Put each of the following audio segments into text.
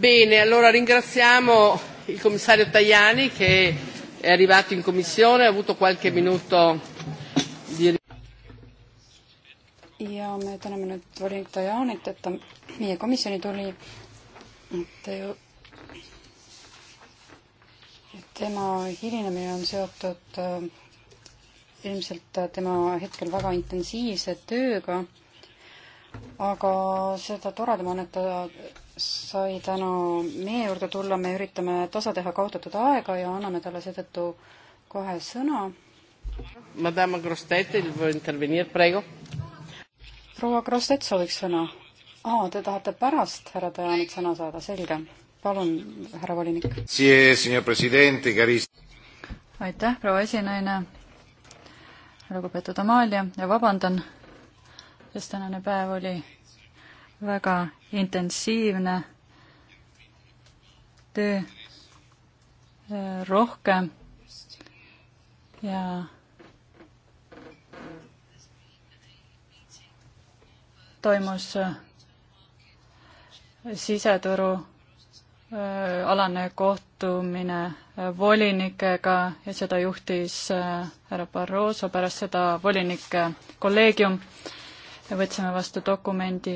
Bene, allora ringraziamo il commissario Tajani che è arrivato in commissione, ha avuto qualche minuto di ja me täname nüüd volinik Tajanit, et ta meie komisjoni tuli. et tema hilinemine on seotud äh, ilmselt tema hetkel väga intensiivse tööga. aga seda toredam on, et ta sai täna meie juurde tulla, me üritame tasa teha kaotatud aega ja anname talle seetõttu kohe sõna. Madame Grostet, intervenir praegu. proua Grostet sooviks sõna. aa, te tahate pärast härra Tajanit sõna saada, selge. palun, härra volinik. aitäh, proua esinaine, lugupeetud Amalia ja vabandan, sest tänane päev oli väga intensiivne, tee äh, rohkem ja toimus äh, siseturu äh, alane kohtumine volinikega ja seda juhtis härra Barroso, pärast seda volinike kolleegium. võtsime vastu dokumendi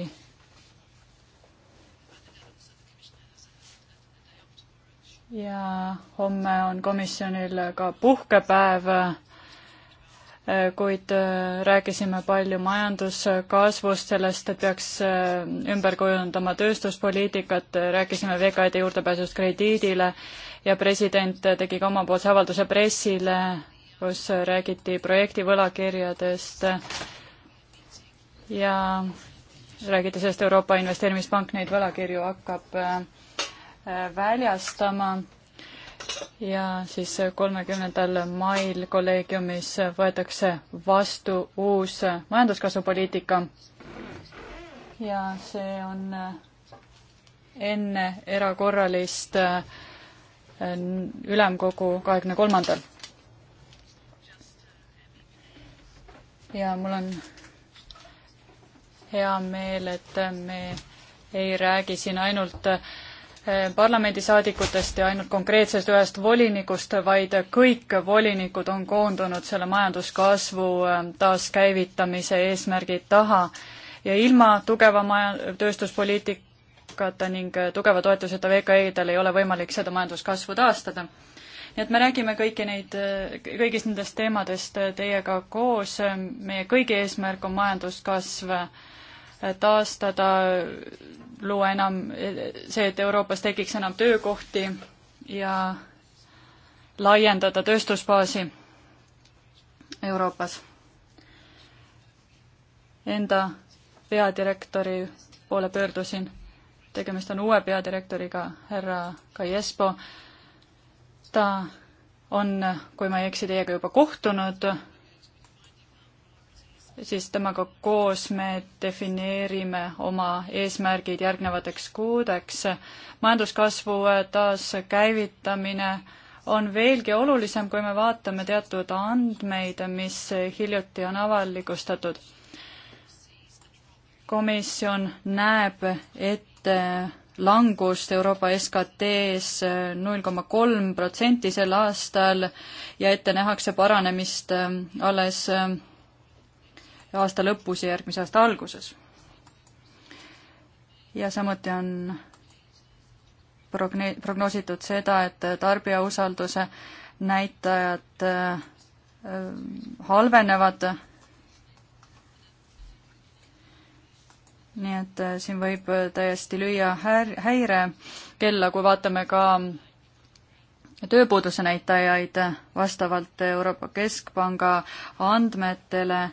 ja homme on komisjonil ka puhkepäev, kuid äh, rääkisime palju majanduskasvust, sellest, et peaks äh, ümber kujundama tööstuspoliitikat, rääkisime VKD juurdepääsust krediidile ja president tegi ka omapoolse avalduse pressile, kus räägiti projekti võlakirjadest ja räägiti sellest, Euroopa Investeerimispank neid võlakirju hakkab äh, väljastama ja siis kolmekümnendal mail kolleegiumis võetakse vastu uus majanduskasvupoliitika. ja see on enne erakorralist äh, ülemkogu kahekümne kolmandal. ja mul on hea meel, et me ei räägi siin ainult äh, Äh, parlamendisaadikutest ja ainult konkreetsest ühest volinikust, vaid kõik volinikud on koondunud selle majanduskasvu äh, taaskäivitamise eesmärgi taha ja ilma tugeva maja, tööstuspoliitikata ning äh, tugeva toetuseta VKI-del ei ole võimalik seda majanduskasvu taastada. nii et me räägime kõiki neid, kõigist nendest teemadest teiega koos, meie kõigi eesmärk on majanduskasv taastada, luua enam see, et Euroopas tekiks enam töökohti ja laiendada tööstusbaasi Euroopas. Enda peadirektori poole pöördusin, tegemist on uue peadirektoriga, härra Kaiespo. ta on, kui ma ei eksi, teiega juba kohtunud siis temaga koos me defineerime oma eesmärgid järgnevateks kuudeks. majanduskasvu taaskäivitamine on veelgi olulisem, kui me vaatame teatud andmeid, mis hiljuti on avalikustatud. komisjon näeb ette langust Euroopa SKT-s null koma kolm protsenti sel aastal ja ette nähakse paranemist alles aasta lõpus ja järgmise aasta alguses. ja samuti on progne-, prognoositud seda, et tarbija usalduse näitajad äh, halvenevad. nii et äh, siin võib täiesti lüüa häir-, häirekella, kui vaatame ka tööpuuduse näitajaid vastavalt Euroopa Keskpanga andmetele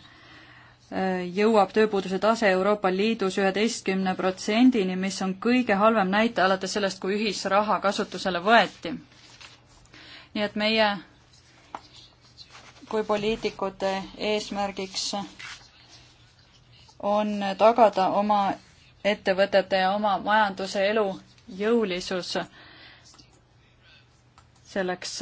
jõuab tööpuuduse tase Euroopa Liidus üheteistkümne protsendini, mis on kõige halvem näitaja alates sellest, kui ühisraha kasutusele võeti. nii et meie kui poliitikute eesmärgiks on tagada oma ettevõtete ja oma majanduse elujõulisus selleks,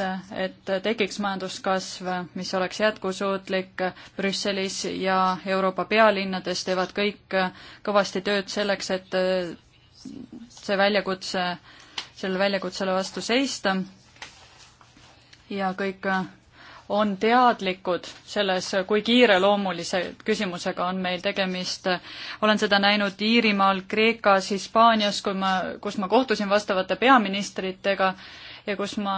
et tekiks majanduskasv, mis oleks jätkusuutlik Brüsselis ja Euroopa pealinnades, teevad kõik kõvasti tööd selleks, et see väljakutse, sellele väljakutsele vastu seista. ja kõik on teadlikud selles, kui kiireloomulise küsimusega on meil tegemist. olen seda näinud Iirimaal, Kreekas, Hispaanias, kui ma, kus ma kohtusin vastavate peaministritega ja kus ma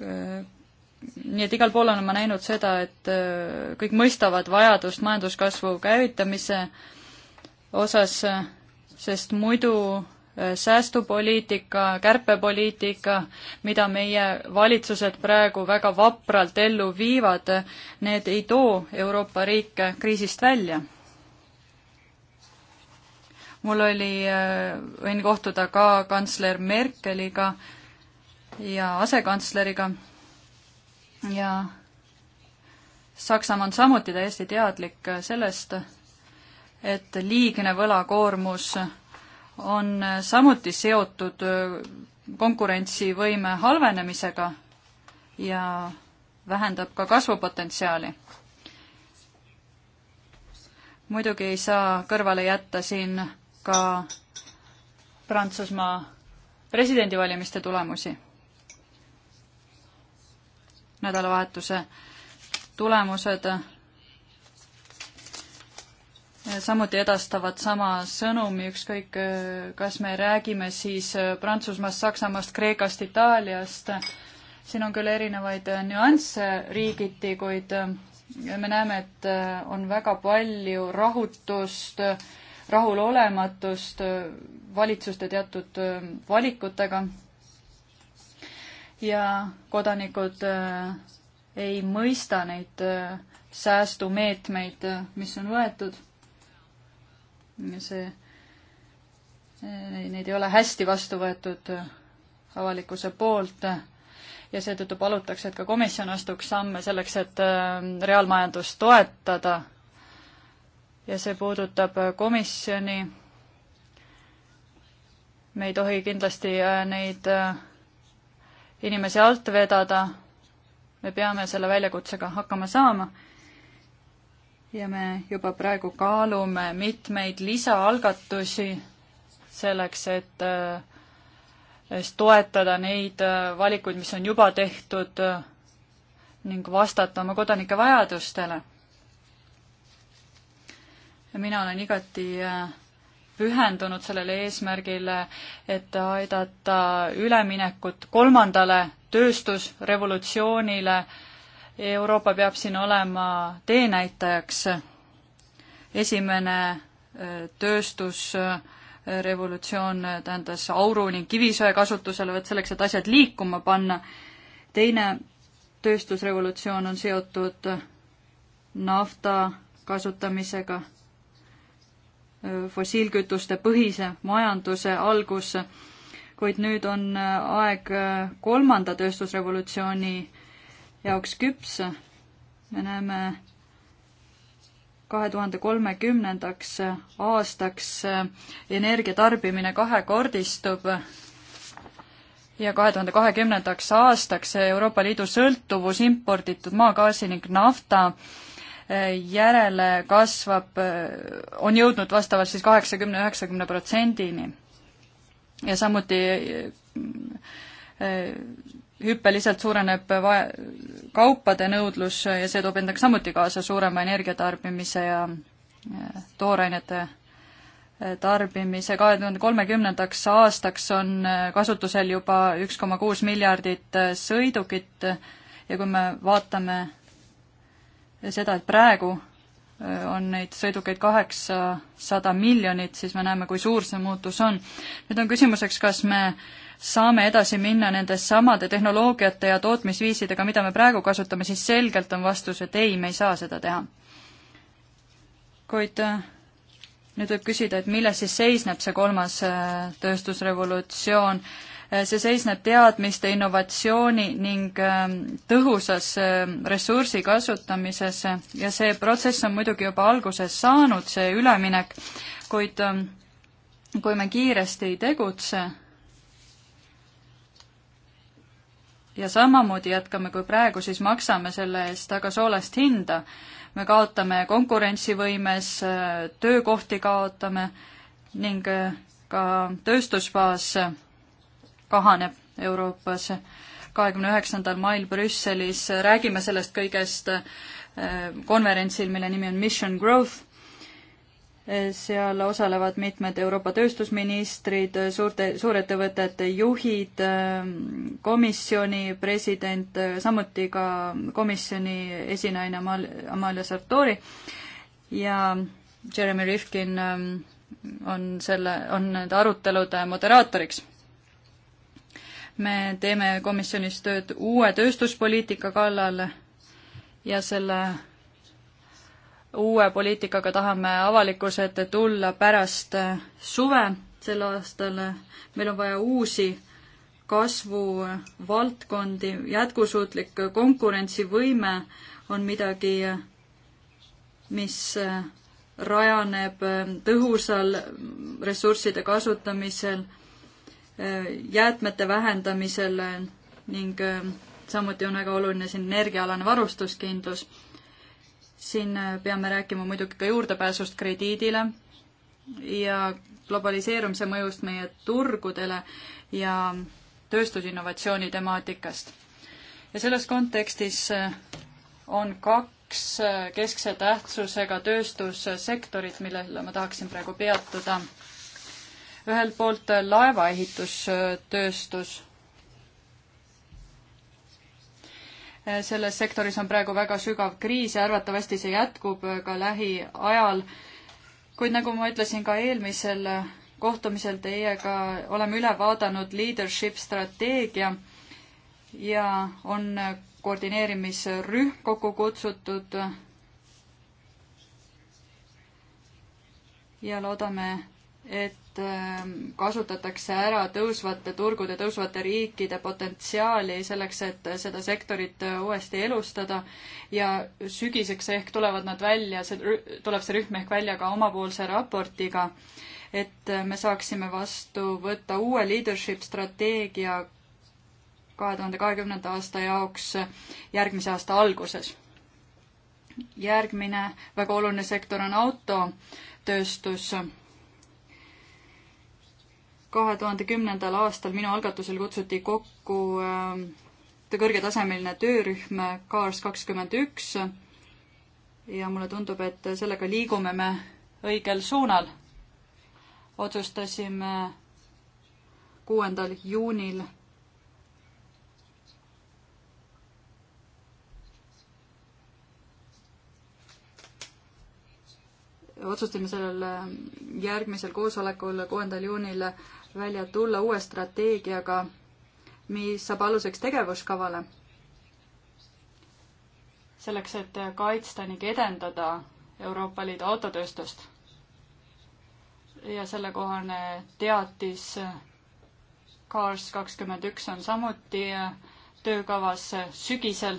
nii et igal pool olen ma näinud seda, et äh, kõik mõistavad vajadust majanduskasvu käivitamise osas, sest muidu äh, säästupoliitika, kärpepoliitika, mida meie valitsused praegu väga vapralt ellu viivad, need ei too Euroopa riike kriisist välja mul oli, äh, võin kohtuda ka kantsler Merkeliga ja asekantsleriga ja Saksamaa on samuti täiesti teadlik äh, sellest, et liigne võlakoormus on äh, samuti seotud konkurentsivõime halvenemisega ja vähendab ka kasvupotentsiaali. muidugi ei saa kõrvale jätta siin ka Prantsusmaa presidendivalimiste tulemusi. nädalavahetuse tulemused samuti edastavad sama sõnumi, ükskõik kas me räägime siis Prantsusmaast, Saksamaast, Kreekast, Itaaliast, siin on küll erinevaid nüansse riigiti, kuid me näeme, et on väga palju rahutust, rahulolematust äh, valitsuste teatud äh, valikutega ja kodanikud äh, ei mõista neid säästumeetmeid, mis on võetud. see, neid ei ole hästi vastu võetud avalikkuse poolt ja seetõttu palutakse, et ka komisjon astuks samme selleks, et reaalmajandust toetada ja see puudutab komisjoni. me ei tohi kindlasti äh, neid äh, inimesi alt vedada. me peame selle väljakutsega hakkama saama. ja me juba praegu kaalume mitmeid lisaalgatusi selleks, et äh, toetada neid valikuid, mis on juba tehtud ning vastata oma kodanike vajadustele mina olen igati äh, pühendunud sellele eesmärgile, et aidata üleminekut kolmandale tööstusrevolutsioonile. Euroopa peab siin olema teenäitajaks. esimene äh, tööstusrevolutsioon äh, tähendas auru ning kivisöe kasutuselevõtt selleks, et asjad liikuma panna. teine tööstusrevolutsioon on seotud nafta kasutamisega fossiilkütuste põhise majanduse algus, kuid nüüd on aeg kolmanda tööstusrevolutsiooni jaoks küps. me näeme kahe tuhande kolmekümnendaks aastaks energia tarbimine kahekordistub ja kahe tuhande kahekümnendaks aastaks Euroopa Liidu sõltuvus imporditud maagaasi ning nafta järele kasvab, on jõudnud vastavalt siis kaheksakümne, üheksakümne protsendini. ja samuti äh, hüppeliselt suureneb vae-, kaupade nõudlus ja see toob endaga samuti kaasa suurema energiatarbimise ja äh, toorainete äh, tarbimise. kahe tuhande kolmekümnendaks aastaks on kasutusel juba üks koma kuus miljardit sõidukit ja kui me vaatame seda, et praegu äh, on neid sõidukeid kaheksasada miljonit, siis me näeme, kui suur see muutus on. nüüd on küsimuseks, kas me saame edasi minna nende samade tehnoloogiate ja tootmisviisidega, mida me praegu kasutame, siis selgelt on vastus, et ei, me ei saa seda teha. kuid äh, nüüd võib küsida, et milles siis seisneb see kolmas äh, tööstusrevolutsioon Äh, see seisneb teadmiste, innovatsiooni ning ähm, tõhusas ähm, ressursi kasutamises ja see protsess on muidugi juba alguses saanud, see üleminek, kuid ähm, kui me kiiresti ei tegutse ja samamoodi jätkame kui praegu, siis maksame selle eest aga soolast hinda. me kaotame konkurentsivõimes, äh, töökohti kaotame ning äh, ka tööstusbaas kahaneb Euroopas. kahekümne üheksandal mail Brüsselis räägime sellest kõigest eh, konverentsil, mille nimi on Mission Growth. seal osalevad mitmed Euroopa tööstusministrid, suurte, suurettevõtete juhid, eh, komisjoni president, samuti ka komisjoni esinaine Amal-, Amalia Sartori ja Jeremy Rifkin eh, on selle, on nende arutelude moderaatoriks me teeme komisjonis tööd uue tööstuspoliitika kallal ja selle uue poliitikaga tahame avalikkuse ette tulla pärast suve sel aastal. meil on vaja uusi kasvuvaldkondi, jätkusuutlik konkurentsivõime on midagi, mis rajaneb tõhusal ressursside kasutamisel Äh, jäätmete vähendamisele ning äh, samuti on väga oluline siin energiaalane varustuskindlus. siin äh, peame rääkima muidugi ka juurdepääsust krediidile ja globaliseerumise mõjust meie turgudele ja tööstusinnovatsiooni temaatikast. ja selles kontekstis on kaks keskse tähtsusega tööstussektorit, millele ma tahaksin praegu peatuda ühelt poolt laevaehitustööstus. selles sektoris on praegu väga sügav kriis ja arvatavasti see jätkub ka lähiajal. kuid nagu ma ütlesin ka eelmisel kohtumisel teiega, oleme üle vaadanud leadership strateegia ja on koordineerimisrühm kokku kutsutud ja loodame, et Ehm, kasutatakse ära tõusvate turgude, tõusvate riikide potentsiaali selleks, et seda sektorit äh, uuesti elustada ja sügiseks ehk tulevad nad välja, see, tuleb see rühm ehk välja ka omapoolse raportiga, et äh, me saaksime vastu võtta uue leadership strateegia kahe tuhande kahekümnenda aasta jaoks äh, järgmise aasta alguses. järgmine väga oluline sektor on autotööstus kahe tuhande kümnendal aastal minu algatusel kutsuti kokku ähm, kõrgetasemeline töörühm Kaars kakskümmend üks ja mulle tundub, et sellega liigume me õigel suunal. otsustasime kuuendal juunil otsustasime sellel järgmisel koosolekul, kuuendal juunil välja tulla uue strateegiaga, mis saab aluseks tegevuskavale. selleks, et kaitsta ning edendada Euroopa Liidu autotööstust. ja sellekohane teatis Cars kakskümmend üks on samuti töökavas sügisel.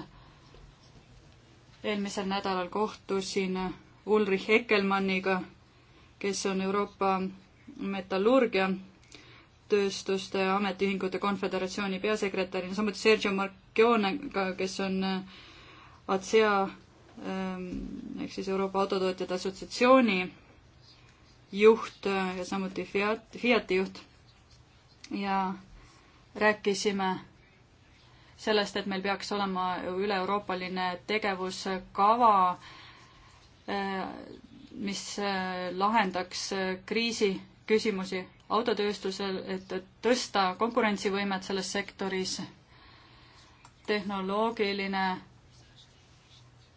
eelmisel nädalal kohtusin Ulrich Heckelmanniga, kes on Euroopa metallurgia tööstuste ametiühingute konföderatsiooni peasekretärina, samuti Sergio Marchionega, kes on äh, ATSEA ähm, ehk siis Euroopa Autotootjate Assotsiatsiooni juht äh, ja samuti Fiat, Fiati juht. ja rääkisime sellest, et meil peaks olema üle-euroopaline tegevuskava, äh, mis lahendaks kriisi küsimusi autotööstusel, et tõsta konkurentsivõimet selles sektoris, tehnoloogiline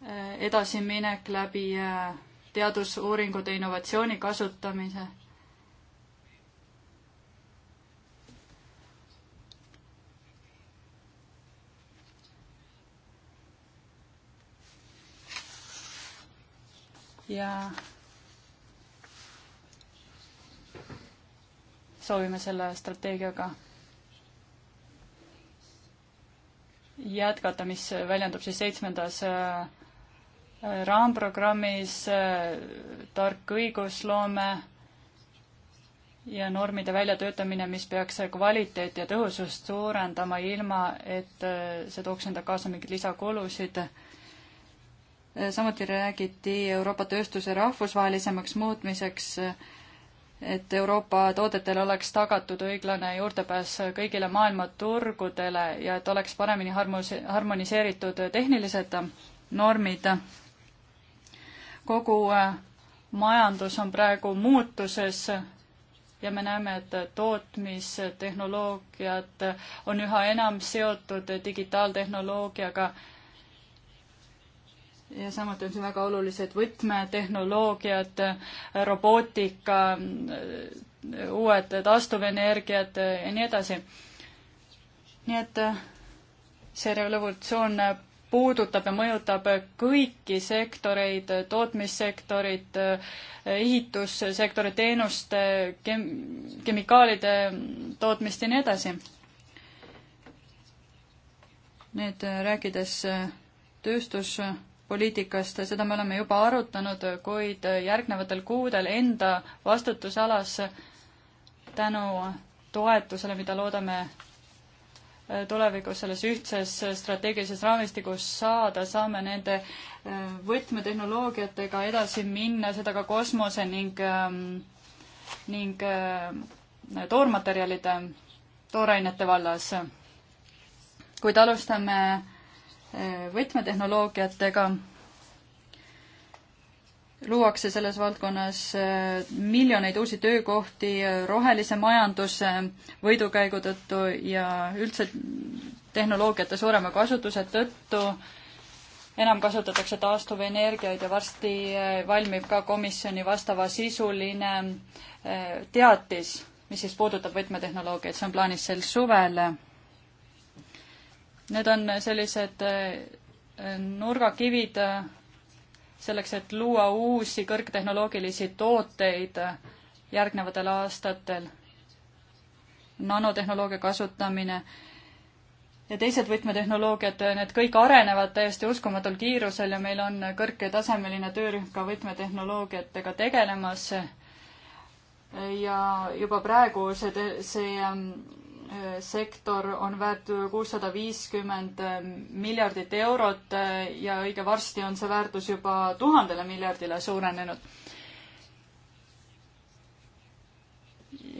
eh, edasiminek läbi eh, teadusuuringute innovatsiooni kasutamise. ja soovime selle strateegiaga jätkata, mis väljendub siis seitsmendas äh, raamprogrammis äh, tark õigusloome ja normide väljatöötamine, mis peaks kvaliteeti ja tõhusust suurendama, ilma et äh, see tooks enda kaasa mingeid lisakulusid. samuti räägiti Euroopa tööstuse rahvusvahelisemaks muutmiseks äh, et Euroopa toodetel oleks tagatud õiglane juurdepääs kõigile maailma turgudele ja et oleks paremini harmose-, harmoniseeritud tehnilised normid. kogu äh, majandus on praegu muutuses ja me näeme, et tootmistehnoloogiad on üha enam seotud digitaaltehnoloogiaga ja samuti on siin väga olulised võtmetehnoloogiad, robootika, uued taastuvenergiad ja nii edasi. nii et äh, see revolutsioon puudutab ja mõjutab kõiki sektoreid, tootmissektorit, äh, ehitussektorit, teenuste, kem-, kemikaalide tootmist ja nii edasi. nüüd äh, rääkides tööstus- poliitikast, seda me oleme juba arutanud, kuid järgnevatel kuudel enda vastutusalas tänu toetusele, mida loodame tulevikus selles ühtses strateegilises raamistikus saada, saame nende äh, võtmetehnoloogiatega edasi minna, seda ka kosmose ning, ähm, ning äh, toormaterjalide, toorainete vallas. kuid alustame võtmetehnoloogiatega luuakse selles valdkonnas äh, miljoneid uusi töökohti äh, rohelise majanduse võidukäigu tõttu ja üldse tehnoloogiate suurema kasutuse tõttu enam kasutatakse taastuvenergiaid ja varsti äh, valmib ka komisjoni vastavasisuline teatis, mis siis puudutab võtmetehnoloogiaid, see on plaanis sel suvel Need on sellised eh, nurgakivid eh, selleks, et luua uusi kõrgtehnoloogilisi tooteid eh, järgnevatel aastatel. nanotehnoloogia kasutamine ja teised võtmetehnoloogiad, need kõik arenevad täiesti uskumatul kiirusel ja meil on kõrgetasemeline töörühm ka võtmetehnoloogiatega tegelemas. ja juba praegu see, see mm, sektor on väärt kuussada viiskümmend eh, miljardit eurot eh, ja õige varsti on see väärtus juba tuhandele miljardile suurenenud.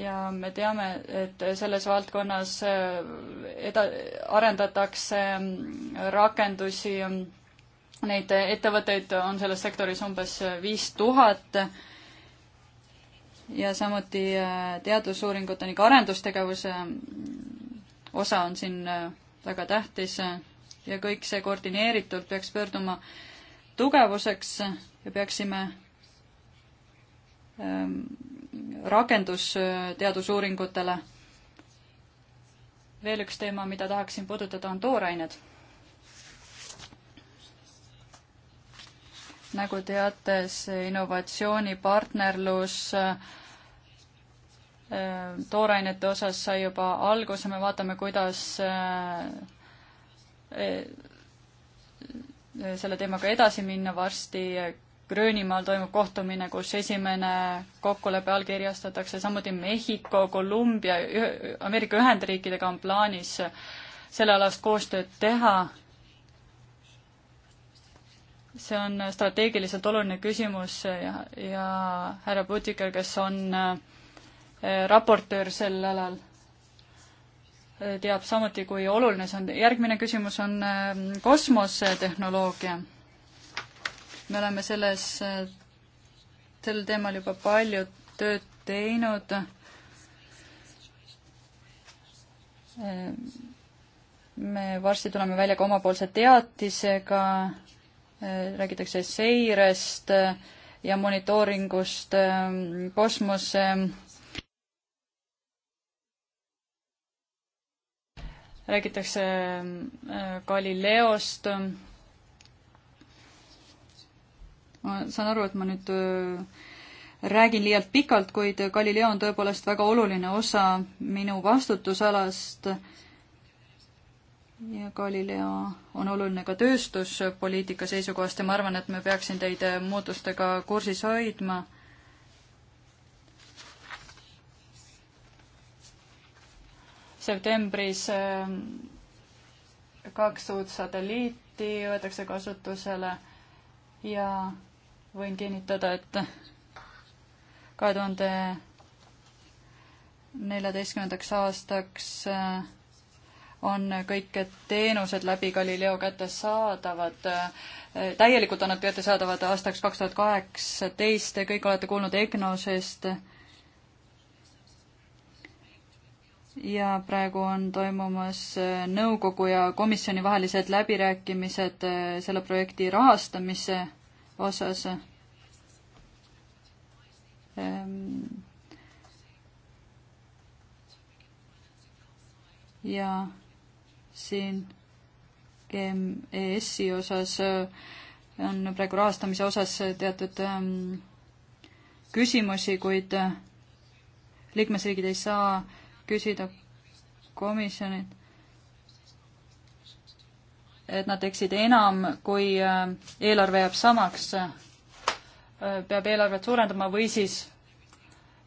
ja me teame, et selles valdkonnas eh, eda-, arendatakse mm, rakendusi, mm, neid ettevõtteid on selles sektoris umbes viis tuhat ja samuti äh, teadusuuringute ning arendustegevuse mm, osa on siin äh, väga tähtis äh, ja kõik see koordineeritult peaks pöörduma tugevuseks ja peaksime ähm, rakendusteadusuuringutele. veel üks teema, mida tahaksin puudutada, on toorained nagu teate, see innovatsioonipartnerlus äh, toorainete osas sai juba alguse, me vaatame, kuidas äh, äh, selle teemaga edasi minna, varsti Gröönimaal toimub kohtumine, kus esimene kokkulepe allkirjastatakse, samuti Mehhiko, Kolumbia, Ameerika Ühendriikidega on plaanis sellealast koostööd teha see on strateegiliselt oluline küsimus ja, ja härra Putiker, kes on äh, raportöör sel alal, äh, teab samuti, kui oluline see on. järgmine küsimus on äh, kosmosetehnoloogia. me oleme selles, sel teemal juba palju tööd teinud me varsti tuleme välja ka omapoolse teatisega Äh, räägitakse seirest äh, ja monitooringust ähm, kosmose räägitakse äh, Galileost. ma saan aru, et ma nüüd räägin liialt pikalt, kuid Galileo on tõepoolest väga oluline osa minu vastutusalast ja Galileo on oluline ka tööstuspoliitika seisukohast ja ma arvan, et ma peaksin teid äh, muutustega kursis hoidma. septembris äh, kaks uut satelliiti võetakse kasutusele ja võin kinnitada, et kahe tuhande neljateistkümnendaks aastaks äh, on kõik teenused läbi Galileo kättesaadavad, äh, täielikult on nad kättesaadavad aastaks kaks tuhat kaheksateist, te kõik olete kuulnud EGNOS-est ja praegu on toimumas äh, nõukogu ja komisjoni vahelised läbirääkimised äh, selle projekti rahastamise osas ähm, ja siin GMES-i osas äh, on praegu rahastamise osas teatud ähm, küsimusi, kuid äh, liikmesriigid ei saa küsida komisjonilt, et nad teeksid enam, kui äh, eelarve jääb samaks, peab eelarvet suurendama või siis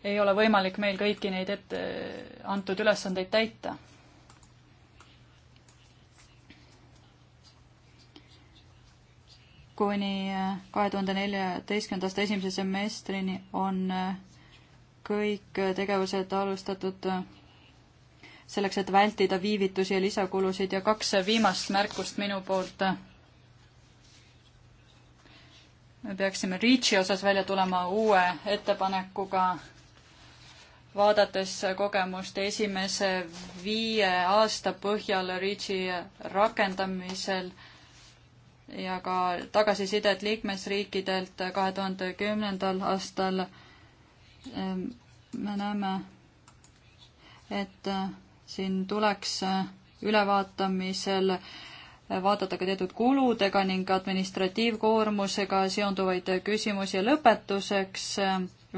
ei ole võimalik meil kõiki neid ette antud ülesandeid täita kuni äh, kahe tuhande neljateistkümnendast esimese semestrini on äh, kõik äh, tegevused alustatud selleks, et vältida viivitusi ja lisakulusid ja kaks viimast märkust minu poolt. me peaksime REACH-i osas välja tulema uue ettepanekuga, vaadates kogemust esimese viie aasta põhjal REACH-i rakendamisel ja ka tagasisidet liikmesriikidelt kahe tuhande kümnendal aastal ehm, me näeme, et äh, siin tuleks äh, ülevaatamisel äh, vaadata ka teatud kuludega ning administratiivkoormusega seonduvaid küsimusi ja lõpetuseks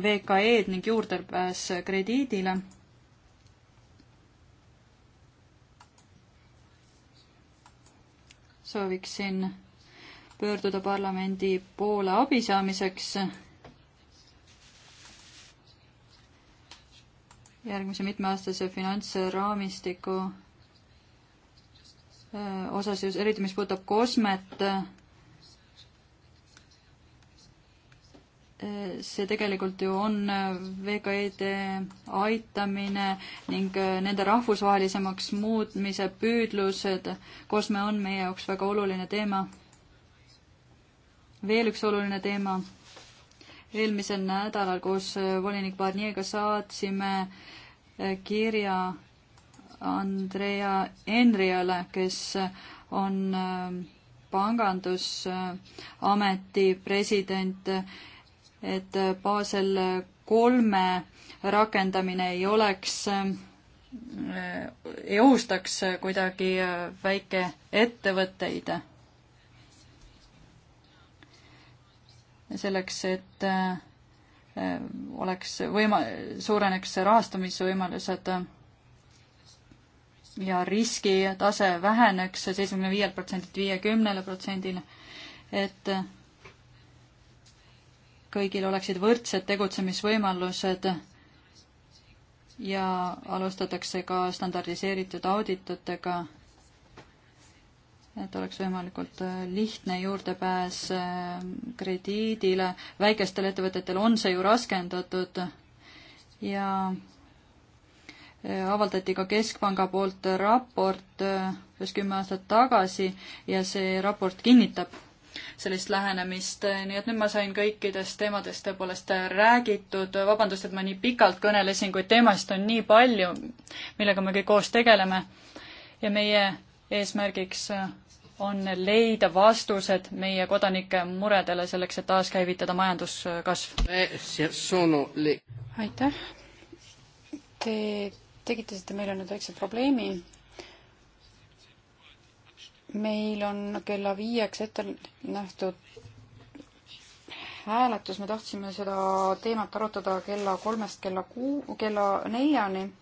VKE-d ning juurdepääs krediidile. sooviksin pöörduda parlamendi poole abi saamiseks. järgmise mitmeaastase finantsraamistiku äh, osas just eriti, mis puudutab kosmet, äh, see tegelikult ju on äh, VKE-de aitamine ning nende rahvusvahelisemaks muutmise püüdlused. kosme on meie jaoks väga oluline teema veel üks oluline teema. eelmisel nädalal koos äh, volinik Barnier'ga saatsime äh, kirja Andrea Enriale, kes äh, on pangandusameti president, et Basel kolme rakendamine ei oleks, ei ohustaks kuidagi väikeettevõtteid selleks, et äh, oleks võima-, suureneks rahastamisvõimalused äh, ja riskitase väheneks seitsmekümne viielt protsendilt viiekümnele protsendile, et äh, kõigil oleksid võrdsed tegutsemisvõimalused ja alustatakse ka standardiseeritud auditutega et oleks võimalikult äh, lihtne juurdepääs äh, krediidile. väikestel ettevõtetel on see ju raskendatud ja äh, avaldati ka Keskpanga poolt raport umbes kümme aastat tagasi ja see raport kinnitab sellist lähenemist, nii et nüüd ma sain kõikidest teemadest tõepoolest räägitud, vabandust, et ma nii pikalt kõnelesin, kuid teemasid on nii palju, millega me kõik koos tegeleme ja meie eesmärgiks on leida vastused meie kodanike muredele selleks, et taaskäivitada majanduskasv. aitäh. Te tekitasite meile nüüd väikse probleemi. meil on kella viieks ette nähtud hääletus, me tahtsime seda teemat arutada kella kolmest kella kuu, kella neljani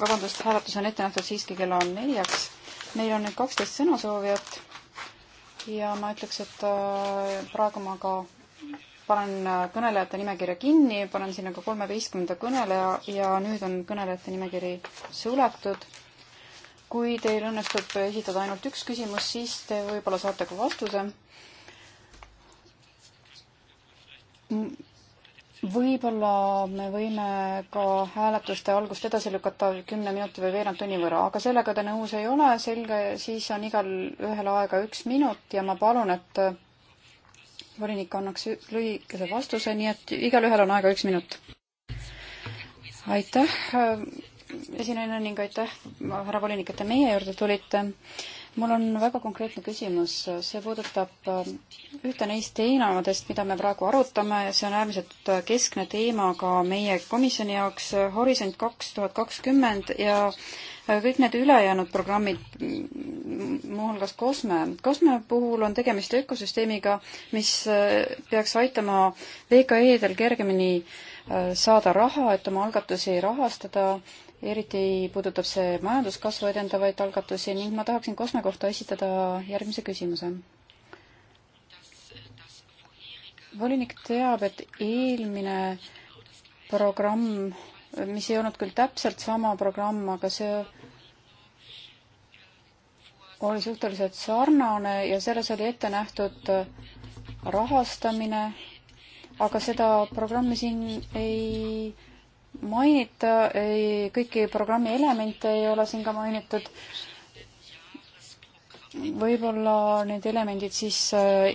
vabandust, hääletus on ette nähtud siiski kella neljaks. meil on nüüd kaksteist sõnasoovijat ja ma ütleks, et äh, praegu ma ka panen äh, kõnelejate nimekirja kinni, panen sinna ka kolmeteistkümnenda kõneleja ja nüüd on kõnelejate nimekiri suletud. kui teil õnnestub esitada ainult üks küsimus, siis te võib-olla saate ka vastuse võib-olla me võime ka hääletuste algust edasi lükata kümne minuti või veerand tunni võrra, aga sellega te nõus ei ole, selge, siis on igal ühel aega üks minut ja ma palun, et volinik annaks lühikese vastuse, nii et igalühel on aega üks minut. aitäh, äh, esineja ning aitäh, härra volinik, et te meie juurde tulite mul on väga konkreetne küsimus, see puudutab äh, ühte neist teemadest, mida me praegu arutame, see on äärmiselt äh, keskne teema ka meie komisjoni jaoks, äh, Horisont kaks tuhat kakskümmend ja kõik need ülejäänud programmid, mm, muuhulgas Kosme. Kosme puhul on tegemist ökosüsteemiga, mis peaks aitama VKE-del kergemini saada raha, et oma algatusi rahastada eriti puudutab see majanduskasvu edendavaid algatusi ning ma tahaksin Kosme kohta esitada järgmise küsimuse. volinik teab, et eelmine programm, mis ei olnud küll täpselt sama programm, aga see oli suhteliselt sarnane ja selles oli ette nähtud rahastamine, aga seda programmi siin ei mainita, ei, kõiki programmi elemente ei ole siin ka mainitud. võib-olla need elemendid siis äh,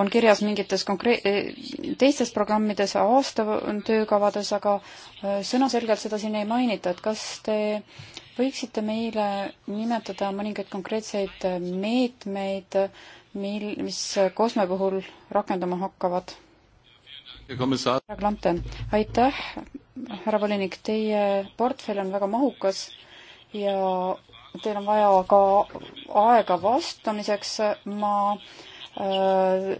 on kirjas mingites konkreet-, äh, teistes programmides, aasta töökavades, aga äh, sõnaselgelt seda siin ei mainita, et kas te võiksite meile nimetada mõningaid konkreetseid meetmeid, mil, mis Kosme puhul rakenduma hakkavad? aitäh, härra volinik, teie portfell on väga mahukas ja teil on vaja ka aega vastamiseks. ma äh,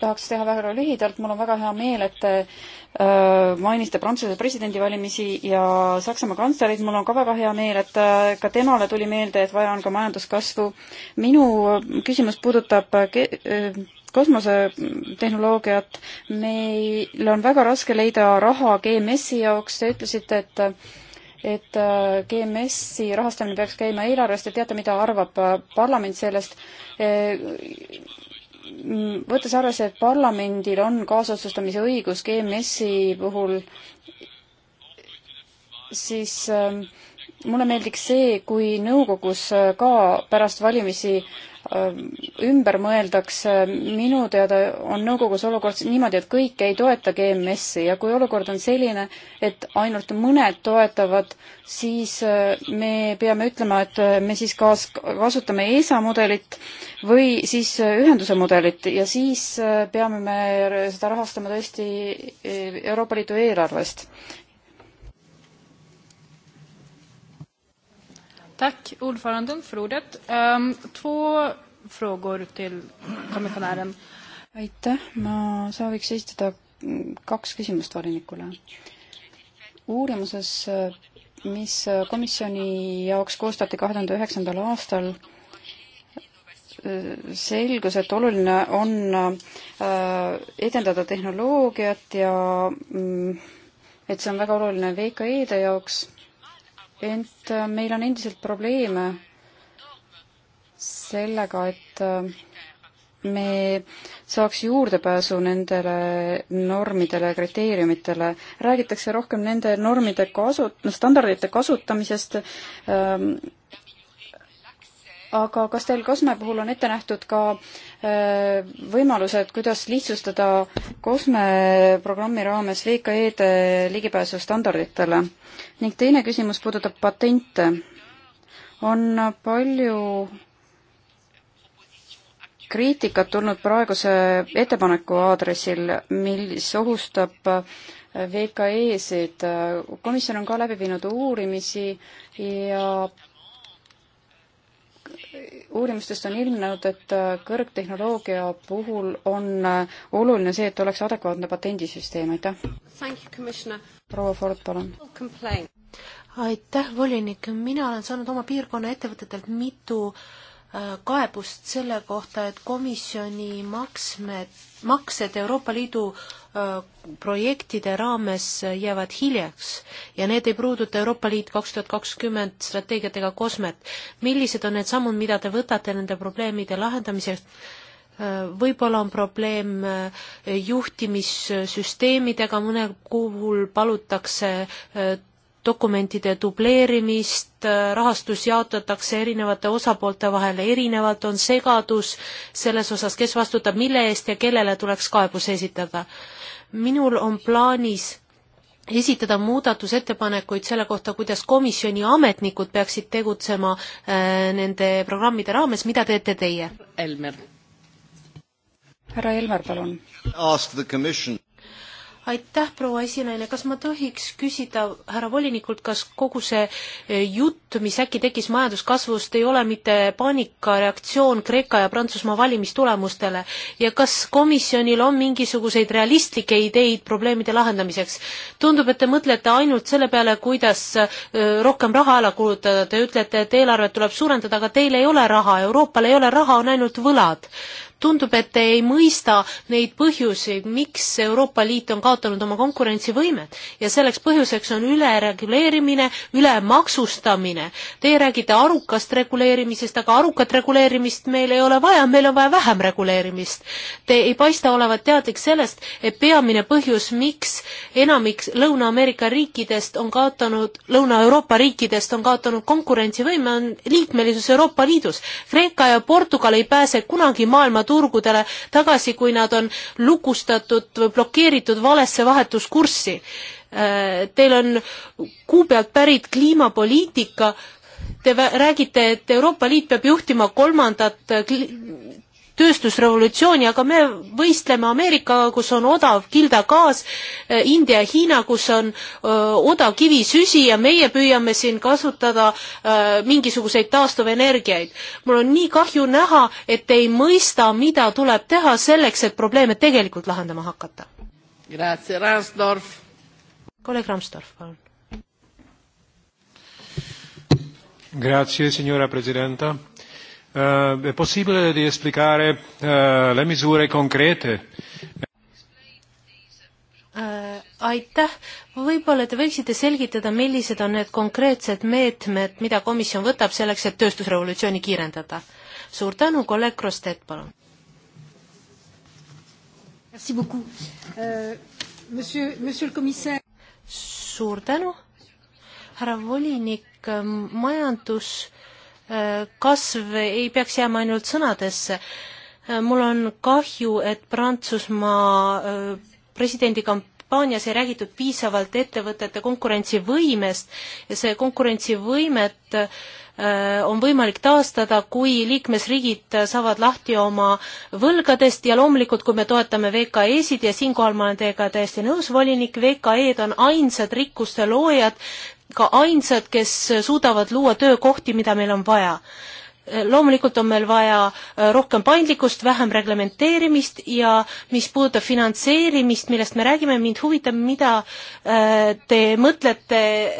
tahaks teha väga lühidalt, mul on väga hea meel, et te äh, mainisite Prantsuse presidendivalimisi ja Saksamaa kantslerit, mul on ka väga hea meel, et äh, ka temale tuli meelde, et vaja on ka majanduskasvu. minu küsimus puudutab äh, kosmosetehnoloogiat. meil on väga raske leida raha GMS-i jaoks, te ütlesite, et et äh, GMS-i rahastamine peaks käima eelarvest ja teate, mida arvab äh, parlament sellest? Äh, võttes arvesse, et parlamendil on kaasotsustamise õigus GMS-i puhul, siis mulle meeldiks see, kui nõukogus ka pärast valimisi äh, Äh, ümber mõeldakse, minu teada on nõukogus olukord niimoodi, et kõik ei toeta GMS-i ja kui olukord on selline, et ainult mõned toetavad, siis äh, me peame ütlema, et äh, me siis kaas-, kasutame ESA mudelit või siis ühenduse mudelit ja siis peame me seda rahastama tõesti Euroopa Liidu eelarvest. Tack ordföranden för ordet. Um, två frågor till kommissionären. aitäh, ma sooviks esitada kaks küsimust volinikule. uurimuses, mis komisjoni jaoks koostati kahe tuhande üheksandal aastal, selgus, et oluline on äh, edendada tehnoloogiat ja mm, et see on väga oluline VKE-de jaoks ent äh, meil on endiselt probleeme sellega, et äh, me saaks juurdepääsu nendele normidele ja kriteeriumitele. räägitakse rohkem nende normide kasu-, standardite kasutamisest ähm,, aga kas teil Kosme puhul on ette nähtud ka äh, võimalused, kuidas lihtsustada Kosme programmi raames VKE-de ligipääsu standarditele? ning teine küsimus puudutab patente. on palju kriitikat tulnud praeguse ettepaneku aadressil, mis ohustab VKE-sid. komisjon on ka läbi viinud uurimisi ja uurimustest on ilmnenud, et äh, kõrgtehnoloogia puhul on äh, oluline see, et oleks adekvaatne patendisüsteem, aitäh. proua Ford, palun. aitäh, volinik, mina olen saanud oma piirkonna ettevõtetelt mitu äh, kaebust selle kohta, et komisjoni maksmed, maksed Euroopa Liidu Äh, projektide raames jäävad hiljaks ja need ei puuduta Euroopa Liit kaks tuhat kakskümmend strateegiat ega kosmet. millised on need sammud, mida te võtate nende probleemide lahendamiseks? Äh, võib-olla on probleem äh, juhtimissüsteemidega, mõnel puhul palutakse dokumentide dubleerimist, rahastus jaotatakse erinevate osapoolte vahel erinevalt, on segadus selles osas, kes vastutab mille eest ja kellele tuleks kaebus esitada minul on plaanis esitada muudatusettepanekuid selle kohta, kuidas komisjoni ametnikud peaksid tegutsema äh, nende programmide raames, mida teete teie? Elmer. härra Elmer, palun aitäh, proua esinaine, kas ma tohiks küsida härra volinikult, kas kogu see eh, jutt, mis äkki tekkis majanduskasvust, ei ole mitte paanikareaktsioon Kreeka ja Prantsusmaa valimistulemustele ja kas komisjonil on mingisuguseid realistlikke ideid probleemide lahendamiseks? tundub, et te mõtlete ainult selle peale, kuidas eh, rohkem raha ära kulutada, te ütlete, et eelarvet tuleb suurendada, aga teil ei ole raha, Euroopal ei ole raha, on ainult võlad tundub, et te ei mõista neid põhjuseid, miks Euroopa Liit on kaotanud oma konkurentsivõimet ja selleks põhjuseks on ülereguleerimine, ülemaksustamine. Teie räägite arukast reguleerimisest, aga arukat reguleerimist meil ei ole vaja, meil on vaja vähem reguleerimist. Te ei paista olevat teadlik sellest, et peamine põhjus, miks enamik Lõuna-Ameerika riikidest on kaotanud, Lõuna-Euroopa riikidest on kaotanud konkurentsivõime, on liikmelisus Euroopa Liidus. Kreeka ja Portugal ei pääse kunagi maailma turgudele tagasi, kui nad on lukustatud või blokeeritud valesse vahetuskurssi. Äh, teil on kuu pealt pärit kliimapoliitika, te räägite, et Euroopa Liit peab juhtima kolmandat tööstusrevolutsiooni, aga me võistleme Ameerikaga, kus on odav kildagaas, eh, India ja Hiina, kus on öö, eh, odav kivisüsi ja meie püüame siin kasutada öö, eh, mingisuguseid taastuvenergiaid. mul on nii kahju näha, et ei mõista, mida tuleb teha selleks, et probleeme tegelikult lahendama hakata. Grazie, Ransdorf. kolleeg Ransdorf, palun. Grazie, signora presidenta Uh, è possibile di spiegare uh, eh, le misure concrete? Uh, aitäh, võib-olla te võiksite selgitada, millised on need konkreetsed meetmed, mida komisjon võtab selleks, et tööstusrevolutsiooni kiirendada. suur tänu, kolleeg Krossett, palun. Euh, suur tänu, härra volinik, majandus kasv ei peaks jääma ainult sõnadesse. mul on kahju, et Prantsusmaa äh, presidendikampaanias ei räägitud piisavalt ettevõtete konkurentsivõimest ja see konkurentsivõimet äh, on võimalik taastada, kui liikmesriigid saavad lahti oma võlgadest ja loomulikult, kui me toetame VKE-sid ja siinkohal ma olen teiega täiesti nõus, volinik, VKE-d on ainsad rikkuste loojad, ka ainsad, kes suudavad luua töökohti, mida meil on vaja. loomulikult on meil vaja äh, rohkem paindlikkust, vähem reglementeerimist ja mis puudutab finantseerimist, millest me räägime, mind huvitab, mida äh, te mõtlete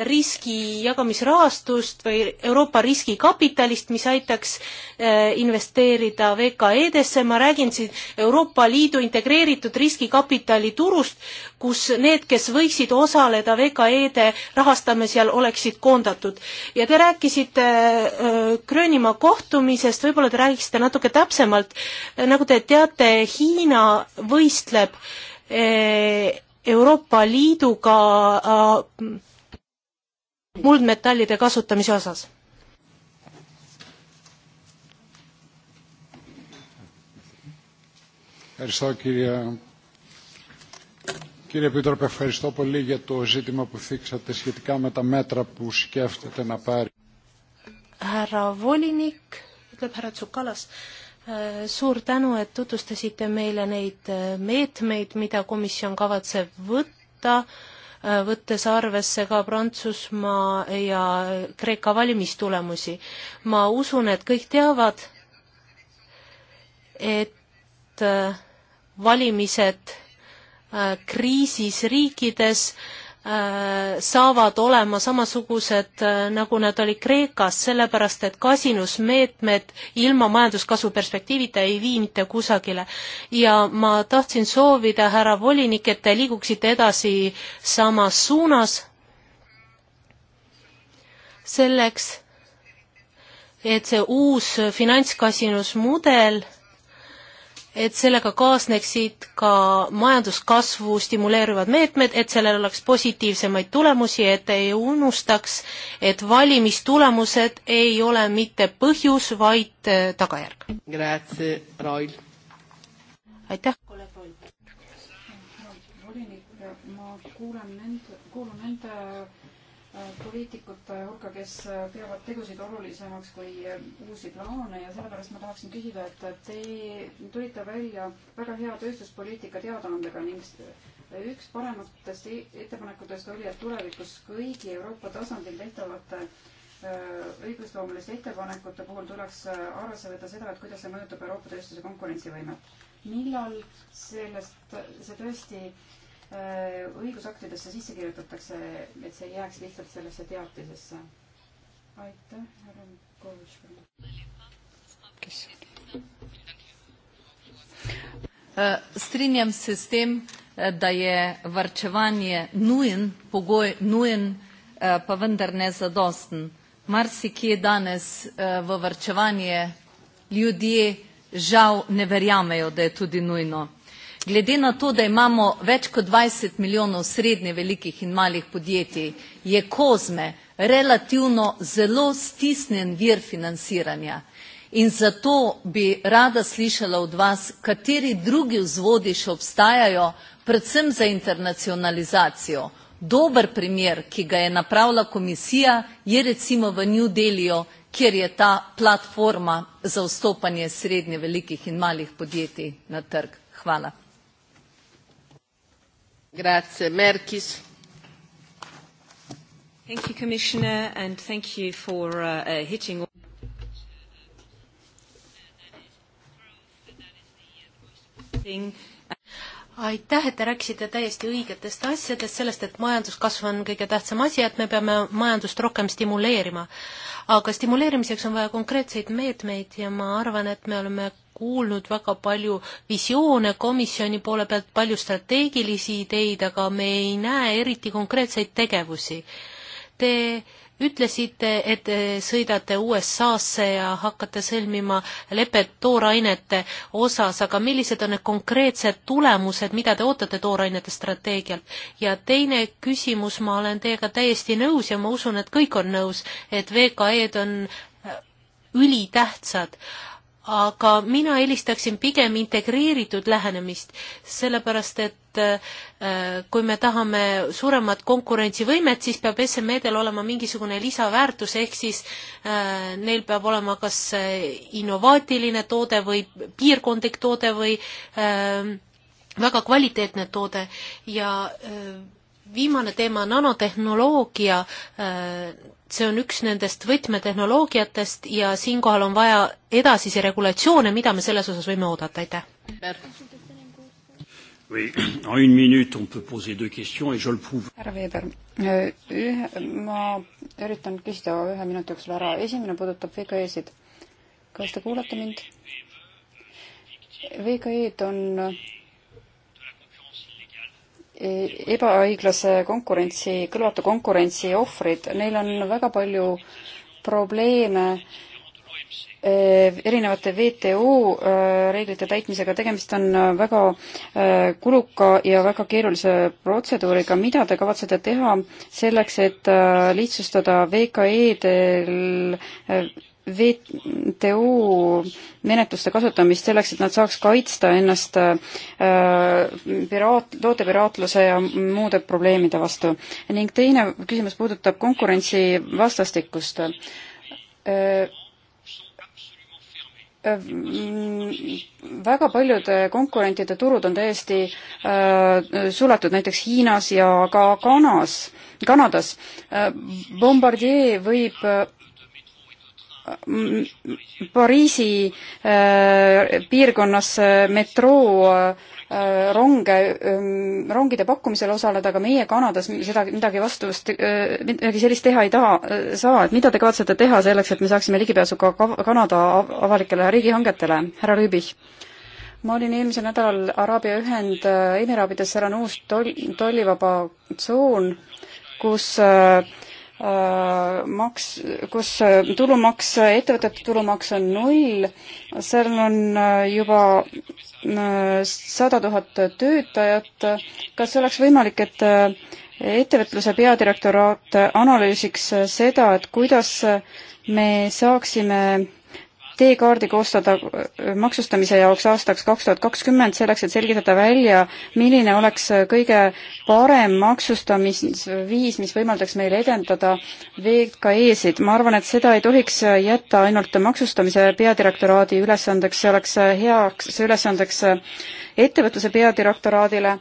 riski jagamisrahastust või Euroopa riskikapitalist, mis aitaks äh, investeerida VKE-desse, ma räägin siin Euroopa Liidu integreeritud riskikapitali turust, kus need, kes võiksid osaleda VKE-de rahastamisel, oleksid koondatud. ja te rääkisite äh, Gröönimaa kohtumisest, võib-olla te räägiksite natuke täpsemalt, äh, nagu te teate, Hiina võistleb äh, Euroopa Liiduga muldmetallide kasutamise osas Ευχαριστώ κύριε Κύριε Επίτροπε, ευχαριστώ πολύ για το ζήτημα που θίξατε σχετικά με τα μέτρα που σκέφτεται να πάρει. härra volinik, ütleb härra Tsukalas, äh, suur tänu, et tutvustasite meile neid äh, meetmeid, mida komisjon kavatseb võtta, äh, võttes arvesse ka Prantsusmaa ja Kreeka valimistulemusi. ma usun, et kõik teavad, et valimised Äh, kriisis riikides äh, saavad olema samasugused, äh, nagu nad olid Kreekas, sellepärast et kasinusmeetmed ilma majanduskasvu perspektiivita ei vii mitte kusagile. ja ma tahtsin soovida, härra volinik, et te liiguksite edasi samas suunas, selleks, et see uus finantskasinusmudel et sellega kaasneksid ka majanduskasvu stimuleerivad meetmed, et sellel oleks positiivsemaid tulemusi, et ei unustaks, et valimistulemused ei ole mitte põhjus, vaid äh, tagajärg. aitäh. volinik, ma kuulen nende, kuulan nende poliitikute hulka, kes peavad tegusid olulisemaks kui uusi plaane ja sellepärast ma tahaksin küsida, et te tulite välja väga hea tööstuspoliitika teadaandega ning üks parematest e-, ettepanekutest oli, et tulevikus kõigi Euroopa tasandil tehtavate äh, õigusloomeliste ettepanekute puhul tuleks arvesse võtta seda, et kuidas see mõjutab Euroopa tööstuse konkurentsivõimet. millal sellest, see tõesti äh, Äh, õigusaktidesse sisse kirjutatakse, et see ei jääks lihtsalt sellesse teatisesse. aitäh, härra Kovitš. kes? Äh, strinjam se s tem, äh, da je varčevanje nujen pogoj, nujen pa vendar ne zadosten. Marsikje danes v varčevanje ljudje žal ne verjamejo, da je tudi nujno. Glede na to, da imamo več kot 20 milijonov srednje velikih in malih podjetij, je Kozme relativno zelo stisnen vir financiranja. In zato bi rada slišala od vas, kateri drugi vzvodi še obstajajo, predvsem za internacionalizacijo. Dober primer, ki ga je napravila komisija, je recimo v New Delhiu, kjer je ta platforma za vstopanje srednje velikih in malih podjetij na trg. Hvala. Grazie, Merkis. Thank you, Commissioner, and thank you for uh, uh, hitting. aitäh, et te rääkisite täiesti õigetest asjadest, sellest, et majanduskasv on kõige tähtsam asi, et me peame majandust rohkem stimuleerima. aga stimuleerimiseks on vaja konkreetseid meetmeid ja ma arvan, et me oleme kuulnud väga palju visioone komisjoni poole pealt, palju strateegilisi ideid, aga me ei näe eriti konkreetseid tegevusi. Te ütlesite, et sõidate USA-sse ja hakkate sõlmima lepet toorainete osas, aga millised on need konkreetsed tulemused, mida te ootate toorainete strateegialt? ja teine küsimus, ma olen teiega täiesti nõus ja ma usun, et kõik on nõus, et VKE-d on äh, ülitähtsad aga mina eelistaksin pigem integreeritud lähenemist, sellepärast et äh, kui me tahame suuremat konkurentsivõimet, siis peab SME-del olema mingisugune lisaväärtus, ehk siis äh, neil peab olema kas äh, innovaatiline toode või piirkondlik toode või väga kvaliteetne toode ja viimane teema, nanotehnoloogia see on üks nendest võtmetehnoloogiatest ja siinkohal on vaja edasisi regulatsioone, mida me selles osas võime oodata, aitäh. härra Veber, ühe, ma üritan küsida ühe minuti jooksul ära, esimene puudutab VKE-sid. kas te kuulete mind? VKE-d on E, ebaõiglase konkurentsi, kõlvatu konkurentsi ohvrid, neil on väga palju probleeme e, erinevate WTO e, reeglite täitmisega, tegemist on väga kuluka ja väga keerulise protseduuriga, mida te kavatsete teha selleks, et lihtsustada VKE-del WTO menetluste kasutamist selleks, et nad saaks kaitsta ennast äh, piraat, tootepiraatluse ja muude probleemide vastu. ning teine küsimus puudutab konkurentsi vastastikust. Äh, äh, väga paljude konkurentide turud on täiesti suletud, näiteks Hiinas ja ka Kanas, Kanadas. Bombardier võib Pariisi äh, piirkonnas äh, metroo äh, ronge äh,, rongide pakkumisel osaleda, aga meie Kanadas seda, midagi vastu, äh, midagi sellist teha ei taha, äh, saa, et mida te kavatsete teha selleks, et me saaksime ligipääsu ka Kanada avalikele riigihangetele, härra Rüübich? ma olin eelmisel nädalal Araabia Ühendemiraadides, seal on uus toll, tollivaba tsoon, kus äh, Äh, maks, kus äh, tulumaks, äh, ettevõtete tulumaks on null, seal on juba sada tuhat töötajat, kas oleks võimalik, et ettevõtluse peadirektoraat analüüsiks seda, et kuidas me saaksime teekaardi koostada äh, maksustamise jaoks aastaks kaks tuhat kakskümmend, selleks et selgitada välja, milline oleks äh, kõige parem maksustamisviis, mis võimaldaks meil edendada VKE-sid. ma arvan, et seda ei tohiks äh, jätta ainult maksustamise peadirektoraadi ülesandeks, see oleks heaks ülesandeks ettevõtluse peadirektoraadile.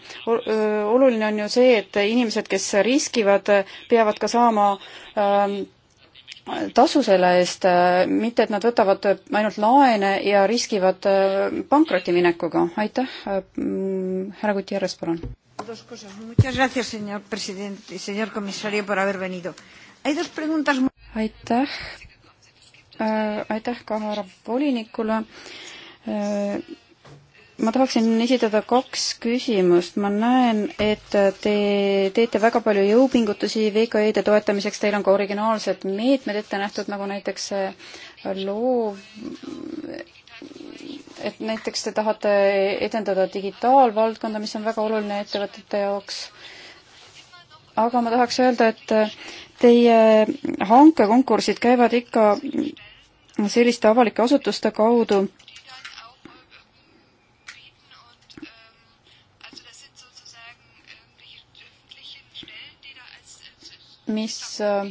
oluline on ju see, et inimesed, kes riskivad, peavad ka saama ähm, tasu selle eest, mitte et nad võtavad ainult laene ja riskivad äh, pankrotti minekuga. aitäh, mm, härra Gutierrez, palun. aitäh, äh, aitäh ka härra volinikule äh, ma tahaksin esitada kaks küsimust. ma näen, et te teete väga palju jõupingutusi VKE-de toetamiseks, teil on ka originaalsed meetmed ette nähtud, nagu näiteks loov, et näiteks te tahate edendada digitaalvaldkonda, mis on väga oluline ettevõtete jaoks. aga ma tahaks öelda, et teie hankekonkursid käivad ikka selliste avalike asutuste kaudu mis äh,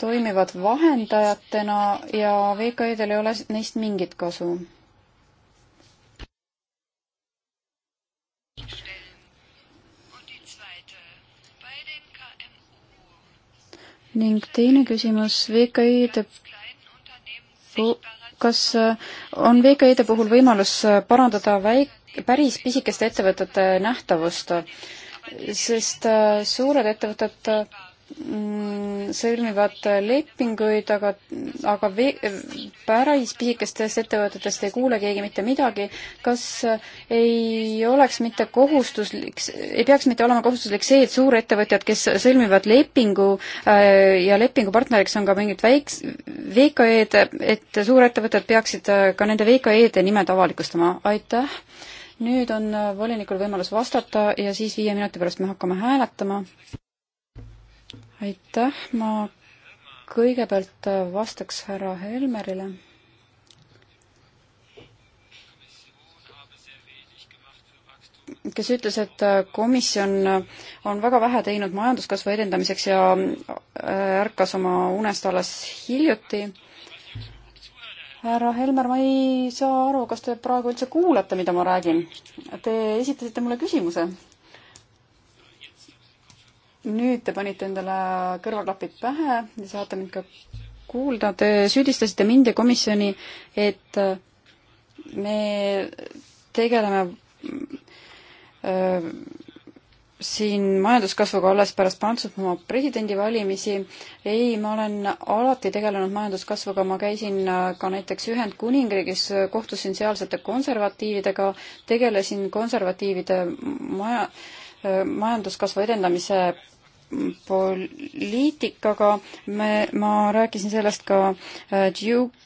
toimivad vahendajatena ja VKE-del ei ole neist mingit kasu. ning teine küsimus VKI-de kas äh, on VKI-de puhul võimalus äh, parandada väik-, päris pisikeste ettevõtete nähtavust, sest suured ettevõtted Mm, sõlmivad lepinguid, aga, aga ve-, päris pisikestest ettevõtetest ei kuule keegi mitte midagi. kas ei oleks mitte kohustuslik, ei peaks mitte olema kohustuslik see, et suurettevõtjad, kes sõlmivad lepingu äh, ja lepingupartneriks on ka mingid väiks-, VKE-d, et suurettevõtted peaksid äh, ka nende VKE-de nimed avalikustama? aitäh! nüüd on äh, volinikul võimalus vastata ja siis viie minuti pärast me hakkame hääletama aitäh, ma kõigepealt vastaks härra Helmerile. kes ütles, et komisjon on väga vähe teinud majanduskasvu edendamiseks ja äh, ärkas oma unest alles hiljuti. härra Helmer, ma ei saa aru, kas te praegu üldse kuulate, mida ma räägin? Te esitasite mulle küsimuse nüüd te panite endale kõrvaklapid pähe ja saate mind ka kuulda. Te süüdistasite mind ja komisjoni, et äh, me tegeleme öö, äh, siin majanduskasvuga alles pärast Prantsusmaa presidendivalimisi. ei, ma olen alati tegelenud majanduskasvuga, ma käisin äh, ka näiteks Ühendkuningriigis, kohtusin sealsete konservatiividega, tegelesin konservatiivide maja, majanduskasvu edendamise poliitikaga, me, ma rääkisin sellest ka äh,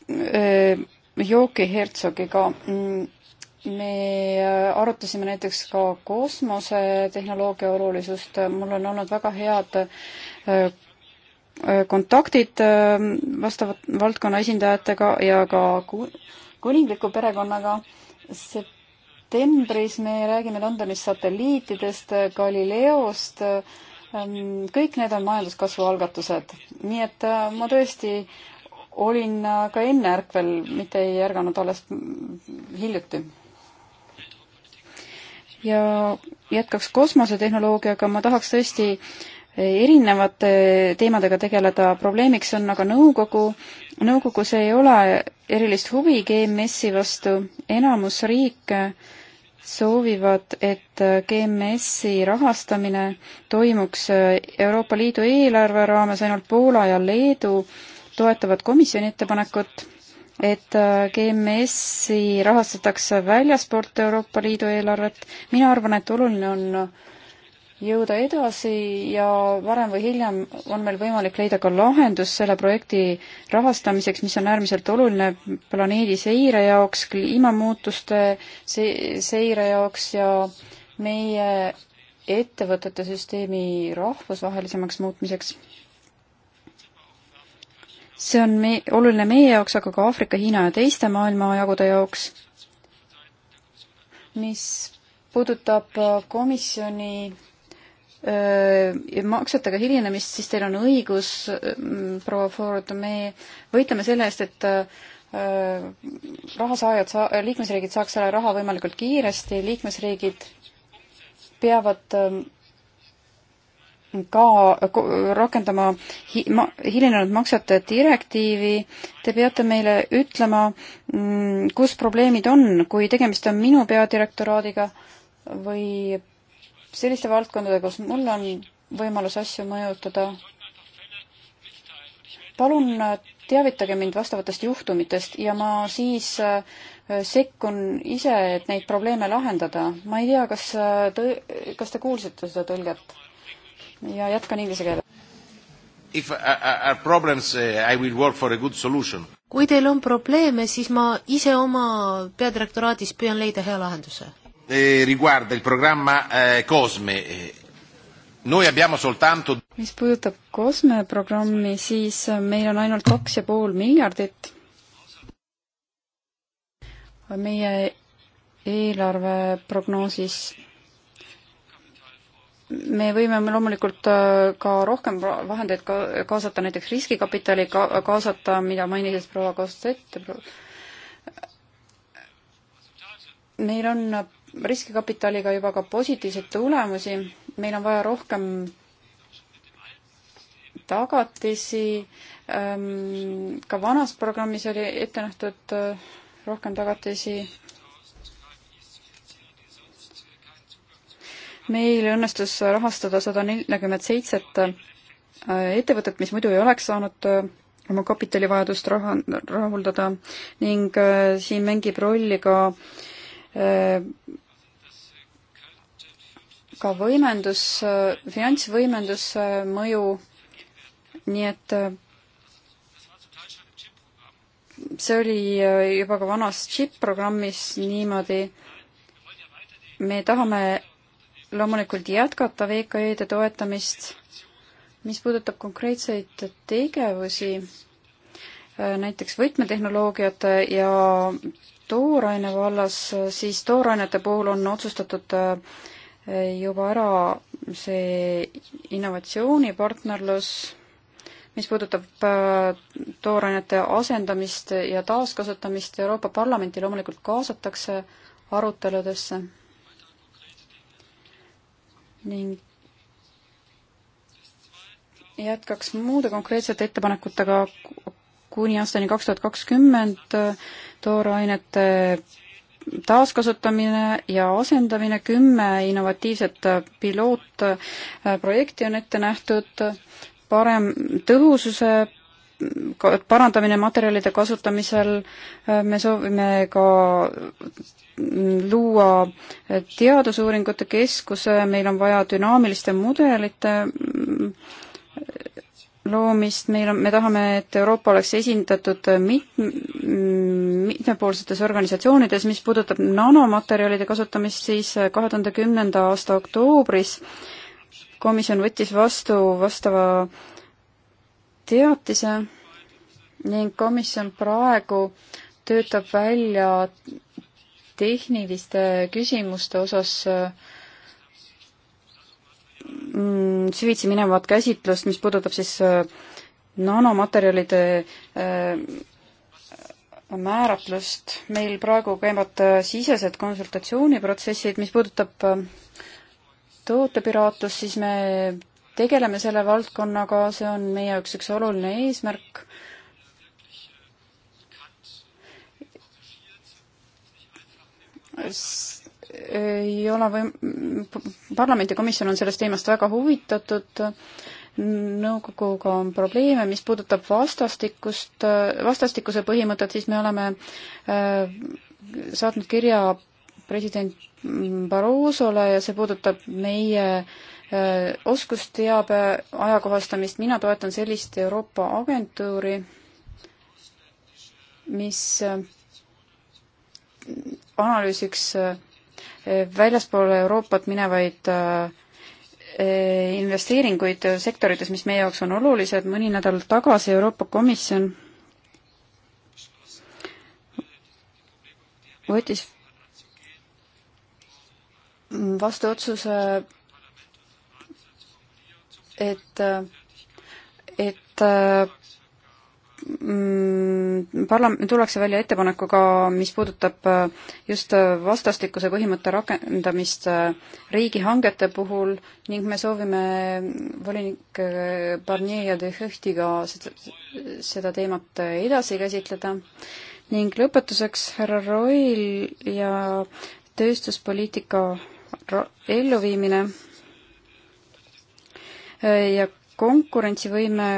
äh, Joki Hertsogiga, me äh, arutasime näiteks ka kosmosetehnoloogia olulisust, mul on olnud väga head kontaktid vastava valdkonna esindajatega ja ka kuningliku perekonnaga. septembris me räägime Londonis satelliitidest, Galileost, Ähm, kõik need on majanduskasvu algatused, nii et äh, ma tõesti olin äh, ka enne ärkvel, mitte ei ärganud alles hiljuti. ja jätkaks kosmosetehnoloogiaga, ma tahaks tõesti erinevate teemadega tegeleda, probleemiks on aga nõukogu, nõukogus ei ole erilist huvi GMS-i vastu, enamus riike äh, soovivad, et GMS-i rahastamine toimuks Euroopa Liidu eelarve raames, ainult Poola ja Leedu toetavad komisjoni ettepanekut, et GMS-i rahastatakse väljaspoolt Euroopa Liidu eelarvet. mina arvan, et oluline on jõuda edasi ja varem või hiljem on meil võimalik leida ka lahendus selle projekti rahastamiseks, mis on äärmiselt oluline planeedi seire jaoks, kliimamuutuste se seire jaoks ja meie ettevõtete süsteemi rahvusvahelisemaks muutmiseks. see on me-, oluline meie jaoks, aga ka Aafrika, Hiina ja teiste maailmajagude jaoks, mis puudutab komisjoni maksetega hilinemist, siis teil on õigus, mm, proua Ford, me võitleme selle eest, et rahasaajad saa-, liikmesriigid saaks selle raha võimalikult kiiresti, liikmesriigid peavad ka rakendama hi-, ma-, hilinenud maksete direktiivi, te peate meile ütlema, mm, kus probleemid on, kui tegemist on minu peadirektoraadiga või selliste valdkondade, kus mul on võimalus asju mõjutada, palun äh, teavitage mind vastavatest juhtumitest ja ma siis äh, sekkun ise, et neid probleeme lahendada. ma ei tea, kas äh, te, kas te kuulsite seda tõlget? ja jätkan inglise keeles. If are problems, eh, I will work for a good solution. kui teil on probleeme, siis ma ise oma peadirektoraadis püüan leida hea lahenduse eh, riguarda il programma eh, Cosme. Eh, noi abbiamo soltanto mis puudutab Cosme programmi, siis meil on ainult kaks ja pool miljardit. meie eelarve prognoosis me võime loomulikult äh, ka rohkem vahendeid ka kaasata, näiteks riskikapitali ka kaasata, mida mainis proua Kostett. meil on riskikapitaliga juba ka positiivseid tulemusi, meil on vaja rohkem tagatisi, ähm, ka vanas programmis oli ette nähtud äh, rohkem tagatisi. meil õnnestus rahastada sada neljakümmet seitset äh, ettevõtet, mis muidu ei oleks saanud äh, oma kapitalivajadust raha, rahuldada ning siin mängib rolli ka ka võimendus, finantsvõimenduse äh, mõju, nii et äh, see oli äh, juba ka vanas CHIP-programmis niimoodi, me tahame loomulikult jätkata VKE-de toetamist, mis puudutab konkreetseid tegevusi, näiteks võtmetehnoloogiate ja tooraine vallas, siis toorainete puhul on otsustatud äh, juba ära see innovatsioonipartnerlus, mis puudutab äh, toorainete asendamist ja taaskasutamist, Euroopa Parlamenti loomulikult kaasatakse aruteludesse ning jätkaks muude konkreetsete ettepanekutega kuni aastani kaks tuhat kakskümmend äh, toorainete taaskasutamine ja asendamine, kümme innovatiivset äh, pilootprojekti äh, on ette nähtud, parem tõhususe parandamine materjalide kasutamisel, äh, me soovime ka mm, luua teadusuuringute keskuse, meil on vaja dünaamiliste mudelite mm, loomist, meil on, me tahame, et Euroopa oleks esindatud mit-, mm, mitmepoolsetes organisatsioonides, mis puudutab nanomaterjalide kasutamist, siis äh, kahe tuhande kümnenda aasta oktoobris komisjon võttis vastu vastava teatise ning komisjon praegu töötab välja tehniliste küsimuste osas mm, süvitsi minevat käsitlust, mis puudutab siis äh, nanomaterjalide äh, määratlust. meil praegu käivad äh, sisesed konsultatsiooniprotsessid, mis puudutab äh, tootepiraatlust, siis me tegeleme selle valdkonnaga, see on meie jaoks üks oluline eesmärk. ei ole või-, parlamendikomisjon on sellest teemast väga huvitatud nõukoguga on probleeme, mis puudutab vastastikust, vastastikuse põhimõtet, siis me oleme äh, saatnud kirja president Barrosole ja see puudutab meie äh, oskusteabe ajakohastamist, mina toetan sellist Euroopa agentuuri, mis äh, analüüsiks väljaspoole Euroopat minevaid äh, Äh, investeeringuid äh, sektorites, mis meie jaoks on olulised, mõni nädal tagasi Euroopa Komisjon võttis vastu otsuse, et, et äh, Mm, parlam-, tullakse välja ettepanekuga, mis puudutab äh, just äh, vastastikuse põhimõtte rakendamist äh, riigihangete puhul ning me soovime volinik Barnier ja de Höchtiga seda teemat edasi käsitleda. ning lõpetuseks härra Roil ja tööstuspoliitika elluviimine ja konkurentsivõime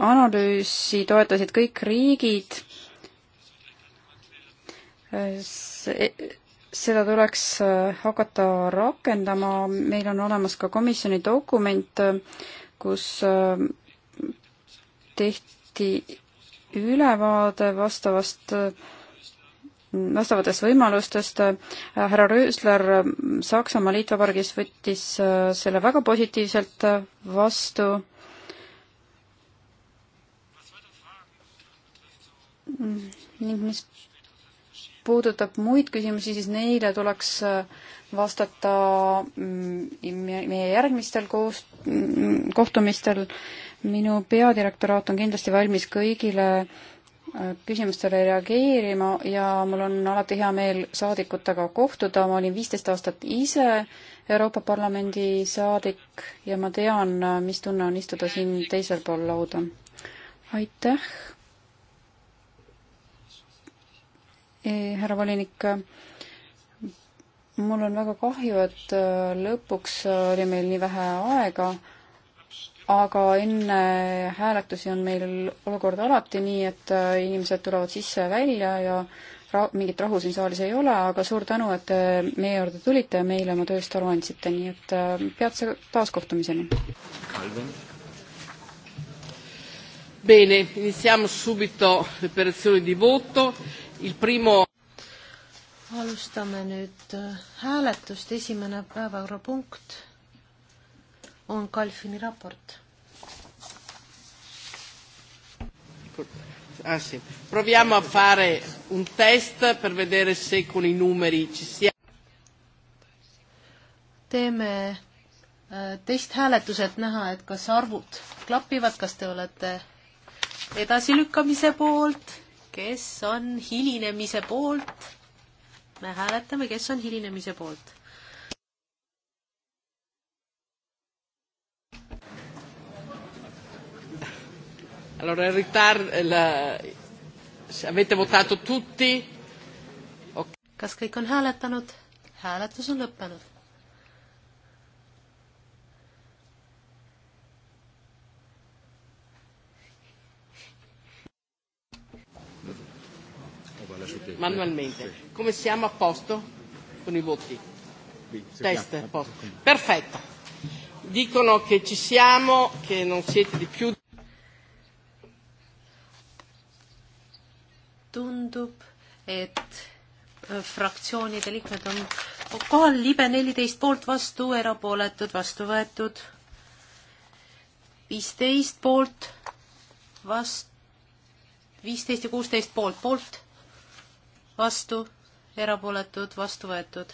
analüüsi toetasid kõik riigid. E-, seda tuleks e, hakata rakendama, meil on olemas ka komisjoni dokument, e, kus tehti ülevaade vastavast vastavatest võimalustest. härra Rösler Saksamaa Liitvabariigis võttis selle väga positiivselt vastu Mm. ning mis puudutab muid küsimusi, siis neile tuleks äh, vastata mm, meie järgmistel koos, mm, kohtumistel. minu peadirektoraat on kindlasti valmis kõigile äh, küsimustele reageerima ja mul on alati hea meel saadikutega kohtuda, ma olin viisteist aastat ise Euroopa Parlamendi saadik ja ma tean, äh, mis tunne on istuda siin teisel pool lauda. aitäh! härra volinik, mul on väga kahju, et äh, lõpuks äh, oli meil nii vähe aega, aga enne hääletusi on meil olukord alati nii, et äh, inimesed tulevad sisse ja välja ja ra-, mingit rahu siin saalis ei ole, aga suur tänu, et te meie juurde tulite ja meile oma tööst aru andsite, nii et peatse taaskohtumiseni! Bene, iniziamo subito l'operazione di voto. Primo... alustame nüüd äh, hääletust, esimene päevakorrapunkt on Kalfini raport. Ah, sì. Proviamo a fare un test per vedere se con i numeri ci siamo. Teeme äh, testhääletuse, et näha, et kas arvud klapivad, kas te olete edasilükkamise poolt kes on hilinemise poolt? me hääletame, kes on hilinemise poolt. Allora il ritardo, la... avete votato tutti? Okay. kas kõik on hääletanud? hääletus on lõppenud. manualmente. manualmente. Sì. Come siamo a posto con i voti? Sì, Test, a posto. Perfetto. Dicono che ci siamo, che non siete di più. tundub, et äh, fraktsioonide liikmed on kohal, libe neliteist poolt vastu, erapooletud vastu võetud viisteist poolt, vast-, viisteist ja kuusteist poolt, poolt, vastu, erapooletud, vastu võetud.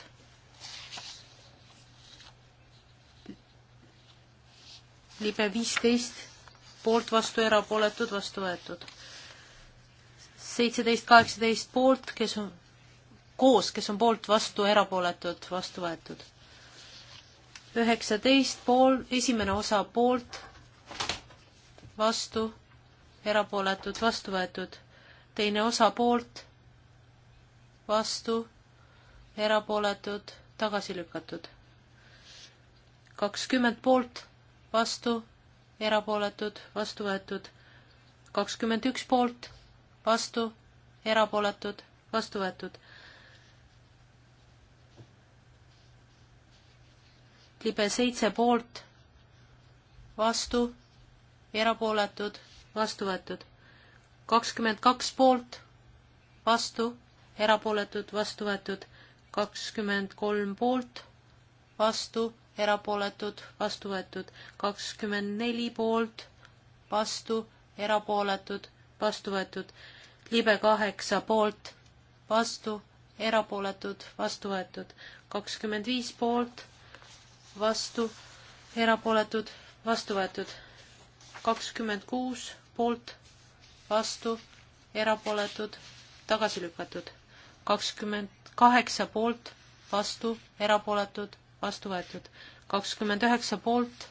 libe viisteist, poolt, vastu, erapooletud, vastu võetud. seitseteist, kaheksateist poolt, kes on koos, kes on poolt, vastu, erapooletud, vastu võetud. üheksateist pool, esimene osa poolt, vastu, erapooletud, vastu võetud. teine osa poolt vastu, erapooletud, tagasi lükatud. kakskümmend poolt, vastu, erapooletud, vastu võetud. kakskümmend üks poolt, vastu, erapooletud, vastu võetud. libe seitse poolt, vastu, erapooletud, vastu võetud. kakskümmend kaks poolt, vastu erapooletud, vastu võetud kakskümmend kolm poolt, vastu, erapooletud, vastu võetud kakskümmend neli poolt, vastu, erapooletud, vastu võetud libe kaheksa poolt, vastu, erapooletud, vastu võetud kakskümmend viis poolt, vastu, erapooletud, vastu võetud kakskümmend kuus poolt, vastu, erapooletud, tagasi lükatud kakskümmend kaheksa poolt, vastu, erapooletud, vastu võetud. kakskümmend üheksa poolt,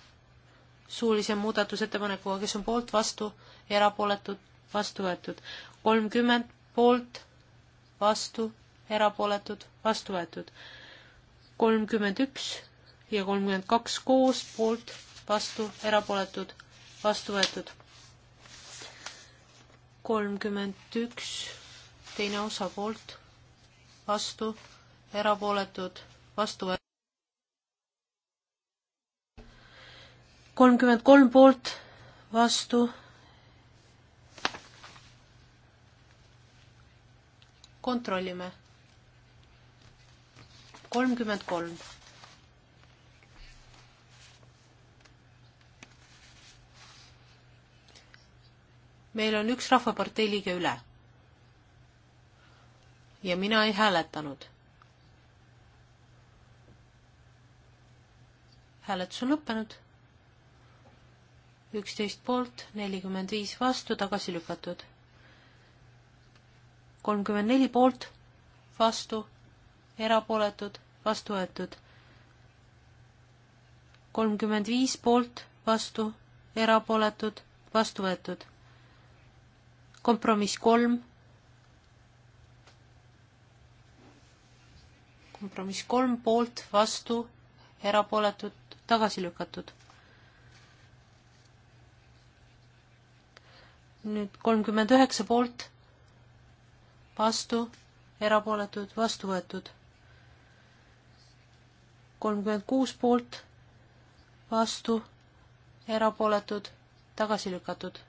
suulise muudatusettepanekuga, kes on poolt, vastu, erapooletud, vastu võetud. kolmkümmend poolt, vastu, erapooletud, vastu võetud. kolmkümmend üks ja kolmkümmend kaks koos, poolt, vastu, erapooletud, vastu võetud. kolmkümmend üks, teine osa poolt vastu, erapooletud, vastu. kolmkümmend kolm poolt, vastu. kontrollime. kolmkümmend kolm. meil on üks Rahvapartei liige üle ja mina ei hääletanud. hääletus on lõppenud. üksteist poolt, nelikümmend viis vastu, tagasi lükatud. kolmkümmend neli poolt, vastu, erapooletud, vastu võetud. kolmkümmend viis poolt, vastu, erapooletud, vastu võetud. kompromiss kolm kompromiss kolm poolt, vastu, erapooletud, tagasi lükatud. nüüd kolmkümmend üheksa poolt, vastu, erapooletud, vastu võetud. kolmkümmend kuus poolt, vastu, erapooletud, tagasi lükatud.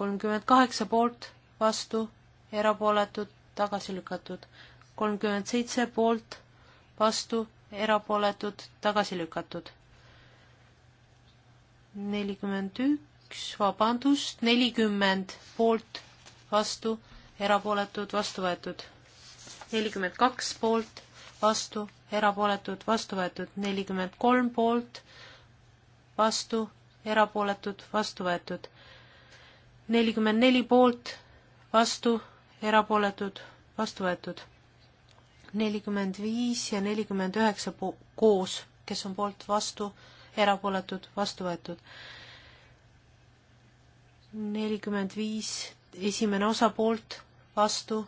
kolmkümmend kaheksa poolt, vastu, erapooletud, tagasi lükatud kolmkümmend seitse poolt, vastu, erapooletud, tagasi lükatud. nelikümmend üks, vabandust, nelikümmend poolt, vastu, erapooletud, vastu võetud. nelikümmend kaks poolt, vastu, erapooletud, vastu võetud. nelikümmend kolm poolt, vastu, erapooletud, vastu võetud. nelikümmend neli poolt, vastu, erapooletud, vastu võetud nelikümmend viis ja nelikümmend üheksa koos, kes on poolt vastu, erapooletud, vastu võetud. nelikümmend viis, esimene osa poolt, vastu,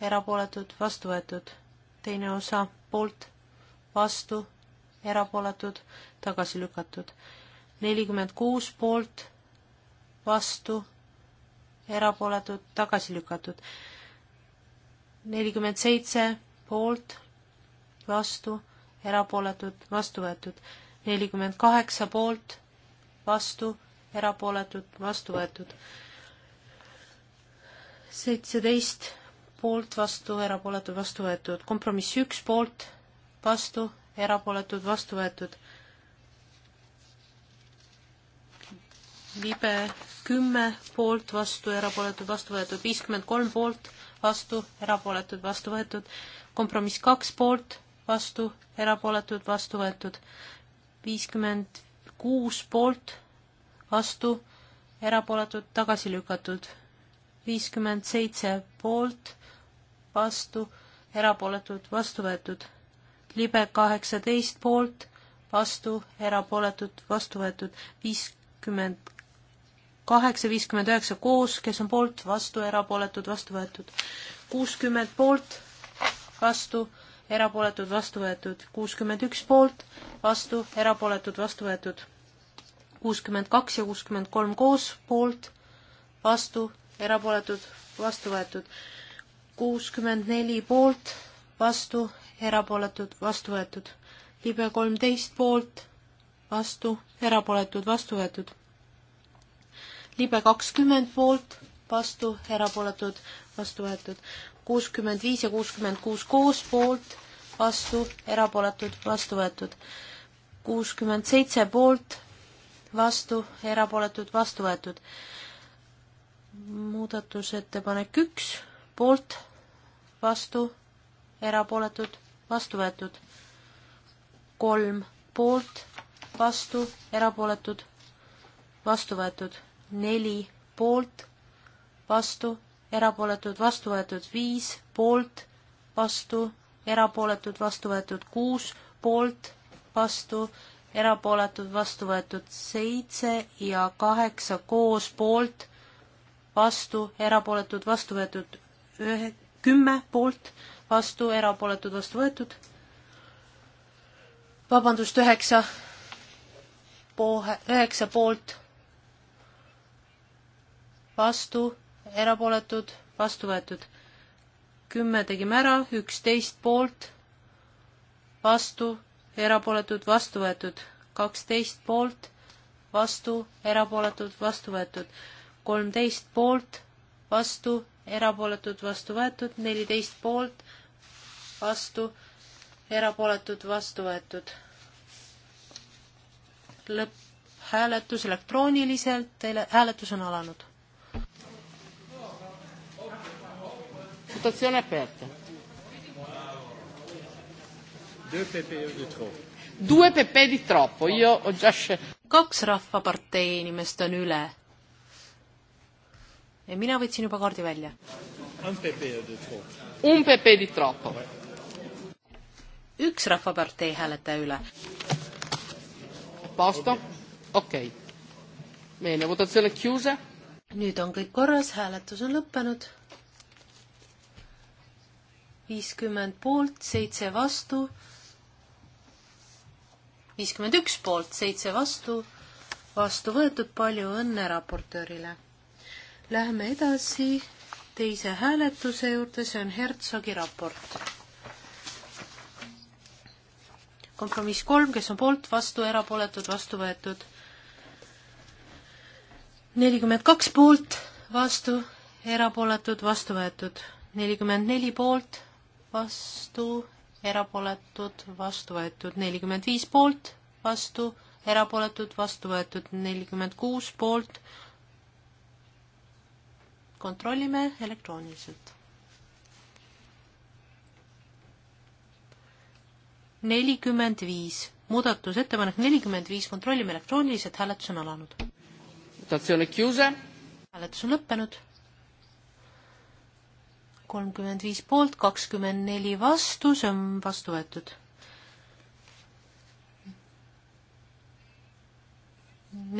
erapooletud, vastu võetud. teine osa poolt, vastu, erapooletud, tagasi lükatud. nelikümmend kuus poolt, vastu, erapooletud, tagasi lükatud. nelikümmend seitse poolt, vastu, erapooletud, vastu võetud. nelikümmend kaheksa poolt, vastu, erapooletud, vastu võetud. seitseteist poolt, vastu, erapooletud, vastu võetud. kompromiss üks poolt, vastu, erapooletud, vastu võetud. libe kümme poolt, vastu, erapooletud, vastu võetud. viiskümmend kolm poolt, vastu, erapooletud, vastu võetud kompromiss kaks poolt, vastu, erapooletud, vastu võetud. viiskümmend kuus poolt, vastu, erapooletud, tagasi lükatud. viiskümmend seitse poolt, vastu, erapooletud, vastu võetud. libe kaheksateist poolt, vastu, erapooletud, vastu võetud. viiskümmend kaheksa, viiskümmend üheksa koos, kes on poolt, vastu, erapooletud, vastu võetud. kuuskümmend poolt vastu, erapooletud, vastu võetud, kuuskümmend üks poolt, vastu, erapooletud, vastu võetud, kuuskümmend kaks ja kuuskümmend kolm koos, poolt, vastu, erapooletud, vastu võetud, kuuskümmend neli poolt, vastu, erapooletud, vastu võetud, libe kolmteist poolt, vastu, erapooletud, vastu võetud, libe kakskümmend poolt, vastu, erapooletud, vastu võetud, kuuskümmend viis ja kuuskümmend kuus koos poolt, vastu, erapooletud, vastu võetud. kuuskümmend seitse poolt, vastu, erapooletud, vastu võetud. muudatusettepanek üks, poolt, vastu, erapooletud, vastu võetud. kolm poolt, vastu, erapooletud, vastu võetud. neli poolt, vastu, erapooletud, vastu võetud viis, poolt, vastu, erapooletud, vastu võetud kuus, poolt, vastu, erapooletud, vastu võetud seitse ja kaheksa koos poolt, vastu, erapooletud, vastu võetud ühe, kümme poolt, vastu, erapooletud, vastu võetud. vabandust, üheksa, üheksa poolt, vastu erapooletud, vastu võetud. kümme tegime ära, üksteist poolt, vastu, erapooletud, vastu võetud. kaksteist poolt, vastu, erapooletud, vastu võetud. kolmteist poolt, vastu, erapooletud, vastu võetud. neliteist poolt, vastu, erapooletud, vastu võetud. lõpphääletus elektrooniliselt, hääletus on alanud. Votazione aperta. Due pepe di troppo. Due pepe di troppo. Io ho già scelto. Kaks rahvapartei inimest on üle. ja mina võtsin juba kaardi välja. Un pepe di troppo. Üks rahvapartei hääletaja üle. Posto? Okei okay.. Bene, votazione chiusa. nüüd on kõik korras, hääletus on lõppenud viiskümmend poolt, seitse vastu, viiskümmend üks poolt, seitse vastu, vastu võetud, palju õnne raportöörile. Läheme edasi teise hääletuse juurde, see on Hertsogi raport. kompromiss kolm, kes on poolt, vastu, erapooletud, vastu võetud. nelikümmend kaks poolt, vastu, erapooletud, vastu võetud. nelikümmend neli poolt, vastu, erapooletud, vastu võetud nelikümmend viis poolt, vastu, erapooletud, vastu võetud nelikümmend kuus poolt. kontrollime elektrooniliselt. nelikümmend viis, muudatusettepanek nelikümmend viis, kontrollime elektrooniliselt, hääletus on alanud. hääletus on lõppenud kolmkümmend viis poolt, kakskümmend neli vastu, see on vastu võetud.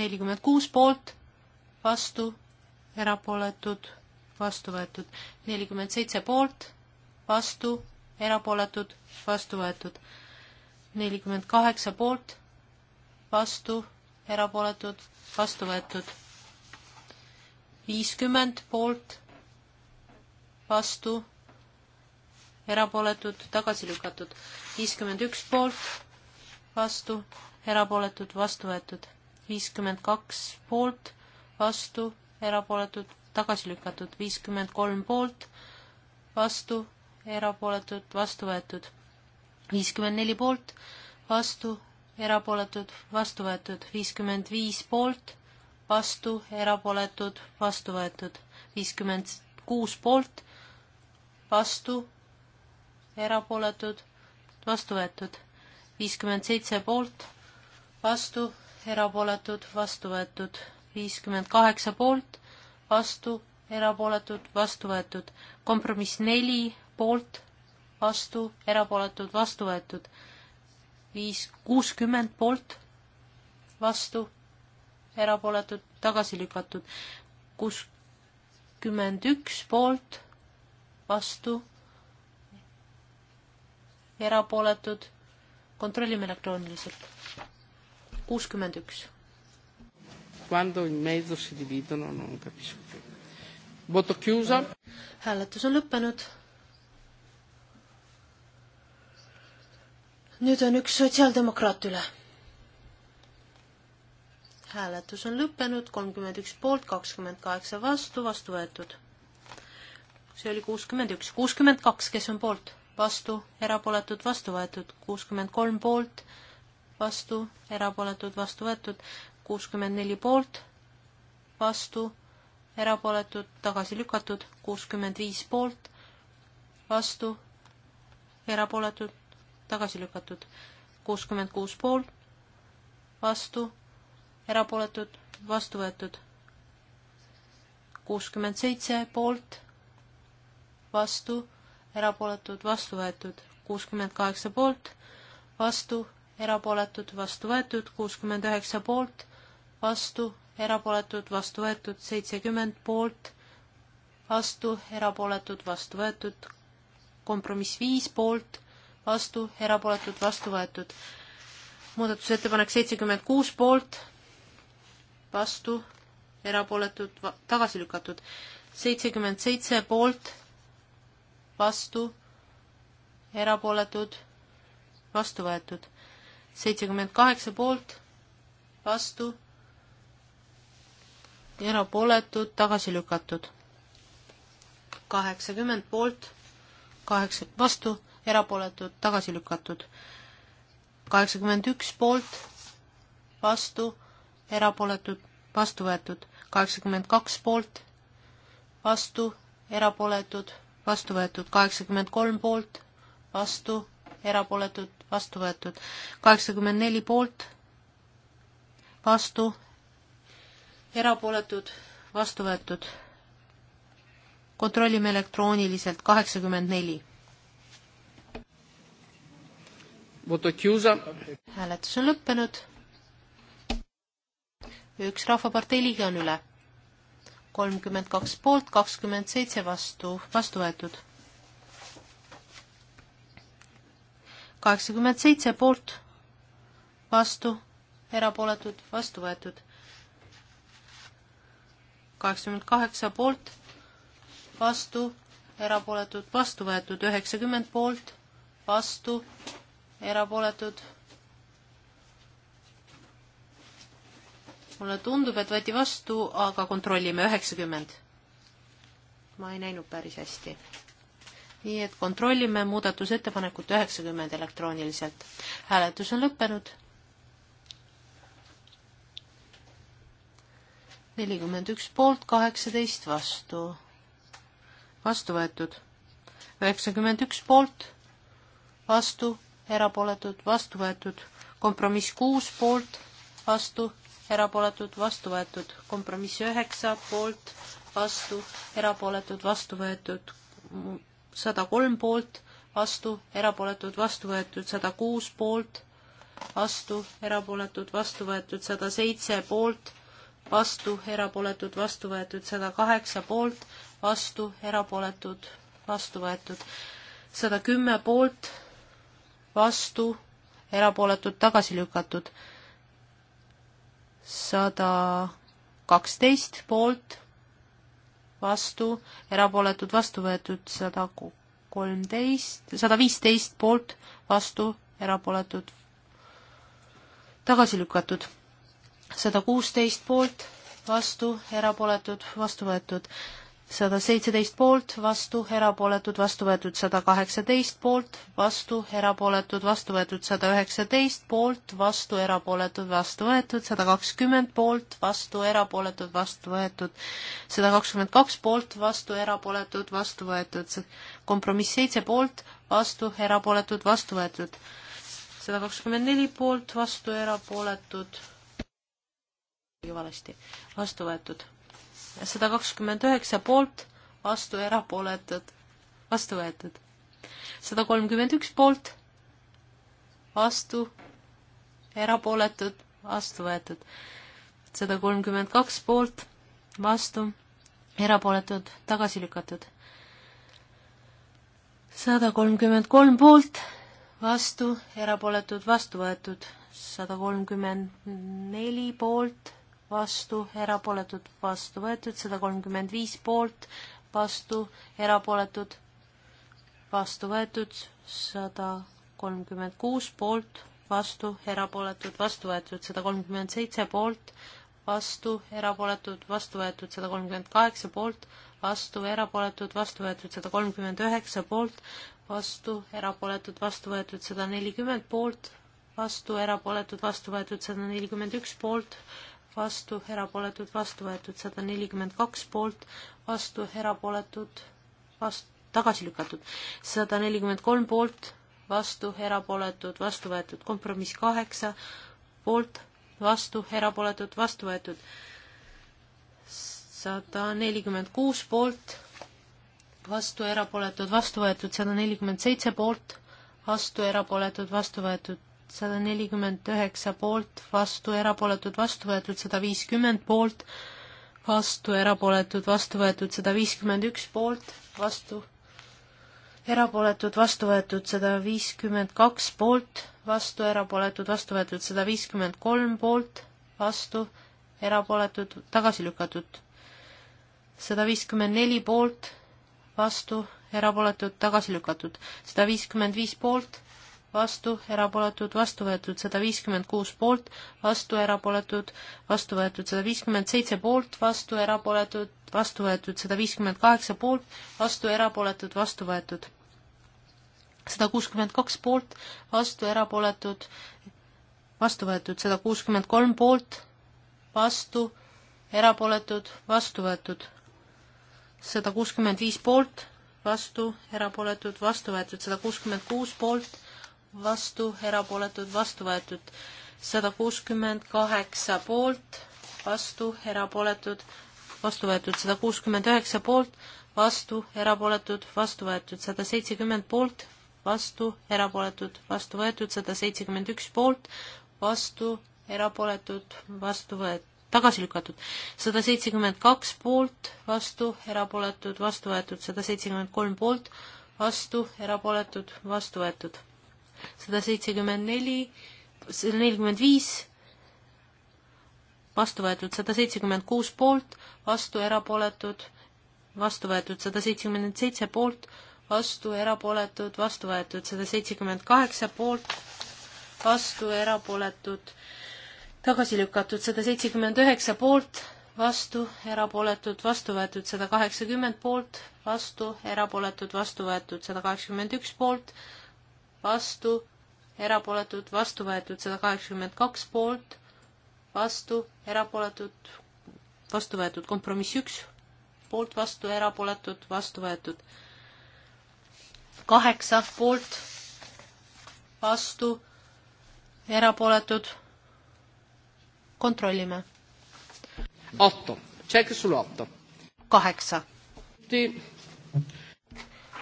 nelikümmend kuus poolt, vastu, erapooletud, vastu võetud. nelikümmend seitse poolt, vastu, erapooletud, vastu võetud. nelikümmend kaheksa poolt, vastu, erapooletud, vastu võetud. viiskümmend poolt vastu, erapooletud, tagasi lükatud. viiskümmend üks poolt, vastu, erapooletud, vastu võetud. viiskümmend kaks poolt, vastu, erapooletud, tagasi lükatud. viiskümmend kolm poolt, vastu, erapooletud, vastu võetud. viiskümmend neli poolt, vastu, erapooletud, vastu võetud. viiskümmend viis poolt, vastu, erapooletud, vastu võetud. viiskümmend kuus poolt vastu, erapooletud, vastu võetud. viiskümmend seitse poolt, vastu, erapooletud, vastu võetud. viiskümmend kaheksa poolt, vastu, erapooletud, vastu võetud. kompromiss neli poolt, vastu, erapooletud, vastu võetud. viis, kuuskümmend poolt, vastu, erapooletud, tagasi lükatud. kuuskümmend üks poolt vastu, erapooletud, kontrollime elektrooniliselt. kuuskümmend üks. Quando in mezzo si dividono non capisco più. Voto chiuso. hääletus on lõppenud. nüüd on üks sotsiaaldemokraat üle. hääletus on lõppenud, kolmkümmend üks poolt, kakskümmend kaheksa vastu, vastu võetud see oli kuuskümmend üks, kuuskümmend kaks, kes on poolt, vastu, erapooletud, vastu võetud, kuuskümmend kolm poolt, vastu, erapooletud, vastu võetud, kuuskümmend neli poolt, vastu, erapooletud, tagasi lükatud, kuuskümmend viis poolt, vastu, erapooletud, tagasi lükatud, kuuskümmend kuus poolt, vastu, erapooletud, vastu võetud, kuuskümmend seitse poolt vastu, erapooletud, vastu võetud, kuuskümmend kaheksa poolt, vastu, erapooletud, vastu võetud, kuuskümmend üheksa poolt, vastu, erapooletud, vastu võetud, seitsekümmend poolt, vastu, erapooletud, vastu võetud, kompromiss viis poolt, vastu, erapooletud, vastu võetud. muudatusettepanek seitsekümmend kuus poolt, vastu, erapooletud, tagasi lükatud. seitsekümmend seitse poolt, vastu, erapooletud, vastu võetud. seitsekümmend kaheksa poolt, vastu, erapooletud, tagasi lükatud. kaheksakümmend poolt, kaheksa, vastu, erapooletud, tagasi lükatud. kaheksakümmend üks poolt, vastu, erapooletud, vastu võetud. kaheksakümmend kaks poolt, vastu, erapooletud vastu võetud, kaheksakümmend kolm poolt, vastu, erapooletud, vastu võetud, kaheksakümmend neli poolt, vastu, erapooletud, vastu võetud. kontrollime elektrooniliselt, kaheksakümmend neli. hääletus on lõppenud. üks Rahvapartei liige on üle kolmkümmend kaks poolt, kakskümmend seitse vastu, vastu võetud. kaheksakümmend seitse poolt, vastu, erapooletud, vastu võetud. kaheksakümmend kaheksa poolt, vastu, erapooletud, vastu võetud, üheksakümmend poolt, vastu, erapooletud mulle tundub, et võeti vastu, aga kontrollime, üheksakümmend. ma ei näinud päris hästi. nii et kontrollime muudatusettepanekut üheksakümmend elektrooniliselt. hääletus on lõppenud. nelikümmend üks poolt, kaheksateist vastu. vastu võetud. üheksakümmend üks poolt, vastu, erapooletud, vastu võetud. kompromiss kuus poolt, vastu erapooletud, vastu võetud. kompromiss üheksa poolt, vastu, erapooletud, vastu võetud. sada kolm poolt, vastu, erapooletud, vastu võetud. sada kuus poolt, vastu, erapooletud, vastu võetud. sada seitse poolt, vastu, erapooletud, vastu võetud. sada kaheksa poolt, vastu, erapooletud, vastu võetud. sada kümme poolt, vastu, erapooletud, tagasi lükatud sada kaksteist poolt, vastu, erapooletud, vastu võetud sada kolmteist, sada viisteist poolt, vastu, erapooletud, tagasi lükatud. sada kuusteist poolt, vastu, erapooletud, vastu võetud sada seitseteist poolt, vastu, erapooletud, vastu võetud sada kaheksateist poolt, vastu, erapooletud, vastu võetud sada üheksateist poolt, vastu, erapooletud, vastu võetud sada kakskümmend poolt, vastu, erapooletud, vastu võetud sada kakskümmend kaks poolt, vastu, erapooletud, vastu võetud kompromiss seitse poolt, vastu, erapooletud, vastu võetud sada kakskümmend neli poolt, vastu, erapooletud, valesti, vastu võetud sada kakskümmend üheksa poolt, vastu erapooletud, vastu võetud. sada kolmkümmend üks poolt, vastu erapooletud, vastu võetud. sada kolmkümmend kaks poolt, vastu erapooletud, tagasi lükatud. sada kolmkümmend kolm poolt, vastu, erapooletud, vastu võetud. sada kolmkümmend neli poolt, vastu, erapooletud, vastu võetud, sada kolmkümmend viis poolt, vastu, erapooletud, vastu võetud, sada kolmkümmend kuus poolt, vastu, erapooletud, vastu võetud, sada kolmkümmend seitse poolt, vastu, erapooletud, vastu võetud, sada kolmkümmend kaheksa poolt, vastu, erapooletud, vastu võetud, sada kolmkümmend üheksa poolt, vastu, erapooletud, vastu võetud, sada nelikümmend poolt, vastu, erapooletud, vastu võetud, sada nelikümmend üks poolt, vastu, erapooletud, vastu võetud, sada nelikümmend kaks poolt, vastu, erapooletud, vastu, tagasi lükatud, sada nelikümmend kolm poolt, vastu, erapooletud, vastu võetud, kompromiss kaheksa, poolt, vastu, erapooletud, vastu võetud, sada nelikümmend kuus poolt, vastu, erapooletud, vastu võetud, sada nelikümmend seitse poolt, vastu, erapooletud, vastu võetud, sada nelikümmend üheksa poolt, vastu, erapooletud, vastu võetud sada viiskümmend poolt, vastu, erapooletud, vastu võetud sada viiskümmend üks poolt, vastu, erapooletud, vastu võetud sada viiskümmend kaks poolt, vastu, erapooletud, vastu võetud sada viiskümmend kolm poolt, vastu, erapooletud, tagasi lükatud sada viiskümmend neli poolt, vastu, erapooletud, tagasi lükatud sada viiskümmend viis poolt vastu, erapooletud, vastu võetud sada viiskümmend kuus poolt, vastu erapooletud, vastu võetud sada viiskümmend seitse poolt, vastu erapooletud, vastu võetud sada viiskümmend kaheksa poolt, vastu erapooletud, vastu võetud sada kuuskümmend kaks poolt, vastu erapooletud, vastu võetud sada kuuskümmend kolm poolt, vastu erapooletud, vastu võetud sada kuuskümmend viis poolt, vastu erapooletud, vastu võetud sada kuuskümmend kuus poolt vastu, erapooletud, vastu võetud. sada kuuskümmend kaheksa poolt, vastu, erapooletud, vastu võetud. sada kuuskümmend üheksa poolt, vastu, erapooletud, vastu võetud. sada seitsekümmend poolt, vastu, erapooletud, vastu võetud. sada seitsekümmend üks poolt, vastu, erapooletud, vastu võetud tagasi lükatud, sada seitsekümmend kaks poolt, vastu, erapooletud, vastu võetud, sada seitsekümmend kolm poolt, vastu, erapooletud, vastu võetud sada seitsekümmend neli, sada nelikümmend viis, vastu võetud sada seitsekümmend kuus poolt, vastu erapooletud, vastu võetud sada seitsekümmend seitse poolt, vastu erapooletud, vastu võetud sada seitsekümmend kaheksa poolt, vastu erapooletud, tagasi lükatud sada seitsekümmend üheksa poolt, vastu, erapooletud, vastu võetud sada kaheksakümmend poolt, vastu, erapooletud, vastu võetud sada kaheksakümmend üks poolt, vastu, erapooletud, vastu võetud sada kaheksakümmend kaks poolt, vastu, erapooletud, vastu võetud, kompromiss üks, poolt, vastu, erapooletud, vastu võetud. kaheksa poolt, vastu, erapooletud, kontrollime. Otto, tšekk sulle Otto. kaheksa.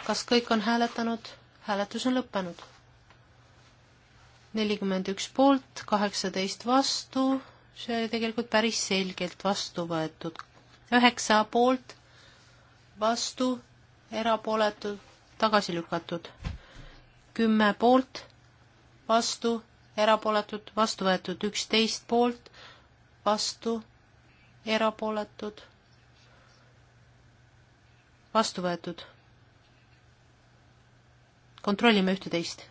kas kõik on hääletanud? hääletus on lõppenud. nelikümmend üks poolt, kaheksateist vastu, see oli tegelikult päris selgelt vastu võetud. üheksa poolt, vastu, erapooletud, tagasi lükatud. kümme poolt, vastu, erapooletud, vastu võetud, üksteist poolt, vastu, erapooletud, vastu võetud kontrollime ühte-teist.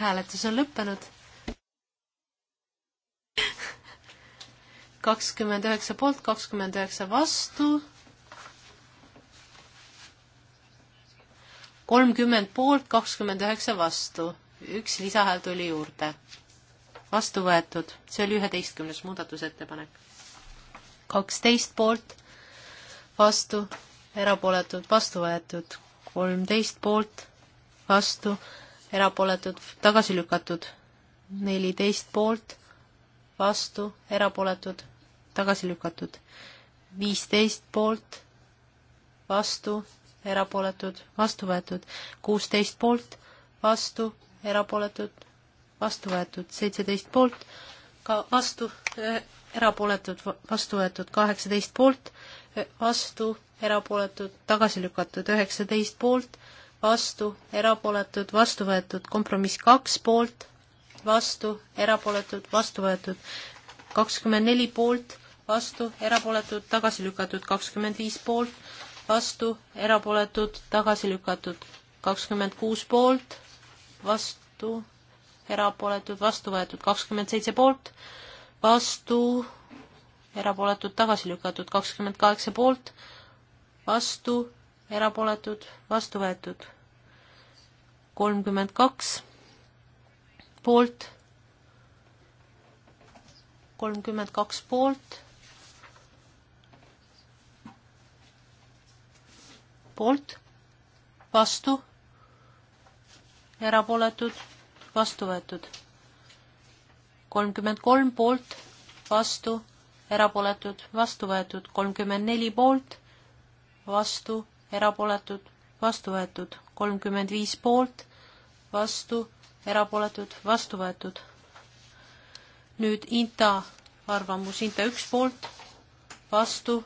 hääletus on lõppenud. kakskümmend üheksa poolt, kakskümmend üheksa vastu. kolmkümmend poolt, kakskümmend üheksa vastu. üks lisahääl tuli juurde. vastu võetud, see oli üheteistkümnes muudatusettepanek. kaksteist poolt vastu, erapooletud, vastu võetud. kolmteist poolt, vastu, erapooletud, tagasi lükatud. neliteist poolt, vastu, erapooletud, tagasi lükatud. viisteist poolt, vastu, erapooletud, vastu võetud. kuusteist poolt, vastu, erapooletud, vastu võetud. seitseteist poolt, ka vastu, eh, erapooletud, vastu võetud. kaheksateist poolt vastu, erapooletud, tagasi lükatud, üheksateist poolt, vastu, erapooletud, vastu võetud, kompromiss kaks poolt, vastu, erapooletud, vastu võetud, kakskümmend neli poolt, vastu, erapooletud, tagasi lükatud, kakskümmend viis poolt, vastu, erapooletud, tagasi lükatud, kakskümmend kuus poolt, vastu, erapooletud, vastu võetud, kakskümmend seitse poolt, vastu, erapooletud, tagasi lükatud, kakskümmend kaheksa poolt, vastu, erapooletud, vastu võetud, kolmkümmend kaks poolt, kolmkümmend kaks poolt, poolt, vastu, erapooletud, vastu võetud, kolmkümmend kolm poolt, vastu erapooletud, vastu võetud, kolmkümmend neli poolt, vastu, erapooletud, vastu võetud, kolmkümmend viis poolt, vastu, erapooletud, vastu võetud. nüüd INTA arvamus, INTA üks poolt, vastu,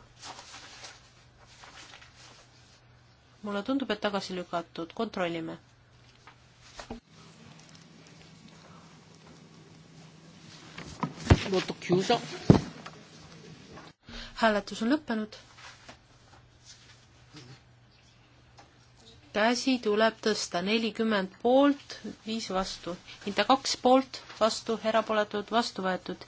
mulle tundub, et tagasi lükatud, kontrollime voto chiuso hääletus on lõppenud. käsi tuleb tõsta nelikümmend poolt, viis vastu. Inta kaks poolt, vastu, erapooletud, vastu võetud.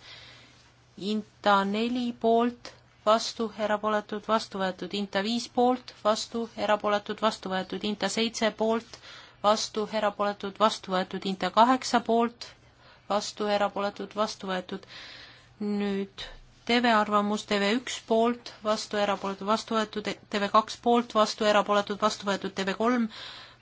Inta neli poolt, vastu, erapooletud, vastu võetud. Inta viis poolt, vastu, erapooletud, vastu võetud. Inta seitse poolt, vastu, erapooletud, vastu võetud. Inta kaheksa poolt, vastu, erapooletud, vastu võetud. nüüd TV-arvamus TV1 poolt, vastu erapooletud, vastu võetud, TV2 poolt, vastu erapooletud, vastu võetud TV3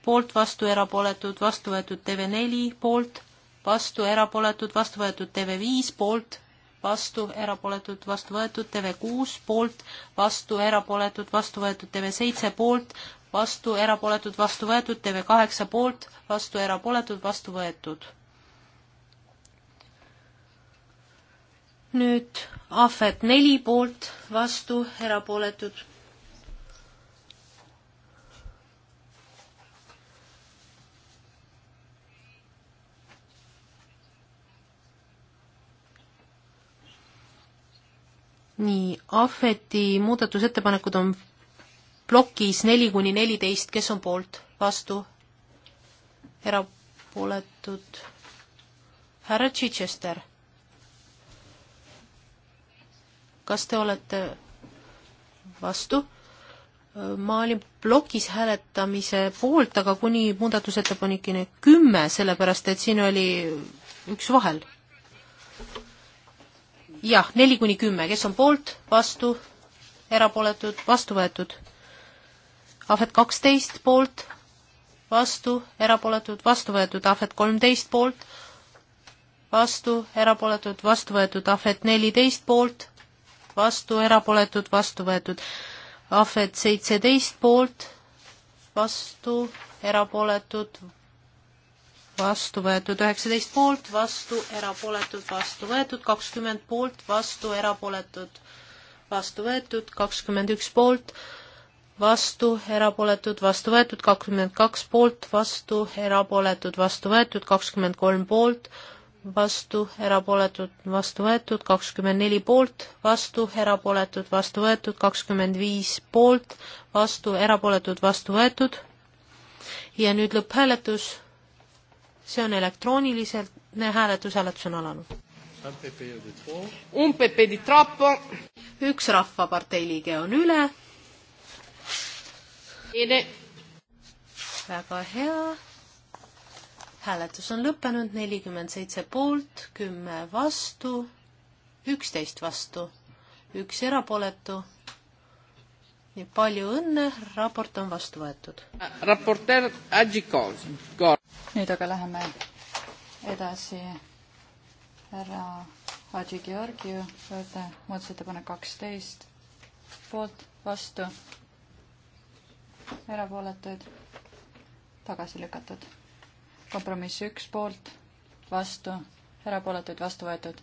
poolt, vastu erapooletud, vastu võetud TV4 poolt, vastu erapooletud, vastu võetud TV5 poolt, vastu erapooletud, vastu võetud TV6 poolt, vastu erapooletud, vastu võetud TV7 poolt, vastu erapooletud, vastu võetud TV8 poolt, vastu erapooletud, vastu võetud nüüd ahvet neli poolt, vastu, erapooletud. nii, ahveti muudatusettepanekud on plokis neli kuni neliteist, kes on poolt, vastu, erapooletud. härra Chichester kas te olete vastu? ma olin plokis hääletamise poolt, aga kuni muudatusettepanekini kümme, sellepärast et siin oli üks vahel. jah, neli kuni kümme, kes on poolt, vastu, erapooletud, vastu võetud. ahvet kaksteist poolt, vastu, erapooletud, vastu võetud, ahvet kolmteist poolt, vastu, erapooletud, vastu võetud, ahvet neliteist poolt vastu, erapooletud, vastu võetud. ahved seitseteist poolt, vastu, erapooletud, vastu võetud, üheksateist poolt, vastu, erapooletud, vastu võetud, kakskümmend poolt, vastu, erapooletud, vastu võetud, kakskümmend üks poolt, vastu, erapooletud, vastu võetud, kakskümmend kaks poolt, vastu, erapooletud, vastu võetud, kakskümmend kolm poolt, vastu, erapooletud, vastu võetud, kakskümmend neli poolt, vastu, erapooletud, vastu võetud, kakskümmend viis poolt, vastu, erapooletud, vastu võetud. ja nüüd lõpphääletus. see on elektrooniliselt, hääletus, hääletus on alanud. E e üks Rahvapartei liige on üle. väga hea hääletus on lõppenud, nelikümmend seitse poolt, kümme vastu, üksteist vastu, üks erapooletu. nii palju õnne, raport on vastu võetud. raporter Adžikov. nüüd aga läheme edasi härra Hadži Georgiu juurde, muudatusettepanek kaksteist, poolt, vastu, erapooletuid, tagasi lükatud kompromiss üks poolt, vastu, erapooletuid vastu võetud.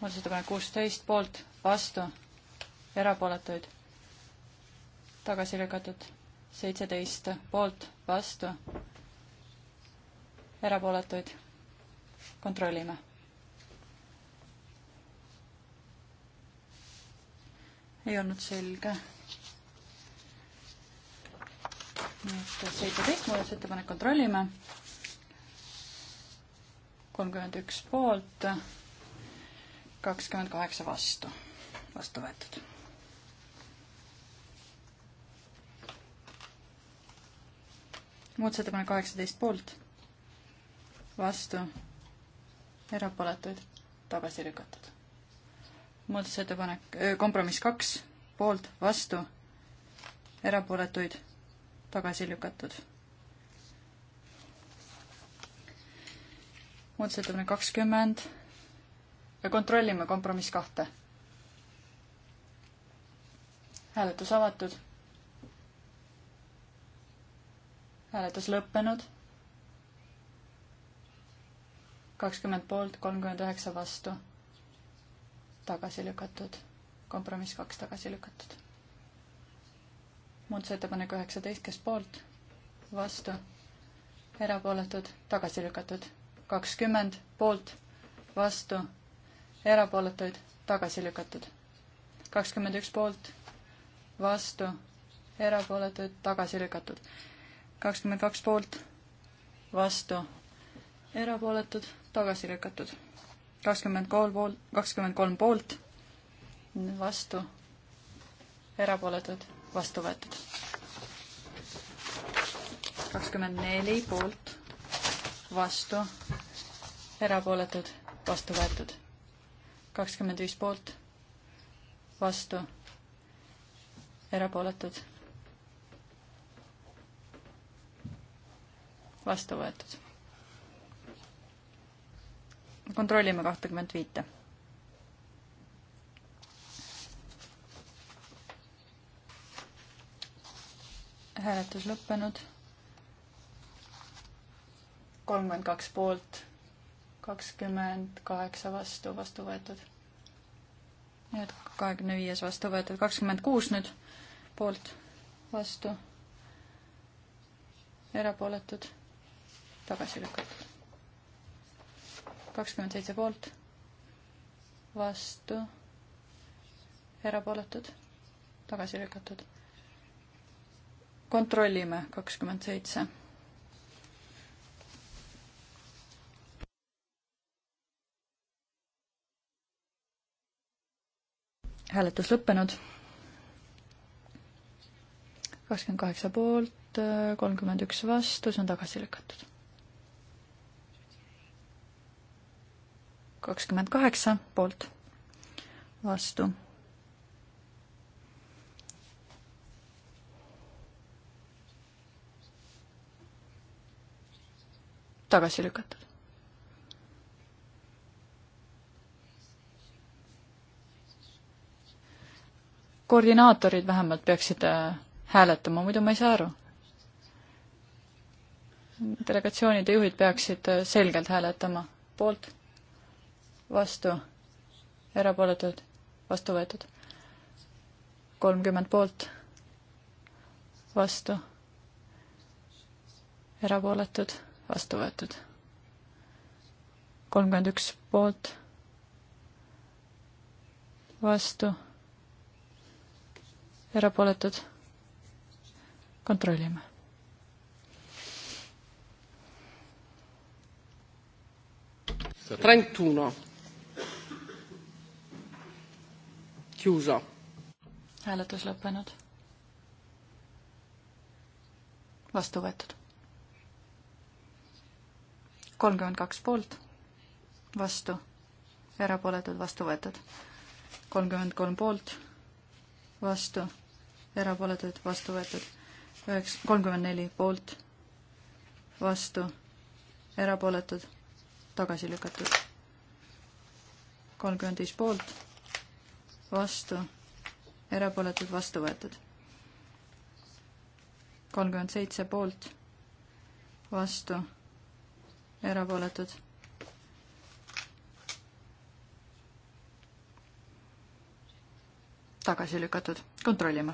muudatusettepanek kuusteist poolt, vastu, erapooletuid tagasi lükatud. seitseteist poolt, vastu, erapooletuid kontrollime. ei olnud selge nüüd seitseteist muudatusettepanek kontrollime. kolmkümmend üks poolt, kakskümmend kaheksa vastu, vastu võetud. muudatusettepanek kaheksateist poolt, vastu, erapooletuid, tagasi lükatud. muudatusettepanek, kompromiss kaks, poolt, vastu, erapooletuid tagasi lükatud. muudatusettepanek kakskümmend ja kontrollime kompromiss kahte. hääletus avatud. hääletus lõppenud. kakskümmend poolt, kolmkümmend üheksa vastu. tagasi lükatud. kompromiss kaks tagasi lükatud muudatusettepanek üheksateist, kes poolt, vastu, erapooletud, tagasi lükatud. kakskümmend poolt, vastu, erapooletuid, tagasi lükatud. kakskümmend üks poolt, vastu, erapooletuid, tagasi lükatud. kakskümmend kaks poolt, vastu, erapooletud, tagasi lükatud. kakskümmend kolm poolt, kakskümmend kolm poolt, vastu, erapooletud vastu võetud. kakskümmend neli poolt, vastu, erapooletud, vastu võetud. kakskümmend viis poolt, vastu, erapooletud, vastu võetud. kontrollime kahtekümmet viite hääletus lõppenud. kolmkümmend kaks poolt, kakskümmend kaheksa vastu, vastu võetud. nüüd kahekümne viies vastu võetud, kakskümmend kuus nüüd poolt, vastu, erapooletud, tagasi lükatud. kakskümmend seitse poolt, vastu, erapooletud, tagasi lükatud kontrollime, kakskümmend seitse. hääletus lõppenud. kakskümmend kaheksa poolt, kolmkümmend üks vastu, see on tagasi lükatud. kakskümmend kaheksa poolt, vastu tagasi lükatud. koordinaatorid vähemalt peaksid äh, hääletama, muidu ma ei saa aru. delegatsioonide juhid peaksid äh, selgelt hääletama poolt, vastu, erapooletud, vastu võetud. kolmkümmend poolt, vastu, erapooletud vastu võetud. kolmkümmend üks poolt, vastu, erapooletud. kontrollime. trentuno. Chiuso. hääletus lõppenud. vastu võetud kolmkümmend kaks poolt, vastu, erapooletud, vastu võetud. kolmkümmend kolm poolt, vastu, erapooletud, vastu võetud. üheks-, kolmkümmend neli poolt, vastu, erapooletud, tagasi lükatud. kolmkümmend viis poolt, vastu, erapooletud, vastu võetud. kolmkümmend seitse poolt, vastu erapooletud. tagasi lükatud, kontrollime.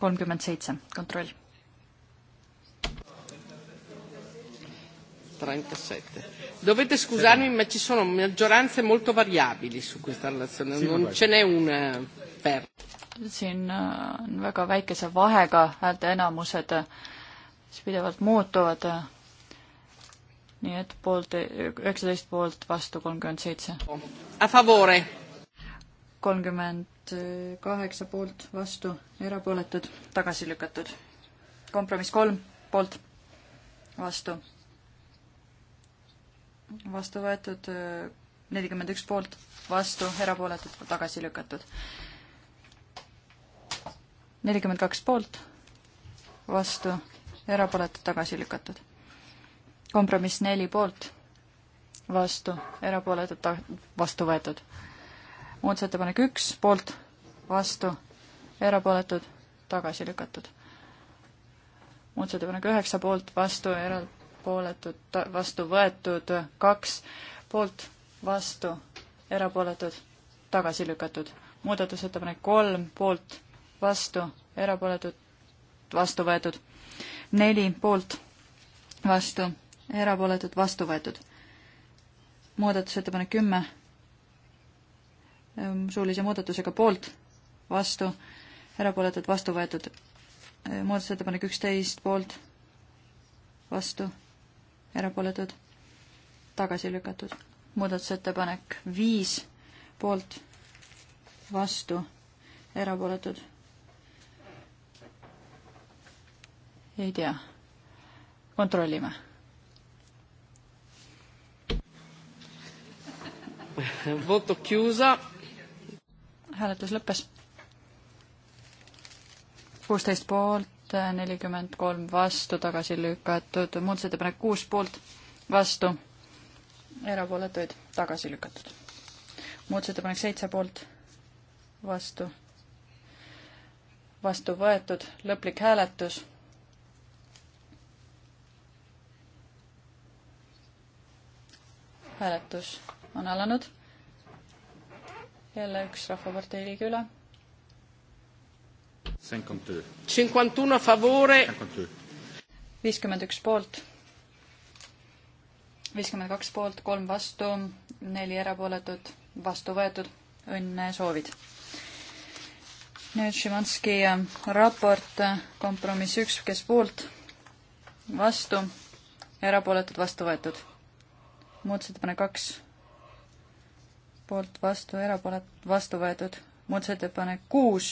kolmkümmend seitse, kontroll. Dovete scusarmi ma ci sono maggioranze molto variabili su questa relazione, non ce n'è una eh, per. siin on eh, väga väikese vahega häälteenamused, mis eh, pidevalt muutuvad nii et poolt, üheksateist poolt, vastu kolmkümmend seitse. A favore. kolmkümmend kaheksa poolt, vastu, erapooletud, tagasi lükatud. kompromiss kolm, poolt, vastu. vastu võetud nelikümmend üks poolt, vastu, erapooletud, tagasi lükatud. nelikümmend kaks poolt, vastu, erapooletud, tagasi lükatud kompromiss neli poolt, vastu, erapooletud, vastu võetud. muudatusettepanek üks poolt, vastu, erapooletud, tagasi lükatud. muudatusettepanek üheksa poolt, vastu, erapooletud, vastu võetud, kaks poolt, vastu, erapooletud, tagasi lükatud. muudatusettepanek kolm poolt, vastu, erapooletud, vastu võetud. neli poolt, vastu, erapooletud, vastu võetud. muudatusettepanek kümme, ehm, suulise muudatusega poolt, vastu, erapooletud, vastu võetud. Ehm, muudatusettepanek üksteist, poolt, vastu, erapooletud, tagasi lükatud. muudatusettepanek viis, poolt, vastu, erapooletud. ei tea, kontrollime Voto chiusa. hääletus lõppes. kuusteist poolt, nelikümmend kolm vastu, tagasi lükatud, muudatusettepanek kuus poolt, vastu, erapooletuid tagasi lükatud. muudatusettepanek seitse poolt, vastu, vastu võetud, lõplik hääletus hääletus on alanud. jälle üks Rahvapartei liige üle. viiskümmend üks poolt, viiskümmend kaks poolt, kolm vastu, neli erapooletut, vastu võetud. õnne soovid. nüüd Šimanski äh, raport, äh, kompromiss üks, kes poolt, vastu, erapooletud, vastu võetud. muudatusettepanek kaks poolt, vastu, erapooletud, vastu võetud. muudatusettepanek kuus,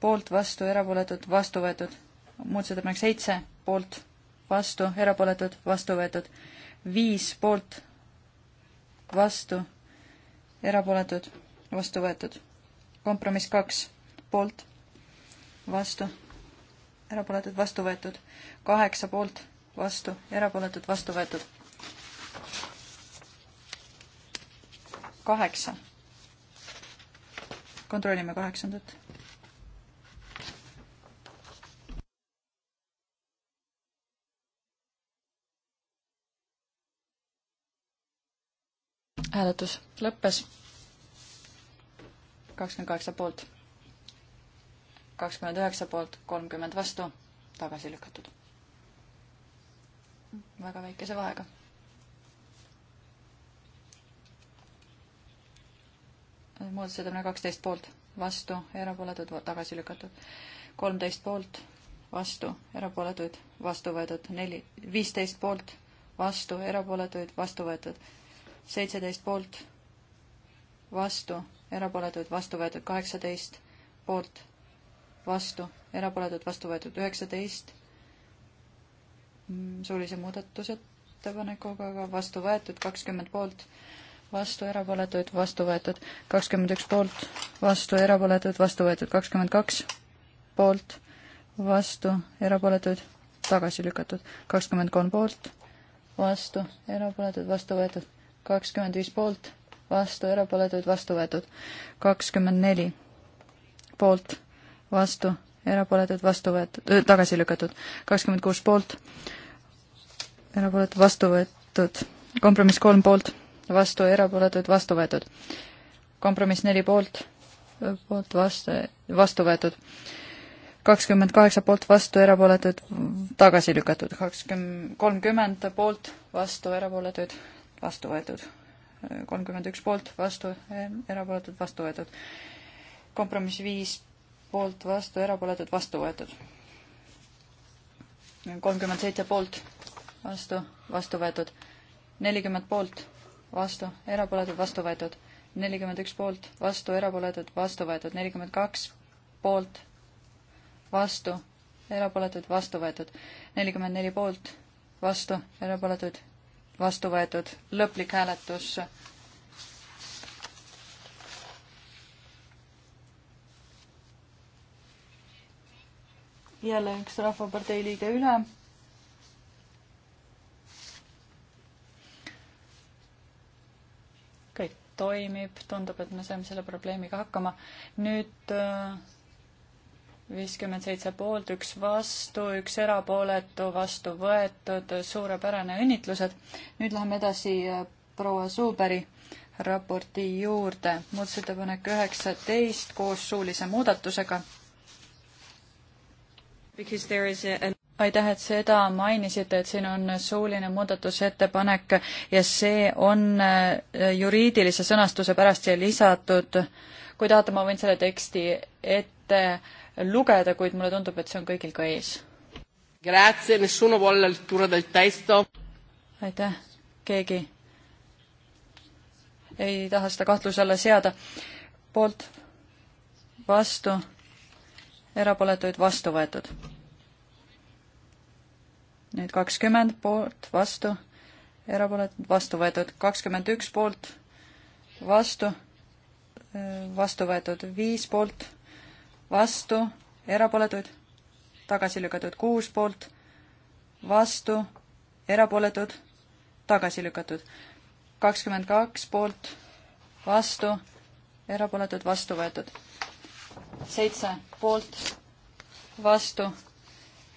poolt, vastu, erapooletud, vastu võetud. muudatusettepanek seitse, poolt, vastu, erapooletud, vastu võetud. viis poolt, vastu, erapooletud, vastu võetud. kompromiss kaks, poolt, vastu, erapooletud, vastu võetud. kaheksa poolt, vastu, erapooletud, vastu võetud kaheksa. kontrollime kaheksandat. hääletus lõppes. kakskümmend kaheksa poolt, kakskümmend üheksa poolt, kolmkümmend vastu, tagasi lükatud. väga väikese vahega muudatusettepanek kaksteist poolt, vastu, erapooletud, tagasi lükatud. kolmteist poolt, vastu, erapooletuid, vastu võetud. neli, viisteist poolt, vastu, erapooletuid, vastu võetud. seitseteist poolt, vastu, erapooletuid, vastu võetud. kaheksateist poolt, vastu, erapooletud, vastu võetud üheksateist, mm, suulise muudatusettepanekuga vastu võetud kakskümmend poolt, vastu, erapooletuid, vastu võetud kakskümmend üks poolt, vastu, erapooletuid, vastu võetud kakskümmend kaks poolt, vastu, erapooletuid, tagasi lükatud kakskümmend kolm poolt, vastu, erapooletuid, vastu võetud kakskümmend viis poolt, vastu, erapooletuid, vastu võetud kakskümmend neli poolt, vastu, erapooletuid, vastu võetud, tagasi lükatud kakskümmend kuus poolt, erapooletuid, vastu võetud kompromiss kolm poolt vastu, erapooletud, vastu võetud. kompromiss neli poolt, poolt vastu, vastu võetud. kakskümmend kaheksa poolt vastu, erapooletud, tagasi lükatud. kakskümmend, kolmkümmend poolt vastu, erapooletud, vastu võetud. kolmkümmend üks poolt vastu, erapooletud, vastu võetud. kompromiss viis poolt vastu, erapooletud, vastu võetud. kolmkümmend seitse poolt vastu, vastu võetud. nelikümmend poolt vastu, erapooletud, vastu võetud. nelikümmend üks poolt, vastu, erapooletud, vastu võetud. nelikümmend kaks poolt, vastu, erapooletud, vastu võetud. nelikümmend neli poolt, vastu, erapooletud, vastu võetud. lõplik hääletus. jälle üks Rahvapartei liige üle toimib, tundub, et me saime selle probleemiga hakkama. nüüd äh, viiskümmend seitse poolt, üks vastu, üks erapooletu, vastu võetud, suurepärane, õnnitlused. nüüd läheme edasi äh, proua Suuberi raporti juurde. muudatusettepanek üheksateist koos suulise muudatusega. Because there is a aitäh, et seda mainisite, et siin on suuline muudatusettepanek ja see on äh, juriidilise sõnastuse pärast siia lisatud. kui tahate, ma võin selle teksti ette lugeda, kuid mulle tundub, et see on kõigil ka ees. aitäh, keegi ei taha seda kahtluse alla seada. poolt, vastu, erapooletuid vastu võetud nüüd kakskümmend poolt, vastu, erapooletud, vastu võetud kakskümmend üks poolt, vastu, vastu võetud viis poolt, vastu, erapooletuid, tagasi lükatud kuus poolt, vastu, erapooletud, tagasi lükatud kakskümmend kaks poolt, vastu, erapooletud, vastu võetud seitse poolt, vastu,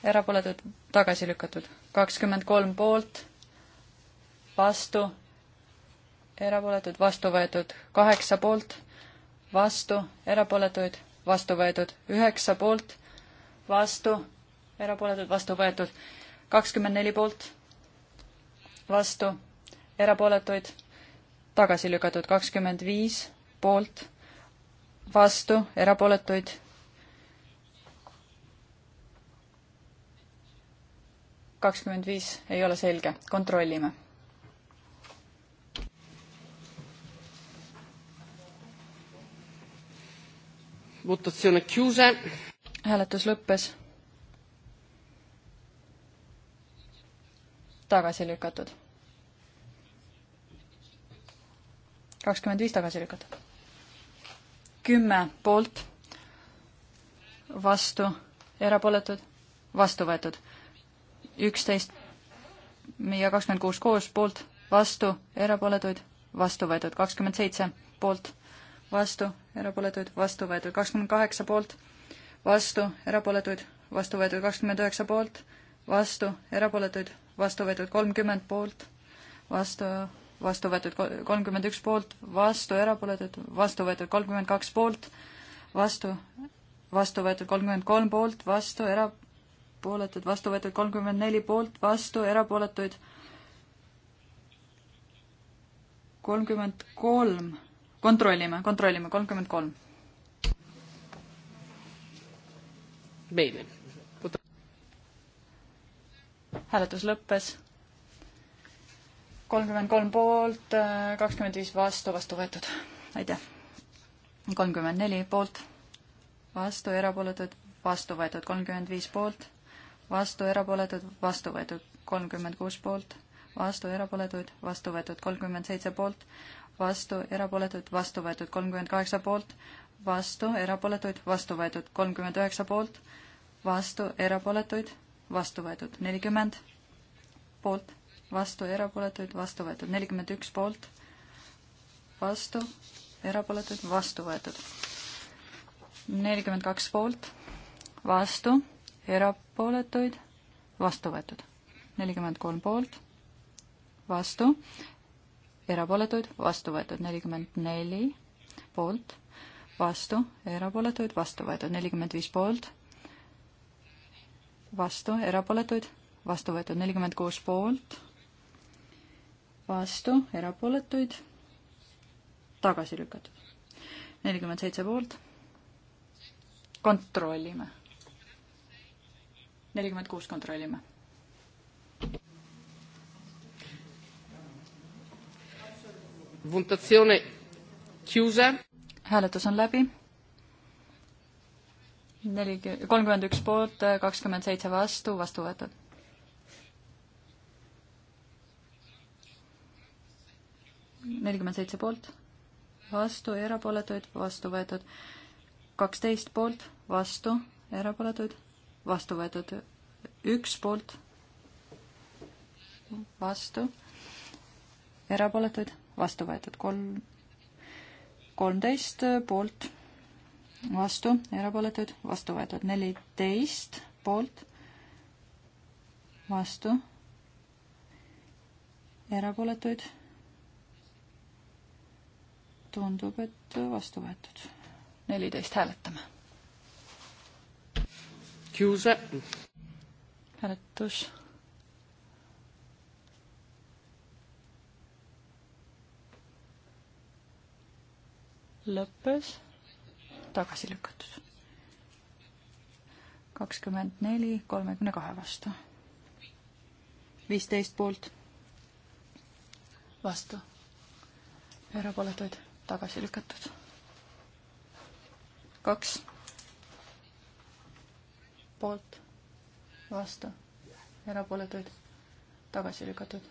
erapooletud, tagasi lükatud. kakskümmend kolm poolt, vastu, erapooletud, vastu võetud. kaheksa poolt, vastu, erapooletuid, vastu võetud. üheksa poolt, vastu, erapooletud, vastu võetud. kakskümmend neli poolt, vastu, erapooletuid, tagasi lükatud. kakskümmend viis poolt, vastu, erapooletuid kakskümmend viis ei ole selge, kontrollime. hääletus lõppes. tagasi lükatud. kakskümmend viis tagasi lükatud. kümme poolt, vastu, erapooletud, vastu võetud üksteist ja kakskümmend kuus koos, poolt, vastu, erapooletuid, vastu võetud, kakskümmend seitse poolt, vastu, erapooletuid, vastu võetud, kakskümmend kaheksa poolt, vastu, erapooletuid, vastu võetud, kakskümmend üheksa poolt, vastu, erapooletuid, vastu võetud, kolmkümmend poolt, vastu, vastu võetud kolmkümmend üks poolt, vastu, erapooletuid, vastu võetud kolmkümmend kaks poolt, vastu, vastu võetud kolmkümmend kolm poolt, vastu, era-, erapooletud, vastu võetud kolmkümmend neli poolt, vastu erapooletuid kolmkümmend kolm. kontrollime, kontrollime, kolmkümmend kolm. Bene. hääletus lõppes. kolmkümmend kolm poolt, kakskümmend viis vastu, vastu võetud. aitäh. kolmkümmend neli poolt, vastu, erapooletud, vastu võetud, kolmkümmend viis poolt vastu, erapooletud, vastu võetud kolmkümmend kuus poolt, vastu, erapooletuid, vastu võetud kolmkümmend seitse poolt, vastu, erapooletuid, vastu võetud kolmkümmend kaheksa poolt, vastu, erapooletuid, vastu võetud kolmkümmend üheksa poolt, vastu, erapooletuid, vastu võetud nelikümmend poolt, vastu, erapooletuid, vastu võetud nelikümmend üks poolt, vastu, erapooletuid, vastu võetud nelikümmend kaks poolt, vastu erapooletuid, vastu võetud. nelikümmend kolm poolt, vastu, erapooletuid, vastu võetud. nelikümmend neli poolt, vastu, erapooletuid, vastu võetud. nelikümmend viis poolt, vastu, erapooletuid, vastu võetud. nelikümmend kuus poolt, vastu, erapooletuid, tagasi lükatud. nelikümmend seitse poolt, kontrollime nelikümmend kuus kontrollime. hääletus on läbi. neli, kolmkümmend üks poolt, kakskümmend seitse vastu, vastu võetud. nelikümmend seitse poolt, vastu ja erapooletuid, vastu võetud. kaksteist poolt, vastu, erapooletuid vastu võetud üks poolt, vastu, erapooletuid, vastu võetud kolm, kolmteist poolt, vastu, erapooletuid, vastu võetud neliteist poolt, vastu, erapooletuid, tundub, et vastu võetud. neliteist hääletame Chiuse. hääletus. lõppes, tagasi lükatud. kakskümmend neli, kolmekümne kahe vastu. viisteist poolt. vastu. erapooletuid tagasi lükatud. kaks poolt, vastu, erapooletuid, tagasi lükatud.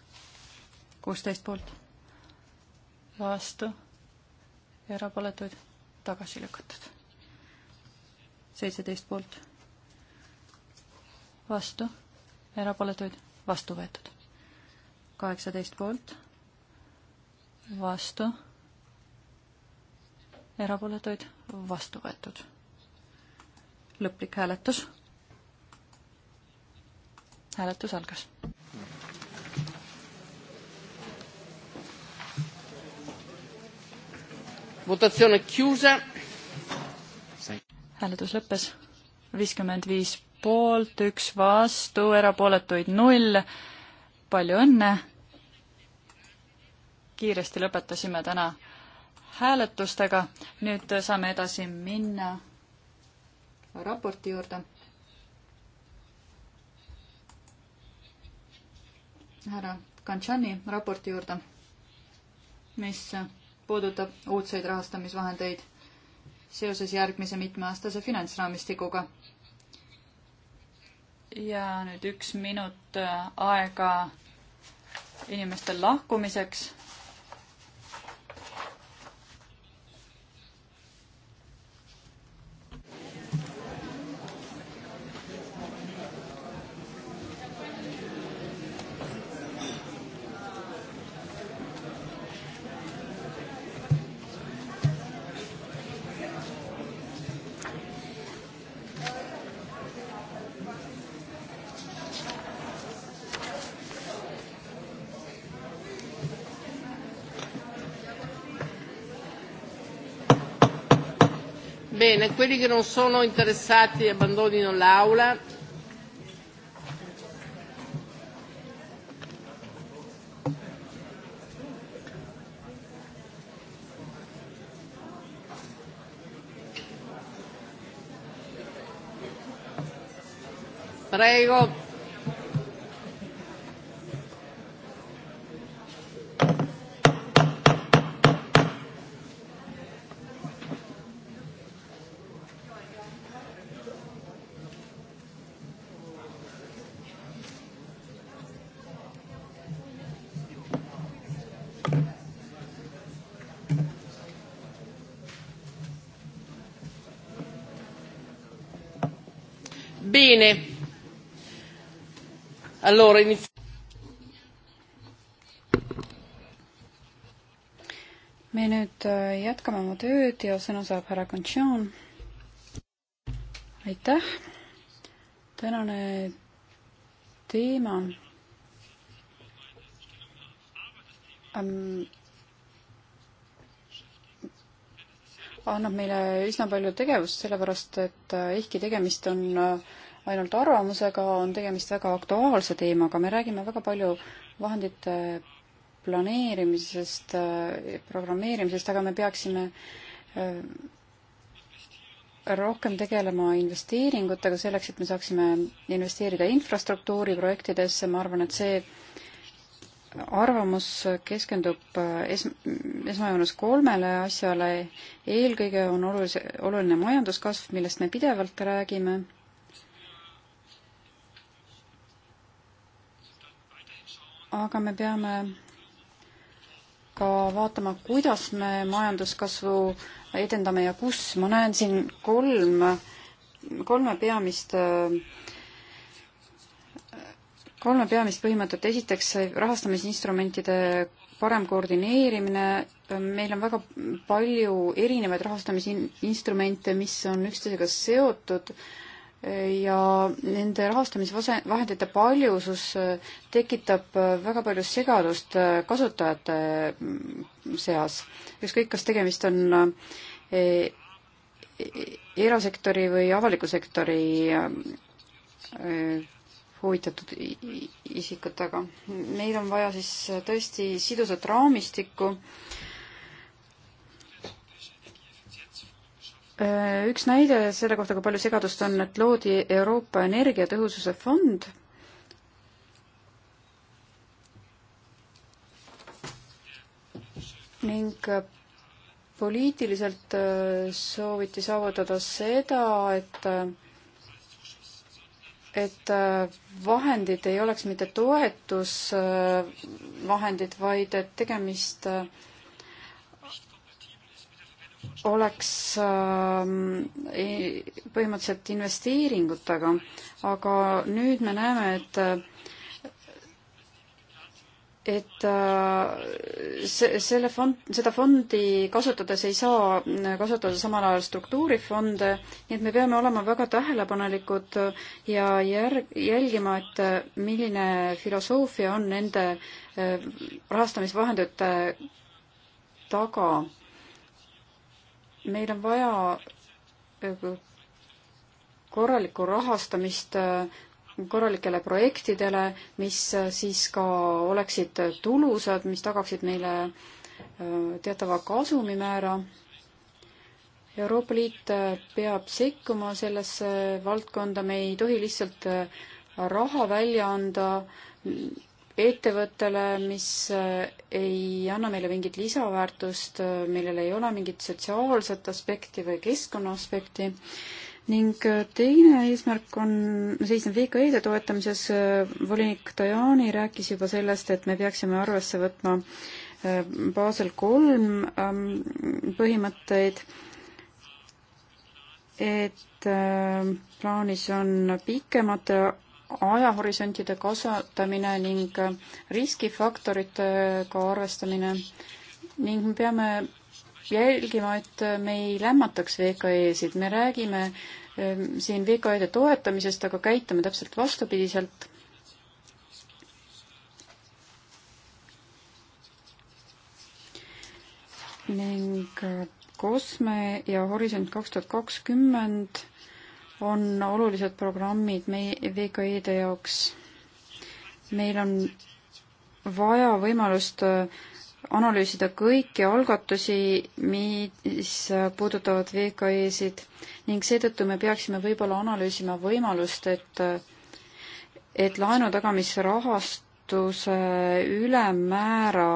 kuusteist poolt, vastu, erapooletuid, tagasi lükatud. seitseteist poolt, vastu, erapooletuid, vastu võetud. kaheksateist poolt, vastu, erapooletuid, vastu võetud lõplik hääletus hääletus algas. hääletus lõppes viiskümmend viis poolt, üks vastu, erapooletuid null. palju õnne. kiiresti lõpetasime täna hääletustega. nüüd saame edasi minna raporti juurde härra Kantšani raporti juurde, mis puudutab uudseid rahastamisvahendeid seoses järgmise mitmeaastase finantsraamistikuga. ja nüüd üks minut aega inimestel lahkumiseks Bene, quelli che non sono interessati abbandonino l'Aula. Prego, Bene. Allora iniziamo. me nüüd äh, jätkame oma tööd ja sõna saab härra Kontšoon. aitäh. tänane teema ähm, annab meile üsna palju tegevust, sellepärast et äh, ehkki tegemist on äh, ainult arvamusega, on tegemist väga aktuaalse teemaga, me räägime väga palju vahendite planeerimisest, äh, programmeerimisest, aga me peaksime äh, rohkem tegelema investeeringutega selleks, et me saaksime investeerida infrastruktuuri projektidesse, ma arvan, et see arvamus keskendub äh, es-, esmajoones kolmele asjale, eelkõige on olulise, oluline majanduskasv, millest me pidevalt räägime aga me peame ka vaatama, kuidas me majanduskasvu edendame ja kus. ma näen siin kolm, kolme peamist kolme peamist põhimõtet. esiteks rahastamisinstrumentide parem koordineerimine. meil on väga palju erinevaid rahastamisinstrumente, mis on üksteisega seotud äh, ja nende rahastamisvahendite paljusus äh, tekitab äh, väga palju segadust äh, kasutajate mm, seas. ükskõik, kas tegemist on e-, e-, erasektori või avaliku sektori huvitatud isikutega. meil on vaja siis tõesti sidusat raamistikku äh, Äh, üks näide selle kohta, kui palju segadust on, et loodi Euroopa Energiatõhususe Fond ning äh, poliitiliselt äh, sooviti saavutada seda, et et vahendid ei oleks mitte toetusvahendid, vaid et tegemist äh, oleks ähm, põhimõtteliselt investeeringutega, aga nüüd me näeme, et et äh, see, selle fond, seda fondi kasutades ei saa kasutada samal ajal struktuurifonde, nii et me peame olema väga tähelepanelikud ja järg-, jälgima, et milline filosoofia on nende äh, rahastamisvahendite taga meil on vaja äh, korralikku rahastamist äh, korralikele projektidele, mis äh, siis ka oleksid tulusad, mis tagaksid meile teatava kasumimäära. Euroopa Liit peab sekkuma sellesse valdkonda, me ei tohi lihtsalt raha välja anda ettevõttele, mis äh, ei anna meile mingit lisaväärtust, äh, millel ei ole mingit sotsiaalset aspekti või keskkonna aspekti. ning äh, teine eesmärk on, seisneb VKE-de toetamises, volinik Dajani rääkis juba sellest, et me peaksime arvesse võtma Basel kolm ähm, põhimõtteid, et plaanis on pikemate ajahorisontide kasvatamine ning riskifaktoritega arvestamine ning me peame jälgima, et me ei lämmataks VKE-sid, me räägime ehm, siin VKE-de toetamisest, aga käitume täpselt vastupidiselt. ning COSME äh, ja Horisont kaks tuhat kakskümmend on olulised programmid meie VKE-de jaoks. meil on vaja võimalust äh, analüüsida kõiki algatusi, mis äh, puudutavad VKE-sid ning seetõttu me peaksime võib-olla analüüsima võimalust, et, äh, et laenu tagamisrahastuse ülemmäära,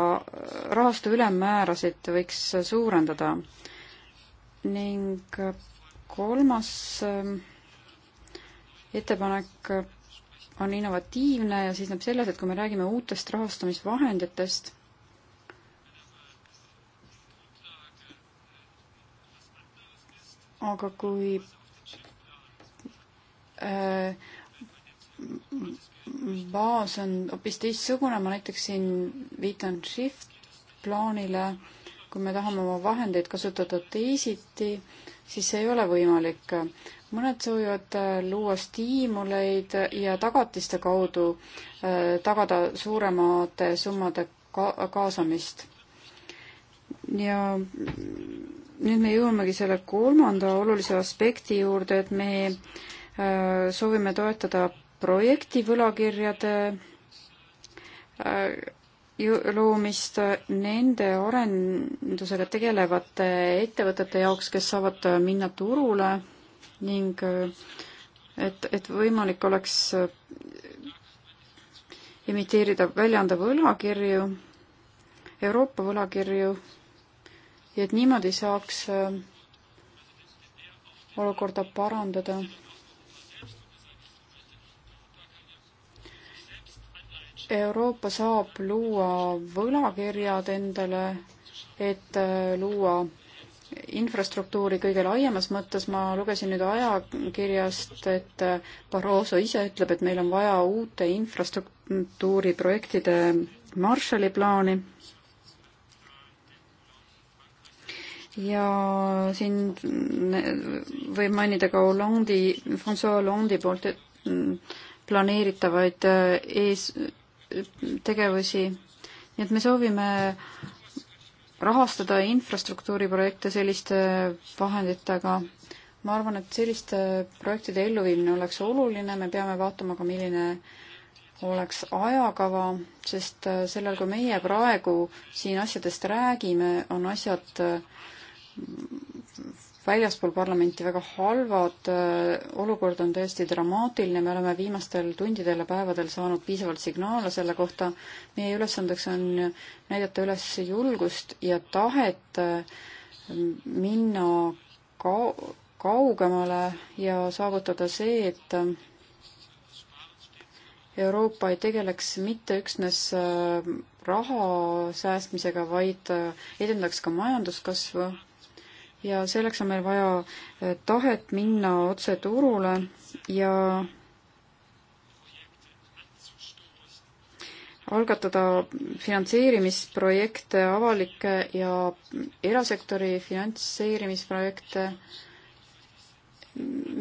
rahastu ülemmäärasid võiks suurendada. ning kolmas ettepanek on innovatiivne ja seisneb selles, et kui me räägime uutest rahastamisvahenditest, aga kui äh, baas on hoopis teistsugune, ma näiteks siin viitan shift plaanile, kui me tahame oma vahendeid kasutada teisiti äh,, siis see ei ole võimalik. mõned soovivad äh, luua stiimuleid ja tagatiste kaudu äh, tagada suuremate summade ka-, kaasamist. ja nüüd me jõuamegi selle kolmanda olulise aspekti juurde, et me äh, soovime toetada projekti võlakirjade loomist nende arendusega tegelevate ettevõtete jaoks, kes saavad minna turule ning et, et võimalik oleks imiteerida, välja anda võlakirju, Euroopa võlakirju ja et niimoodi saaks olukorda parandada Euroopa saab luua võlakirjad endale, et äh, luua infrastruktuuri kõige laiemas mõttes, ma lugesin nüüd ajakirjast, et äh, Barroso ise ütleb, et meil on vaja uute infrastruktuuriprojektide Marshalli plaani. ja siin äh, võib mainida ka Hollandi, Francois Hollandi poolt mm, planeeritavaid ees, tegevusi. nii et me soovime rahastada infrastruktuuriprojekte selliste vahenditega. ma arvan, et selliste projektide elluviimine oleks oluline, me peame vaatama ka, milline oleks ajakava, sest sellel, kui meie praegu siin asjadest räägime, on asjad väljaspool parlamenti väga halvad, äh, olukord on tõesti dramaatiline, me oleme viimastel tundidel ja päevadel saanud piisavalt signaale selle kohta. meie ülesandeks on näidata üles julgust ja tahet äh, minna ka-, kaugemale ja saavutada see, et äh, Euroopa ei tegeleks mitte üksnes raha säästmisega, vaid edendaks ka majanduskasvu ja selleks on meil vaja eh, tahet minna otse turule ja algatada finantseerimisprojekte, avalikke ja erasektori finantseerimisprojekte,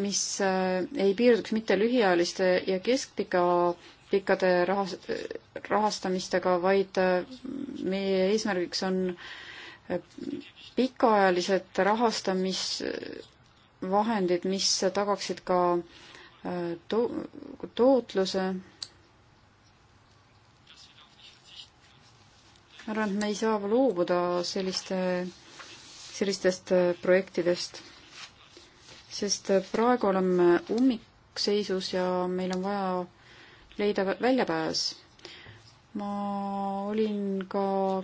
mis eh, ei piirduks mitte lühiajaliste ja keskpika pikkade rahas-, rahastamistega, vaid eh, meie eesmärgiks on äh, pikaajalised rahastamisvahendid, mis tagaksid ka äh, to-, tootluse. ma arvan, et me ei saa loobuda selliste, sellistest äh, projektidest, sest äh, praegu oleme ummikseisus ja meil on vaja leida väljapääs ma olin ka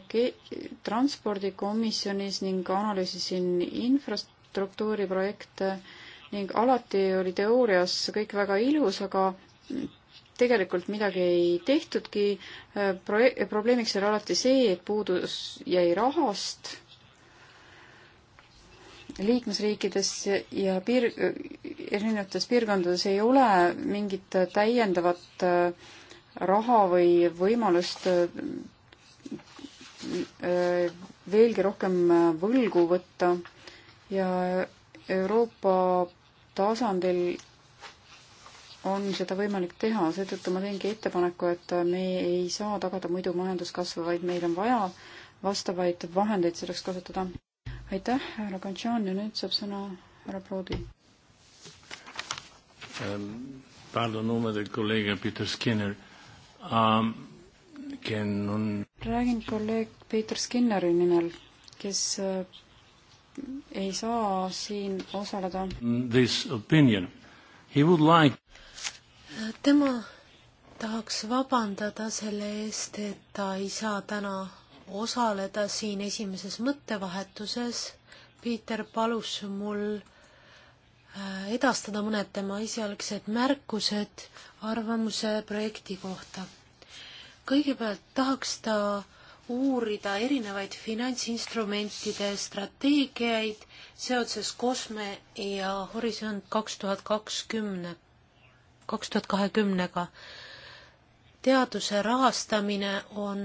transpordikomisjonis ning analüüsisin infrastruktuuriprojekte ning alati oli teoorias kõik väga ilus, aga tegelikult midagi ei tehtudki. Proje-, probleemiks oli alati see, et puudus jäi rahast liikmesriikides ja piir-, erinevates piirkondades ei ole mingit täiendavat äh, raha või võimalust äh, veelgi rohkem äh, võlgu võtta ja Euroopa tasandil on seda võimalik teha, seetõttu ma teengi ettepaneku, et me ei saa tagada muidu majanduskasvu, vaid meil on vaja vastavaid vahendeid selleks kasutada. aitäh, härra Kantšan ja nüüd saab sõna härra Proodi ähm,. Parlo nome del collega Peter Skinner um,. On... räägin kolleeg Peeter Skinneri nimel, kes äh, ei saa siin osaleda. Like... tema tahaks vabandada selle eest, et ta ei saa täna osaleda siin esimeses mõttevahetuses. Piiter palus mul Äh, edastada mõned tema esialgsed märkused arvamuse projekti kohta. kõigepealt tahaks ta uurida erinevaid finantsinstrumentide strateegiaid seoses COSME ja Horisont kaks tuhat kakskümne, kaks tuhat kahekümnega. teaduse rahastamine on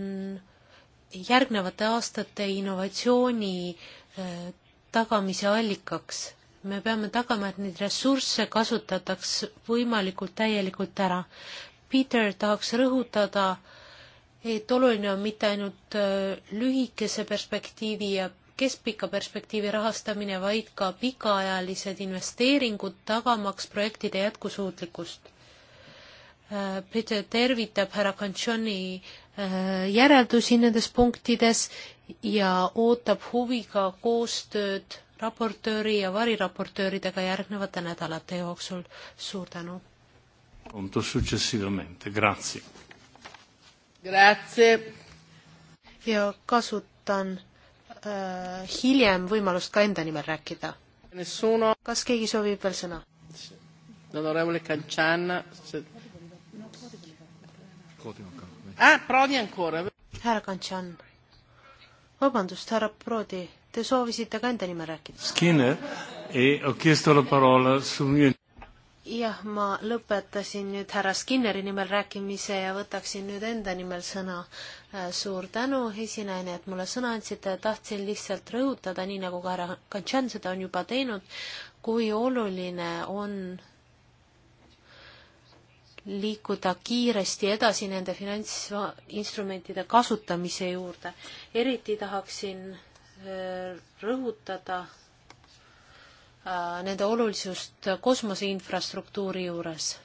järgnevate aastate innovatsiooni äh, tagamise allikaks me peame tagama, et neid ressursse kasutataks võimalikult täielikult ära. Peter tahaks rõhutada, et oluline on mitte ainult äh, lühikese perspektiivi ja keskpika perspektiivi rahastamine, vaid ka pikaajalised investeeringud, tagamaks projektide jätkusuutlikkust. Äh, Peter tervitab härra Kanchoni äh, järeldusi nendes punktides ja ootab huviga koostööd raportööri ja variraportööridega järgnevate nädalate jooksul. suur tänu! ja kasutan äh, hiljem võimalust ka enda nimel rääkida. kas keegi soovib veel sõna? L'onorevole Cancian. Se... Ah, Prodi ancora. Härra Cancian. Vabandust, härra Prodi Te soovisite ka enda nime rääkida. E, jah, ma lõpetasin nüüd härra Skinneri nimel rääkimise ja võtaksin nüüd enda nimel sõna. Äh, suur tänu, esinaine, et mulle sõna andsite, tahtsin lihtsalt rõhutada, nii nagu ka härra Kantšan seda on juba teinud, kui oluline on liikuda kiiresti edasi nende finantsinstrumentide kasutamise juurde. eriti tahaksin rõhutada äh, nende olulisust kosmose infrastruktuuri juures.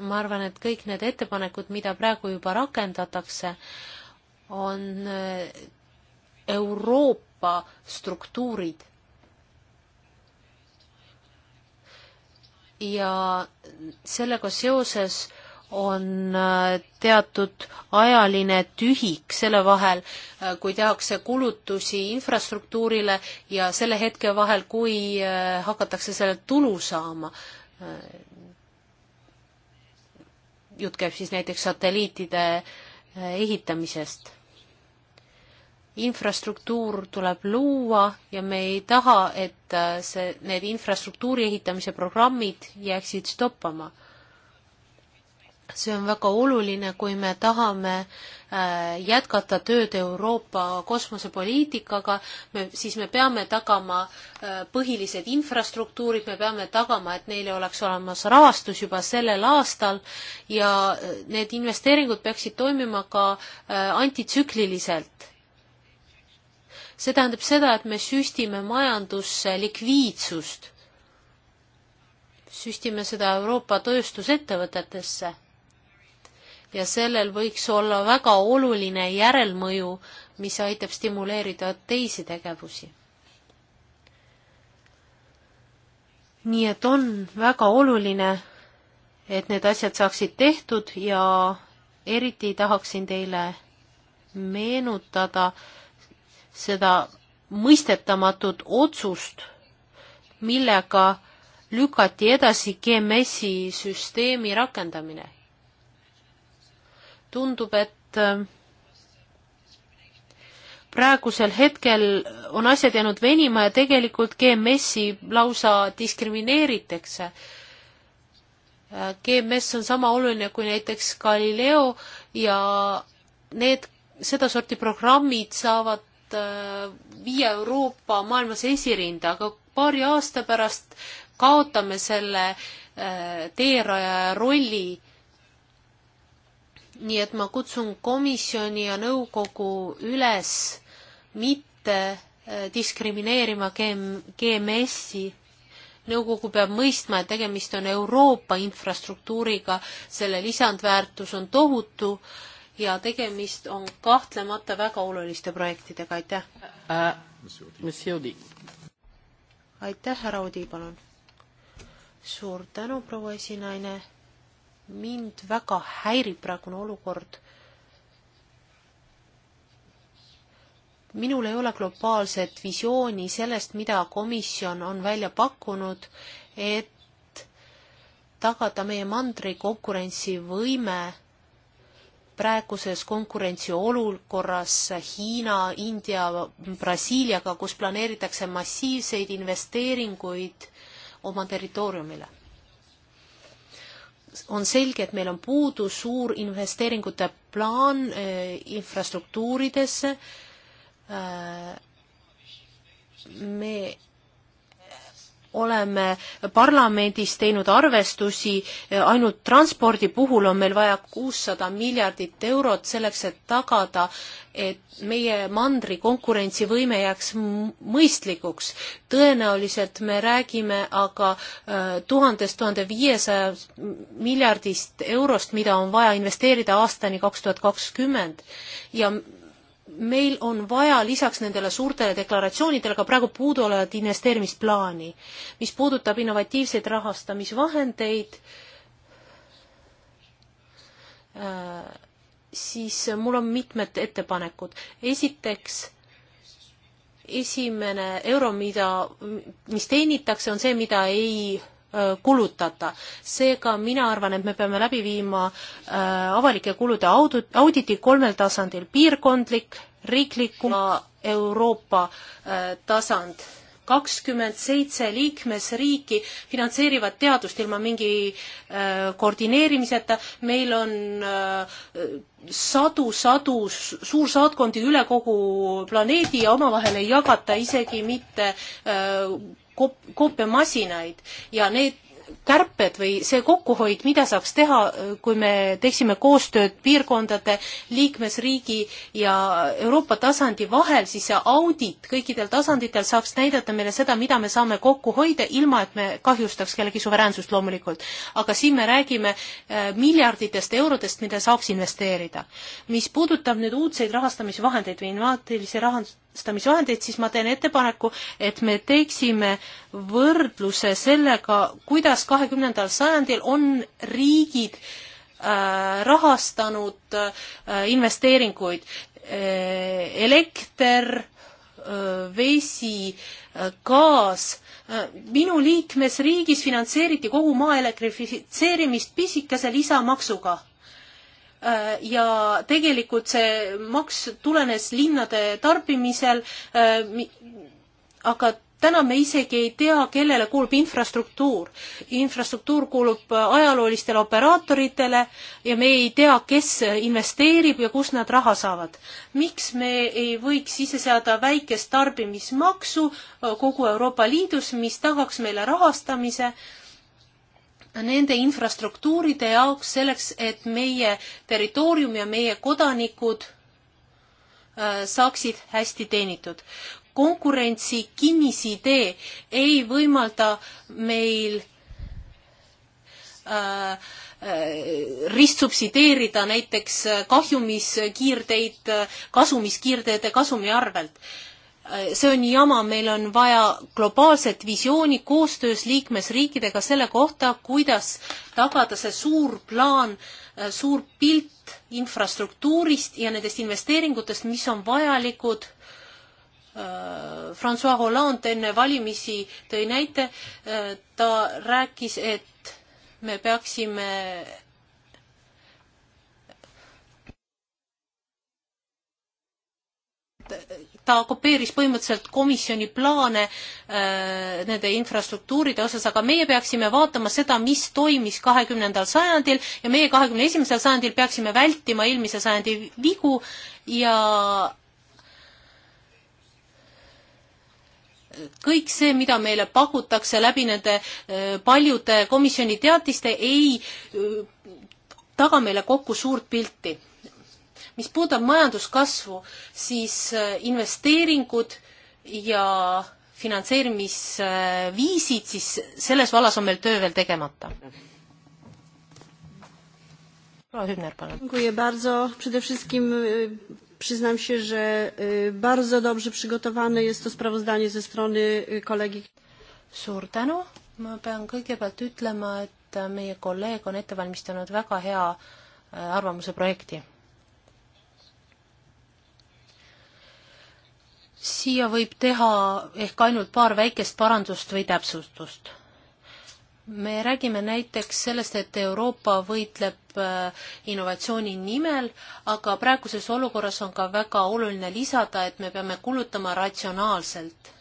ma arvan, et kõik need ettepanekud, mida praegu juba rakendatakse, on äh, Euroopa struktuurid. ja sellega seoses on äh, teatud ajaline tühik selle vahel, äh, kui tehakse kulutusi infrastruktuurile ja selle hetke vahel, kui äh, hakatakse sellelt tulu saama. jutt käib siis näiteks satelliitide ehitamisest. infrastruktuur tuleb luua ja me ei taha, et see, need infrastruktuuri ehitamise programmid jääksid stoppama see on väga oluline, kui me tahame äh, jätkata tööd Euroopa kosmosepoliitikaga, me, siis me peame tagama äh, põhilised infrastruktuurid, me peame tagama, et neile oleks olemas rahastus juba sellel aastal ja äh, need investeeringud peaksid toimima ka antitsükliliselt. see tähendab seda, et me süstime majandusse likviidsust, süstime seda Euroopa tööstusettevõtetesse ja sellel võiks olla väga oluline järelmõju, mis aitab stimuleerida teisi tegevusi. nii et on väga oluline, et need asjad saaksid tehtud ja eriti tahaksin teile meenutada seda mõistetamatut otsust, millega lükati edasi GMS-i süsteemi rakendamine tundub, et äh, praegusel hetkel on asjad jäänud venima ja tegelikult GMS-i lausa diskrimineeritakse. Äh, GMS on sama oluline kui näiteks Galileo ja need, sedasorti programmid saavad äh, viia Euroopa maailmas esirinda, aga paari aasta pärast kaotame selle äh, teeraja rolli nii et ma kutsun komisjoni ja nõukogu üles mitte äh, diskrimineerima GMS-i. nõukogu peab mõistma, et tegemist on Euroopa infrastruktuuriga, selle lisandväärtus on tohutu ja tegemist on kahtlemata väga oluliste projektidega, aitäh äh,. aitäh, härra Odi, palun. suur tänu, proua esinaine mind väga häirib praegune olukord. minul ei ole globaalset visiooni sellest, mida komisjon on välja pakkunud, et tagada meie mandri konkurentsivõime praeguses konkurentsiolukorras Hiina, India, Brasiiliaga, kus planeeritakse massiivseid investeeringuid oma territooriumile on selge, et meil on puudu suur investeeringute plaan eh, infrastruktuuridesse. Eh, me oleme parlamendis teinud arvestusi, ainult transpordi puhul on meil vaja kuussada miljardit eurot selleks, et tagada, et meie mandri konkurentsivõime jääks mõistlikuks. tõenäoliselt me räägime aga äh, tuhandest, tuhande viiesaja miljardist eurost, mida on vaja investeerida aastani kaks tuhat kakskümmend ja meil on vaja lisaks nendele suurtele deklaratsioonidele ka praegu puuduolevat investeerimisplaani, mis puudutab innovatiivseid rahastamisvahendeid, äh, siis mul on mitmed ettepanekud. esiteks, esimene euro, mida, mis teenitakse, on see, mida ei Äh, kulutata. seega mina arvan, et me peame läbi viima äh, avalike kulude audit, auditi kolmel tasandil, piirkondlik, riiklik ja Euroopa äh, tasand kakskümmend seitse liikmesriiki finantseerivad teadust ilma mingi äh, koordineerimiseta, meil on äh, sadu-sadu suursaatkondi üle kogu planeedi ja omavahel ei jagata isegi mitte äh, kop-, koopiamasinaid ja need kärped või see kokkuhoid, mida saaks teha, kui me teeksime koostööd piirkondade, liikmesriigi ja Euroopa tasandi vahel, siis see audit kõikidel tasanditel saaks näidata meile seda, mida me saame kokku hoida, ilma et me kahjustaks kellegi suveräänsust loomulikult. aga siin me räägime äh, miljarditest eurodest, mida saaks investeerida. mis puudutab nüüd uudseid rahastamisvahendeid või innovaatilisi rahast-, rahastamisvahendeid, siis ma teen ettepaneku, et me teeksime võrdluse sellega, kuidas kahekümnendal sajandil on riigid äh, rahastanud äh, investeeringuid, äh, elekter, vesi, gaas, minu liikmesriigis finantseeriti kogu maa elektrifitseerimist pisikese lisamaksuga Äh, ja tegelikult see maks tulenes linnade tarbimisel, äh, aga täna me isegi ei tea, kellele kuulub infrastruktuur. infrastruktuur kuulub äh, ajaloolistele operaatoritele ja me ei tea, kes investeerib ja kust nad raha saavad. miks me ei võiks ise seada väikest tarbimismaksu kogu Euroopa Liidus, mis tagaks meile rahastamise äh, nende infrastruktuuride jaoks, selleks et meie territoorium ja meie kodanikud äh, saaksid hästi teenitud. konkurentsi kinnisidee ei võimalda meil äh, äh ristsubsideerida näiteks äh, kahjumiskiirteid kasumiskiirteede kasumi arvelt äh, Äh, see on jama, meil on vaja globaalset visiooni koostöös liikmesriikidega selle kohta, kuidas tagada see suur plaan, äh, suur pilt infrastruktuurist ja nendest investeeringutest, mis on vajalikud. Äh, Francois Hollande enne valimisi tõi näite, ta rääkis, et me peaksime ta kopeeris põhimõtteliselt komisjoni plaane äh, nende infrastruktuuride osas, aga meie peaksime vaatama seda, mis toimis kahekümnendal sajandil ja meie kahekümne esimesel sajandil peaksime vältima eelmise sajandi vigu ja kõik see, mida meile pakutakse läbi nende äh, paljude komisjoni teatiste, ei äh, taga meile kokku suurt pilti mis puudutab majanduskasvu, siis äh, investeeringud ja finantseerimisviisid, siis selles vallas on meil töö veel tegemata. proua Hübner, palun. Przyznam się, że bardzo dobrze przygotowane jest to sprawozdanie ze strony kolegi. Suur tänu. Ma pean kõigepealt ütlema, et äh, meie kolleeg on ette valmistanud väga hea äh, arvamuse projekti siia võib teha ehk ainult paar väikest parandust või täpsustust. me räägime näiteks sellest, et Euroopa võitleb äh, innovatsiooni nimel, aga praeguses olukorras on ka väga oluline lisada, et me peame kulutama ratsionaalselt.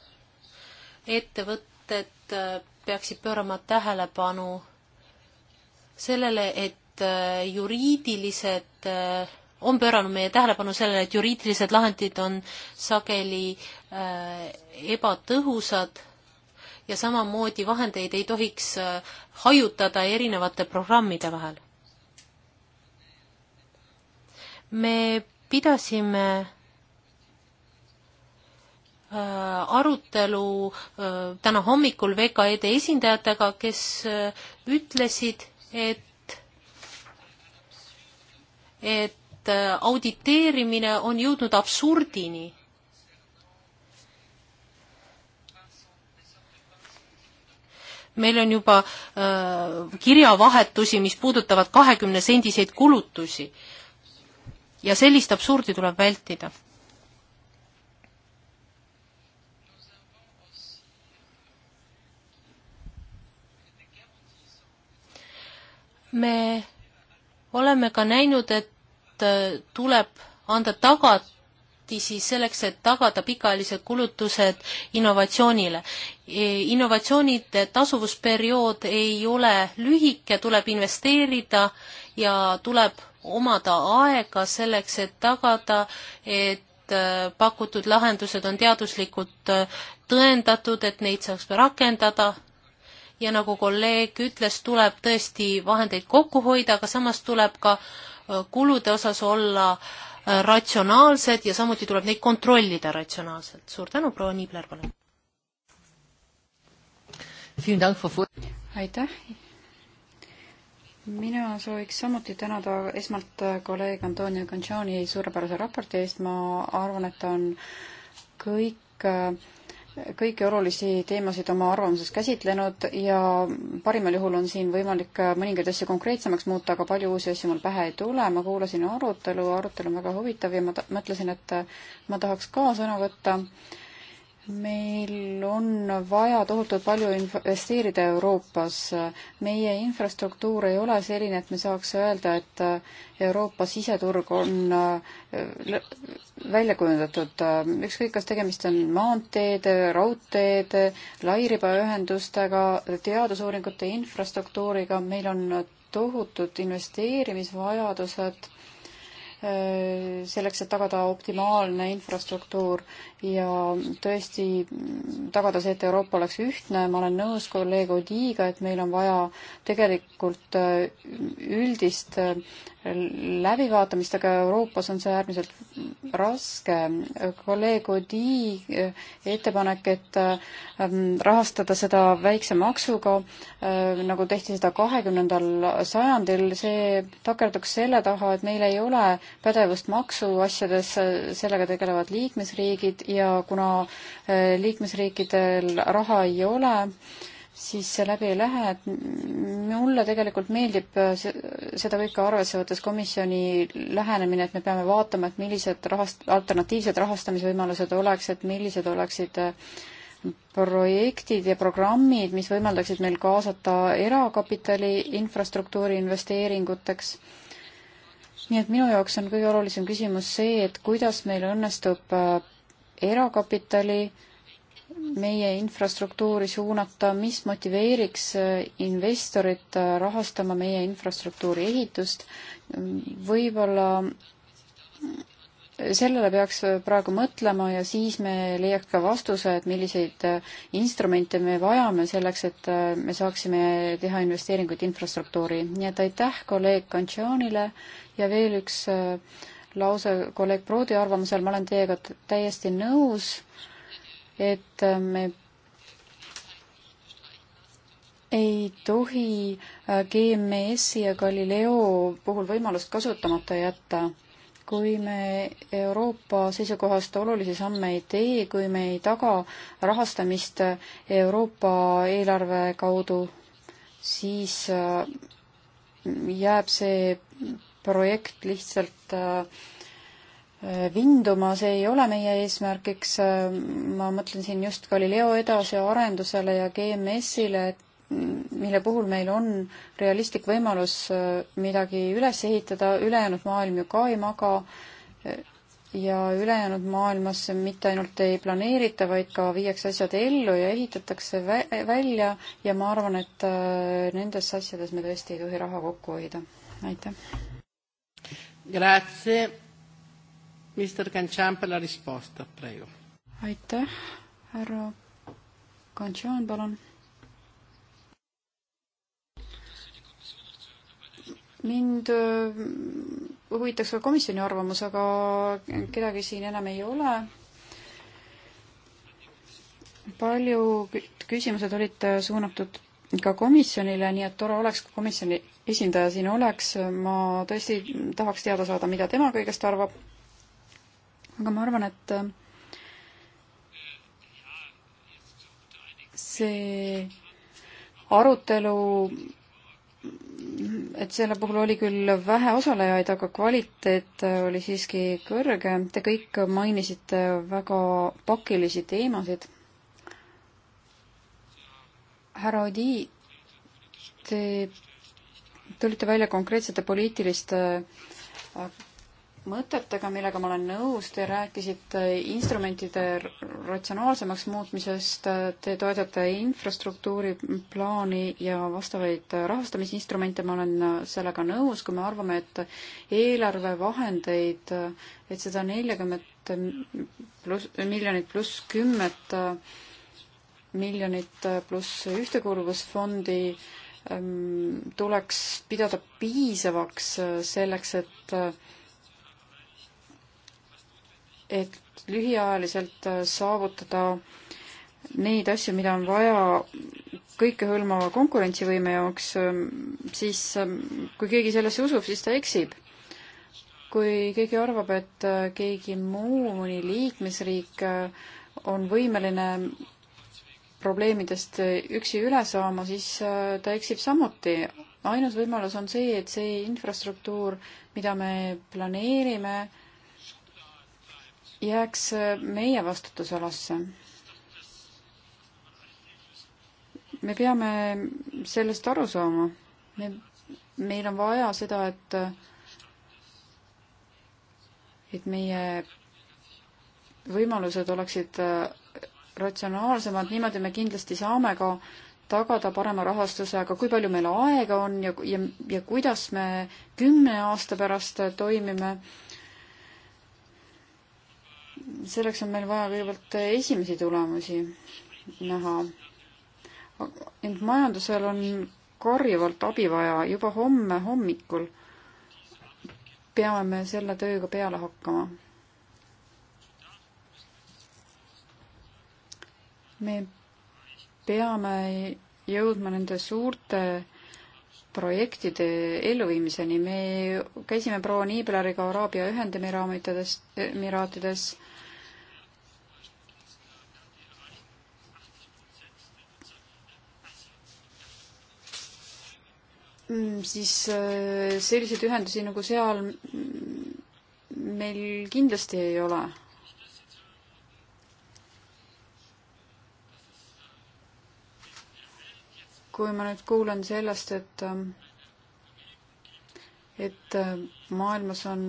ettevõtted äh, peaksid pöörama tähelepanu sellele, et äh, juriidilised on pööranud meie tähelepanu sellele, et juriidilised lahendid on sageli äh, ebatõhusad ja samamoodi vahendeid ei tohiks äh, hajutada erinevate programmide vahel. me pidasime äh, arutelu äh, täna hommikul VKE-de esindajatega, kes äh, ütlesid, et et et äh, auditeerimine on jõudnud absurdini meil on juba äh, kirjavahetusi, mis puudutavad kahekümne sendiseid kulutusi. ja sellist absurdi tuleb vältida. me oleme ka näinud, et et äh, tuleb anda tagatisi selleks, et tagada pikaajalised kulutused innovatsioonile. E, innovatsioonide tasuvusperiood ei ole lühike, tuleb investeerida ja tuleb omada aega selleks, et tagada, et äh, pakutud lahendused on teaduslikult äh, tõendatud, et neid saaks rakendada ja nagu kolleeg ütles, tuleb tõesti vahendeid kokku hoida, aga samas tuleb ka äh, kulude osas olla äh, ratsionaalsed ja samuti tuleb neid kontrollida ratsionaalselt. suur tänu, proua Niibler, palun! aitäh! mina sooviks samuti tänada esmalt äh, kolleeg Antonio Gonchani suurepärase raporti eest, ma arvan, et ta on kõik kõik äh, kõiki olulisi teemasid oma arvamuses käsitlenud ja parimal juhul on siin võimalik mõningaid asju konkreetsemaks muuta, aga palju uusi asju mul pähe ei tule. ma kuulasin arutelu, arutelu on väga huvitav ja ma mõtlesin, et ma tahaks ka sõna võtta meil on vaja tohutult palju investeerida Euroopas. meie infrastruktuur ei ole selline, et me saaks öelda, et äh, Euroopa siseturg on äh, välja kujundatud. ükskõik, kas tegemist on maanteede, raudteede, lairibaühendustega, teadusuuringute infrastruktuuriga, meil on tohutud investeerimisvajadused selleks, et tagada optimaalne infrastruktuur ja tõesti tagada see, et Euroopa oleks ühtne, ma olen nõus kolleeg Odiga, et meil on vaja tegelikult äh, üldist äh, läbivaatamist, aga Euroopas on see äärmiselt raske. kolleeg Odi äh, ettepanek, et rahastada seda väikse maksuga, nagu tehti seda kahekümnendal sajandil, see takerduks selle taha, et meil ei ole pädevust maksuasjades, sellega tegelevad liikmesriigid ja kuna eh, liikmesriikidel raha ei ole, siis see läbi ei lähe, et mulle tegelikult meeldib eh, seda kõike arvesse võttes komisjoni lähenemine, et me peame vaatama, et millised rahast-, alternatiivsed rahastamisvõimalused oleks, et millised oleksid eh, projektid ja programmid, mis võimaldaksid meil kaasata erakapitali infrastruktuuri investeeringuteks nii et minu jaoks on kõige olulisem küsimus see, et kuidas meil õnnestub äh, erakapitali meie infrastruktuuri suunata, mis motiveeriks äh, investorit äh, rahastama meie infrastruktuuri ehitust, võib-olla sellele peaks praegu mõtlema ja siis me leiaks ka vastuse, et milliseid äh, instrumente me vajame selleks, et äh, me saaksime teha investeeringuid infrastruktuuri. nii et aitäh kolleeg Kantšanile ja veel üks äh, lause kolleeg Proodi arvamusel, ma olen teiega täiesti nõus, et me ei tohi GMS-i ja Galileo puhul võimalust kasutamata jätta kui me Euroopa seisukohast olulisi samme ei tee, kui me ei taga rahastamist Euroopa eelarve kaudu, siis äh, jääb see projekt lihtsalt äh, vinduma, see ei ole meie eesmärgiks, äh, ma mõtlen siin just Galileo edasiarendusele ja GMS-ile, et mille puhul meil on realistlik võimalus äh, midagi üles ehitada, ülejäänud maailm ju ka ei maga äh, ja ülejäänud maailmas mitte ainult ei planeerita, vaid ka viiakse asjad ellu ja ehitatakse vä välja ja ma arvan, et äh, nendes asjades me tõesti ei tohi raha kokku hoida. aitäh. Grazie. Mr Cancian per la risposta, prego. aitäh, härra Cancian, palun mind äh, huvitaks ka komisjoni arvamus, aga kedagi siin enam ei ole. paljud küsimused olid äh, suunatud ka komisjonile, nii et tore oleks, kui komisjoni esindaja siin oleks, ma tõesti tahaks teada saada, mida tema kõigest arvab. aga ma arvan, et äh, see arutelu et selle puhul oli küll vähe osalejaid, aga kvaliteet oli siiski kõrge. Te kõik mainisite väga pakilisi teemasid. härra Odi, te tulite välja konkreetsete poliitiliste mõtetega, millega ma olen nõus, te rääkisite instrumentide ratsionaalsemaks muutmisest, te toetate infrastruktuuri plaani ja vastavaid rahastamisinstrumente, ma olen sellega nõus, kui me arvame, et eelarvevahendeid, et seda neljakümmet pluss, miljonit pluss kümmet miljonit pluss ühtekuuluvusfondi ähm, tuleks pidada piisavaks selleks, et et lühiajaliselt äh, saavutada neid asju, mida on vaja kõikehõlmava konkurentsivõime jaoks, ähm, siis ähm, kui keegi sellesse usub, siis ta eksib. kui keegi arvab, et äh, keegi muu, mõni liikmesriik äh, on võimeline probleemidest üksi üle saama, siis ta eksib samuti. ainus võimalus on see, et see infrastruktuur, mida me planeerime, jääks äh, meie vastutusalasse. me peame sellest aru saama. me, meil on vaja seda, et et meie võimalused oleksid äh, ratsionaalsemad, niimoodi me kindlasti saame ka tagada parema rahastuse, aga kui palju meil aega on ja, ja, ja kuidas me kümne aasta pärast äh, toimime äh, selleks on meil vaja kõigepealt esimesi tulemusi näha. ent majandusel on karjuvalt abi vaja juba homme hommikul peame me selle tööga peale hakkama. me peame jõudma nende suurte projektide elluviimiseni. me käisime proua Niibleriga Araabia Ühendemiraatides Mm, siis äh, selliseid ühendusi nagu seal meil kindlasti ei ole. kui ma nüüd kuulen sellest, et äh, et äh, maailmas on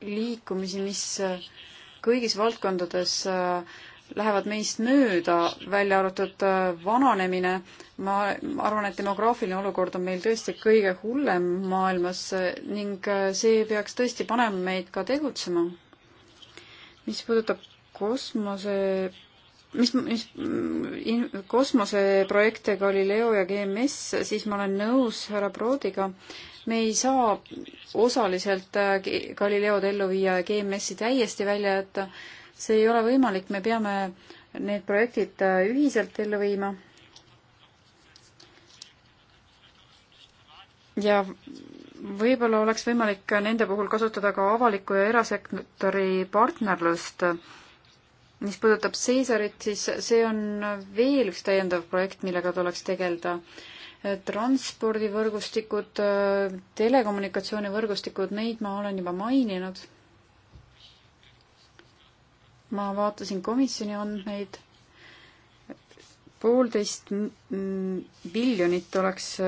liikumisi, mis kõigis valdkondades äh, lähevad meist mööda, välja arvatud äh, vananemine. ma arvan, et demograafiline olukord on meil tõesti kõige hullem maailmas äh, ning äh, see peaks tõesti panema meid ka tegutsema. mis puudutab kosmose mis, mis in, kosmoseprojekte Galileo ja GMS, siis ma olen nõus härra Broodiga, me ei saa osaliselt Galileod ellu viia ja GMS-i täiesti välja jätta et see ei ole võimalik, me peame need projektid äh, ühiselt ellu viima. ja võib-olla oleks võimalik nende puhul kasutada ka avaliku ja erasektori partnerlust. mis puudutab Seisarit, siis see on veel üks täiendav projekt, millega tuleks tegeleda transpordivõrgustikud, äh, telekommunikatsioonivõrgustikud, neid ma olen juba maininud ma vaatasin komisjoni andmeid, poolteist miljonit oleks äh,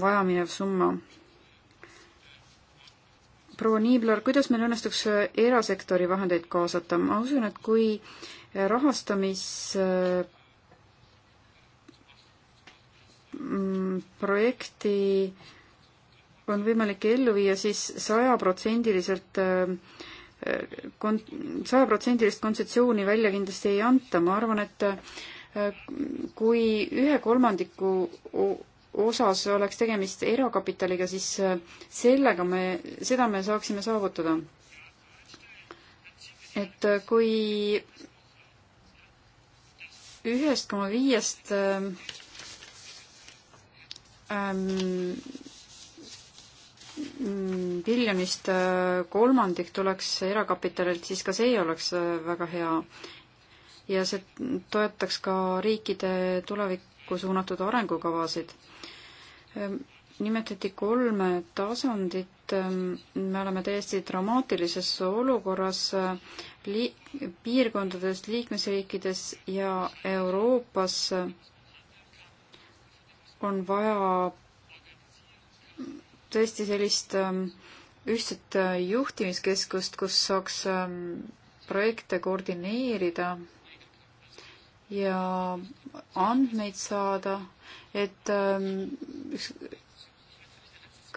vajaminev summa. proua Niibler, kuidas meil õnnestuks äh, erasektori vahendeid kaasata? ma usun, et kui äh, rahastamisprojekti mm, on võimalik ellu viia siis, siis sajaprotsendiliselt äh, kont-, sajaprotsendilist kontsessiooni välja kindlasti ei anta, ma arvan, et äh, kui ühe kolmandiku osas oleks tegemist erakapitaliga, siis äh, sellega me, seda me saaksime saavutada. et äh, kui ühest koma viiest ähm, Mm, miljonist äh, kolmandik tuleks erakapitalilt, siis ka see oleks äh, väga hea. ja see toetaks ka riikide tulevikku suunatud arengukavasid. Ähm, nimetati kolme tasandit, ähm, me oleme täiesti dramaatilises olukorras äh, li-, piirkondades, liikmesriikides ja Euroopas on vaja tõesti sellist ähm, ühtset äh, juhtimiskeskust, kus saaks ähm, projekte koordineerida ja andmeid saada, et ükskõik,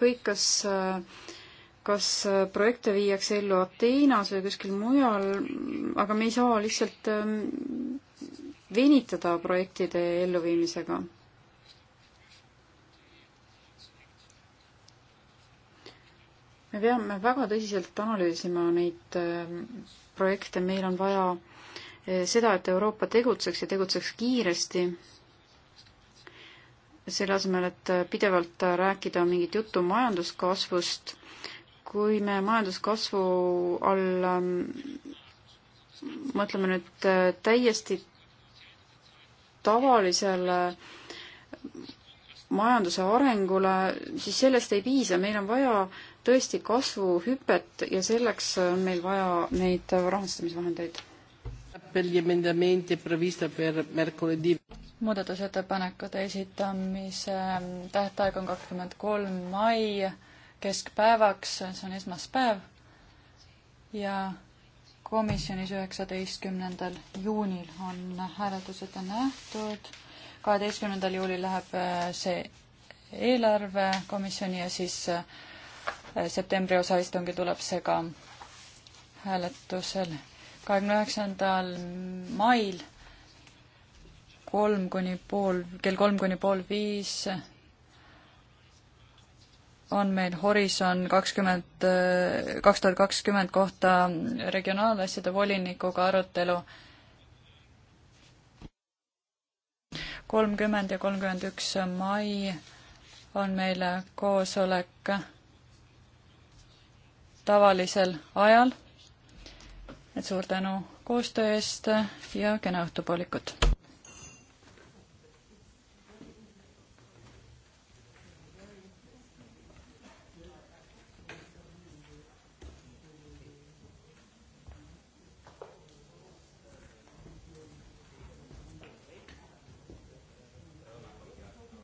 ähm, kas, äh, kas äh, projekte viiakse ellu Ateenas või kuskil mujal, aga me ei saa lihtsalt venitada projektide elluviimisega me peame väga tõsiselt analüüsima neid äh, projekte, meil on vaja äh, seda, et Euroopa tegutseks ja tegutseks kiiresti, selle asemel, et äh, pidevalt rääkida mingit juttu majanduskasvust, kui me majanduskasvu all ähm, mõtleme nüüd täiesti tavalisele majanduse arengule, siis sellest ei piisa, meil on vaja äh, tõesti kasvuhüpet ja selleks on meil vaja neid rahastamisvahendeid. muudatusettepanekute esitamise tähtaeg on kakskümmend kolm mai keskpäevaks, see on esmaspäev ja komisjonis üheksateistkümnendal juunil on hääletus ette nähtud. kaheteistkümnendal juulil läheb see eelarvekomisjoni ja siis septembri osaistungil tuleb see ka hääletusele. kahekümne üheksandal mail kolm kuni pool, kell kolm kuni pool viis on meil Horizon kakskümmend, kaks tuhat kakskümmend kohta regionaalasjade volinikuga arutelu kolmkümmend ja kolmkümmend üks mai on meil koosolek tavalisel ajal. et suur tänu koostöö eest ja kena õhtupoolikut!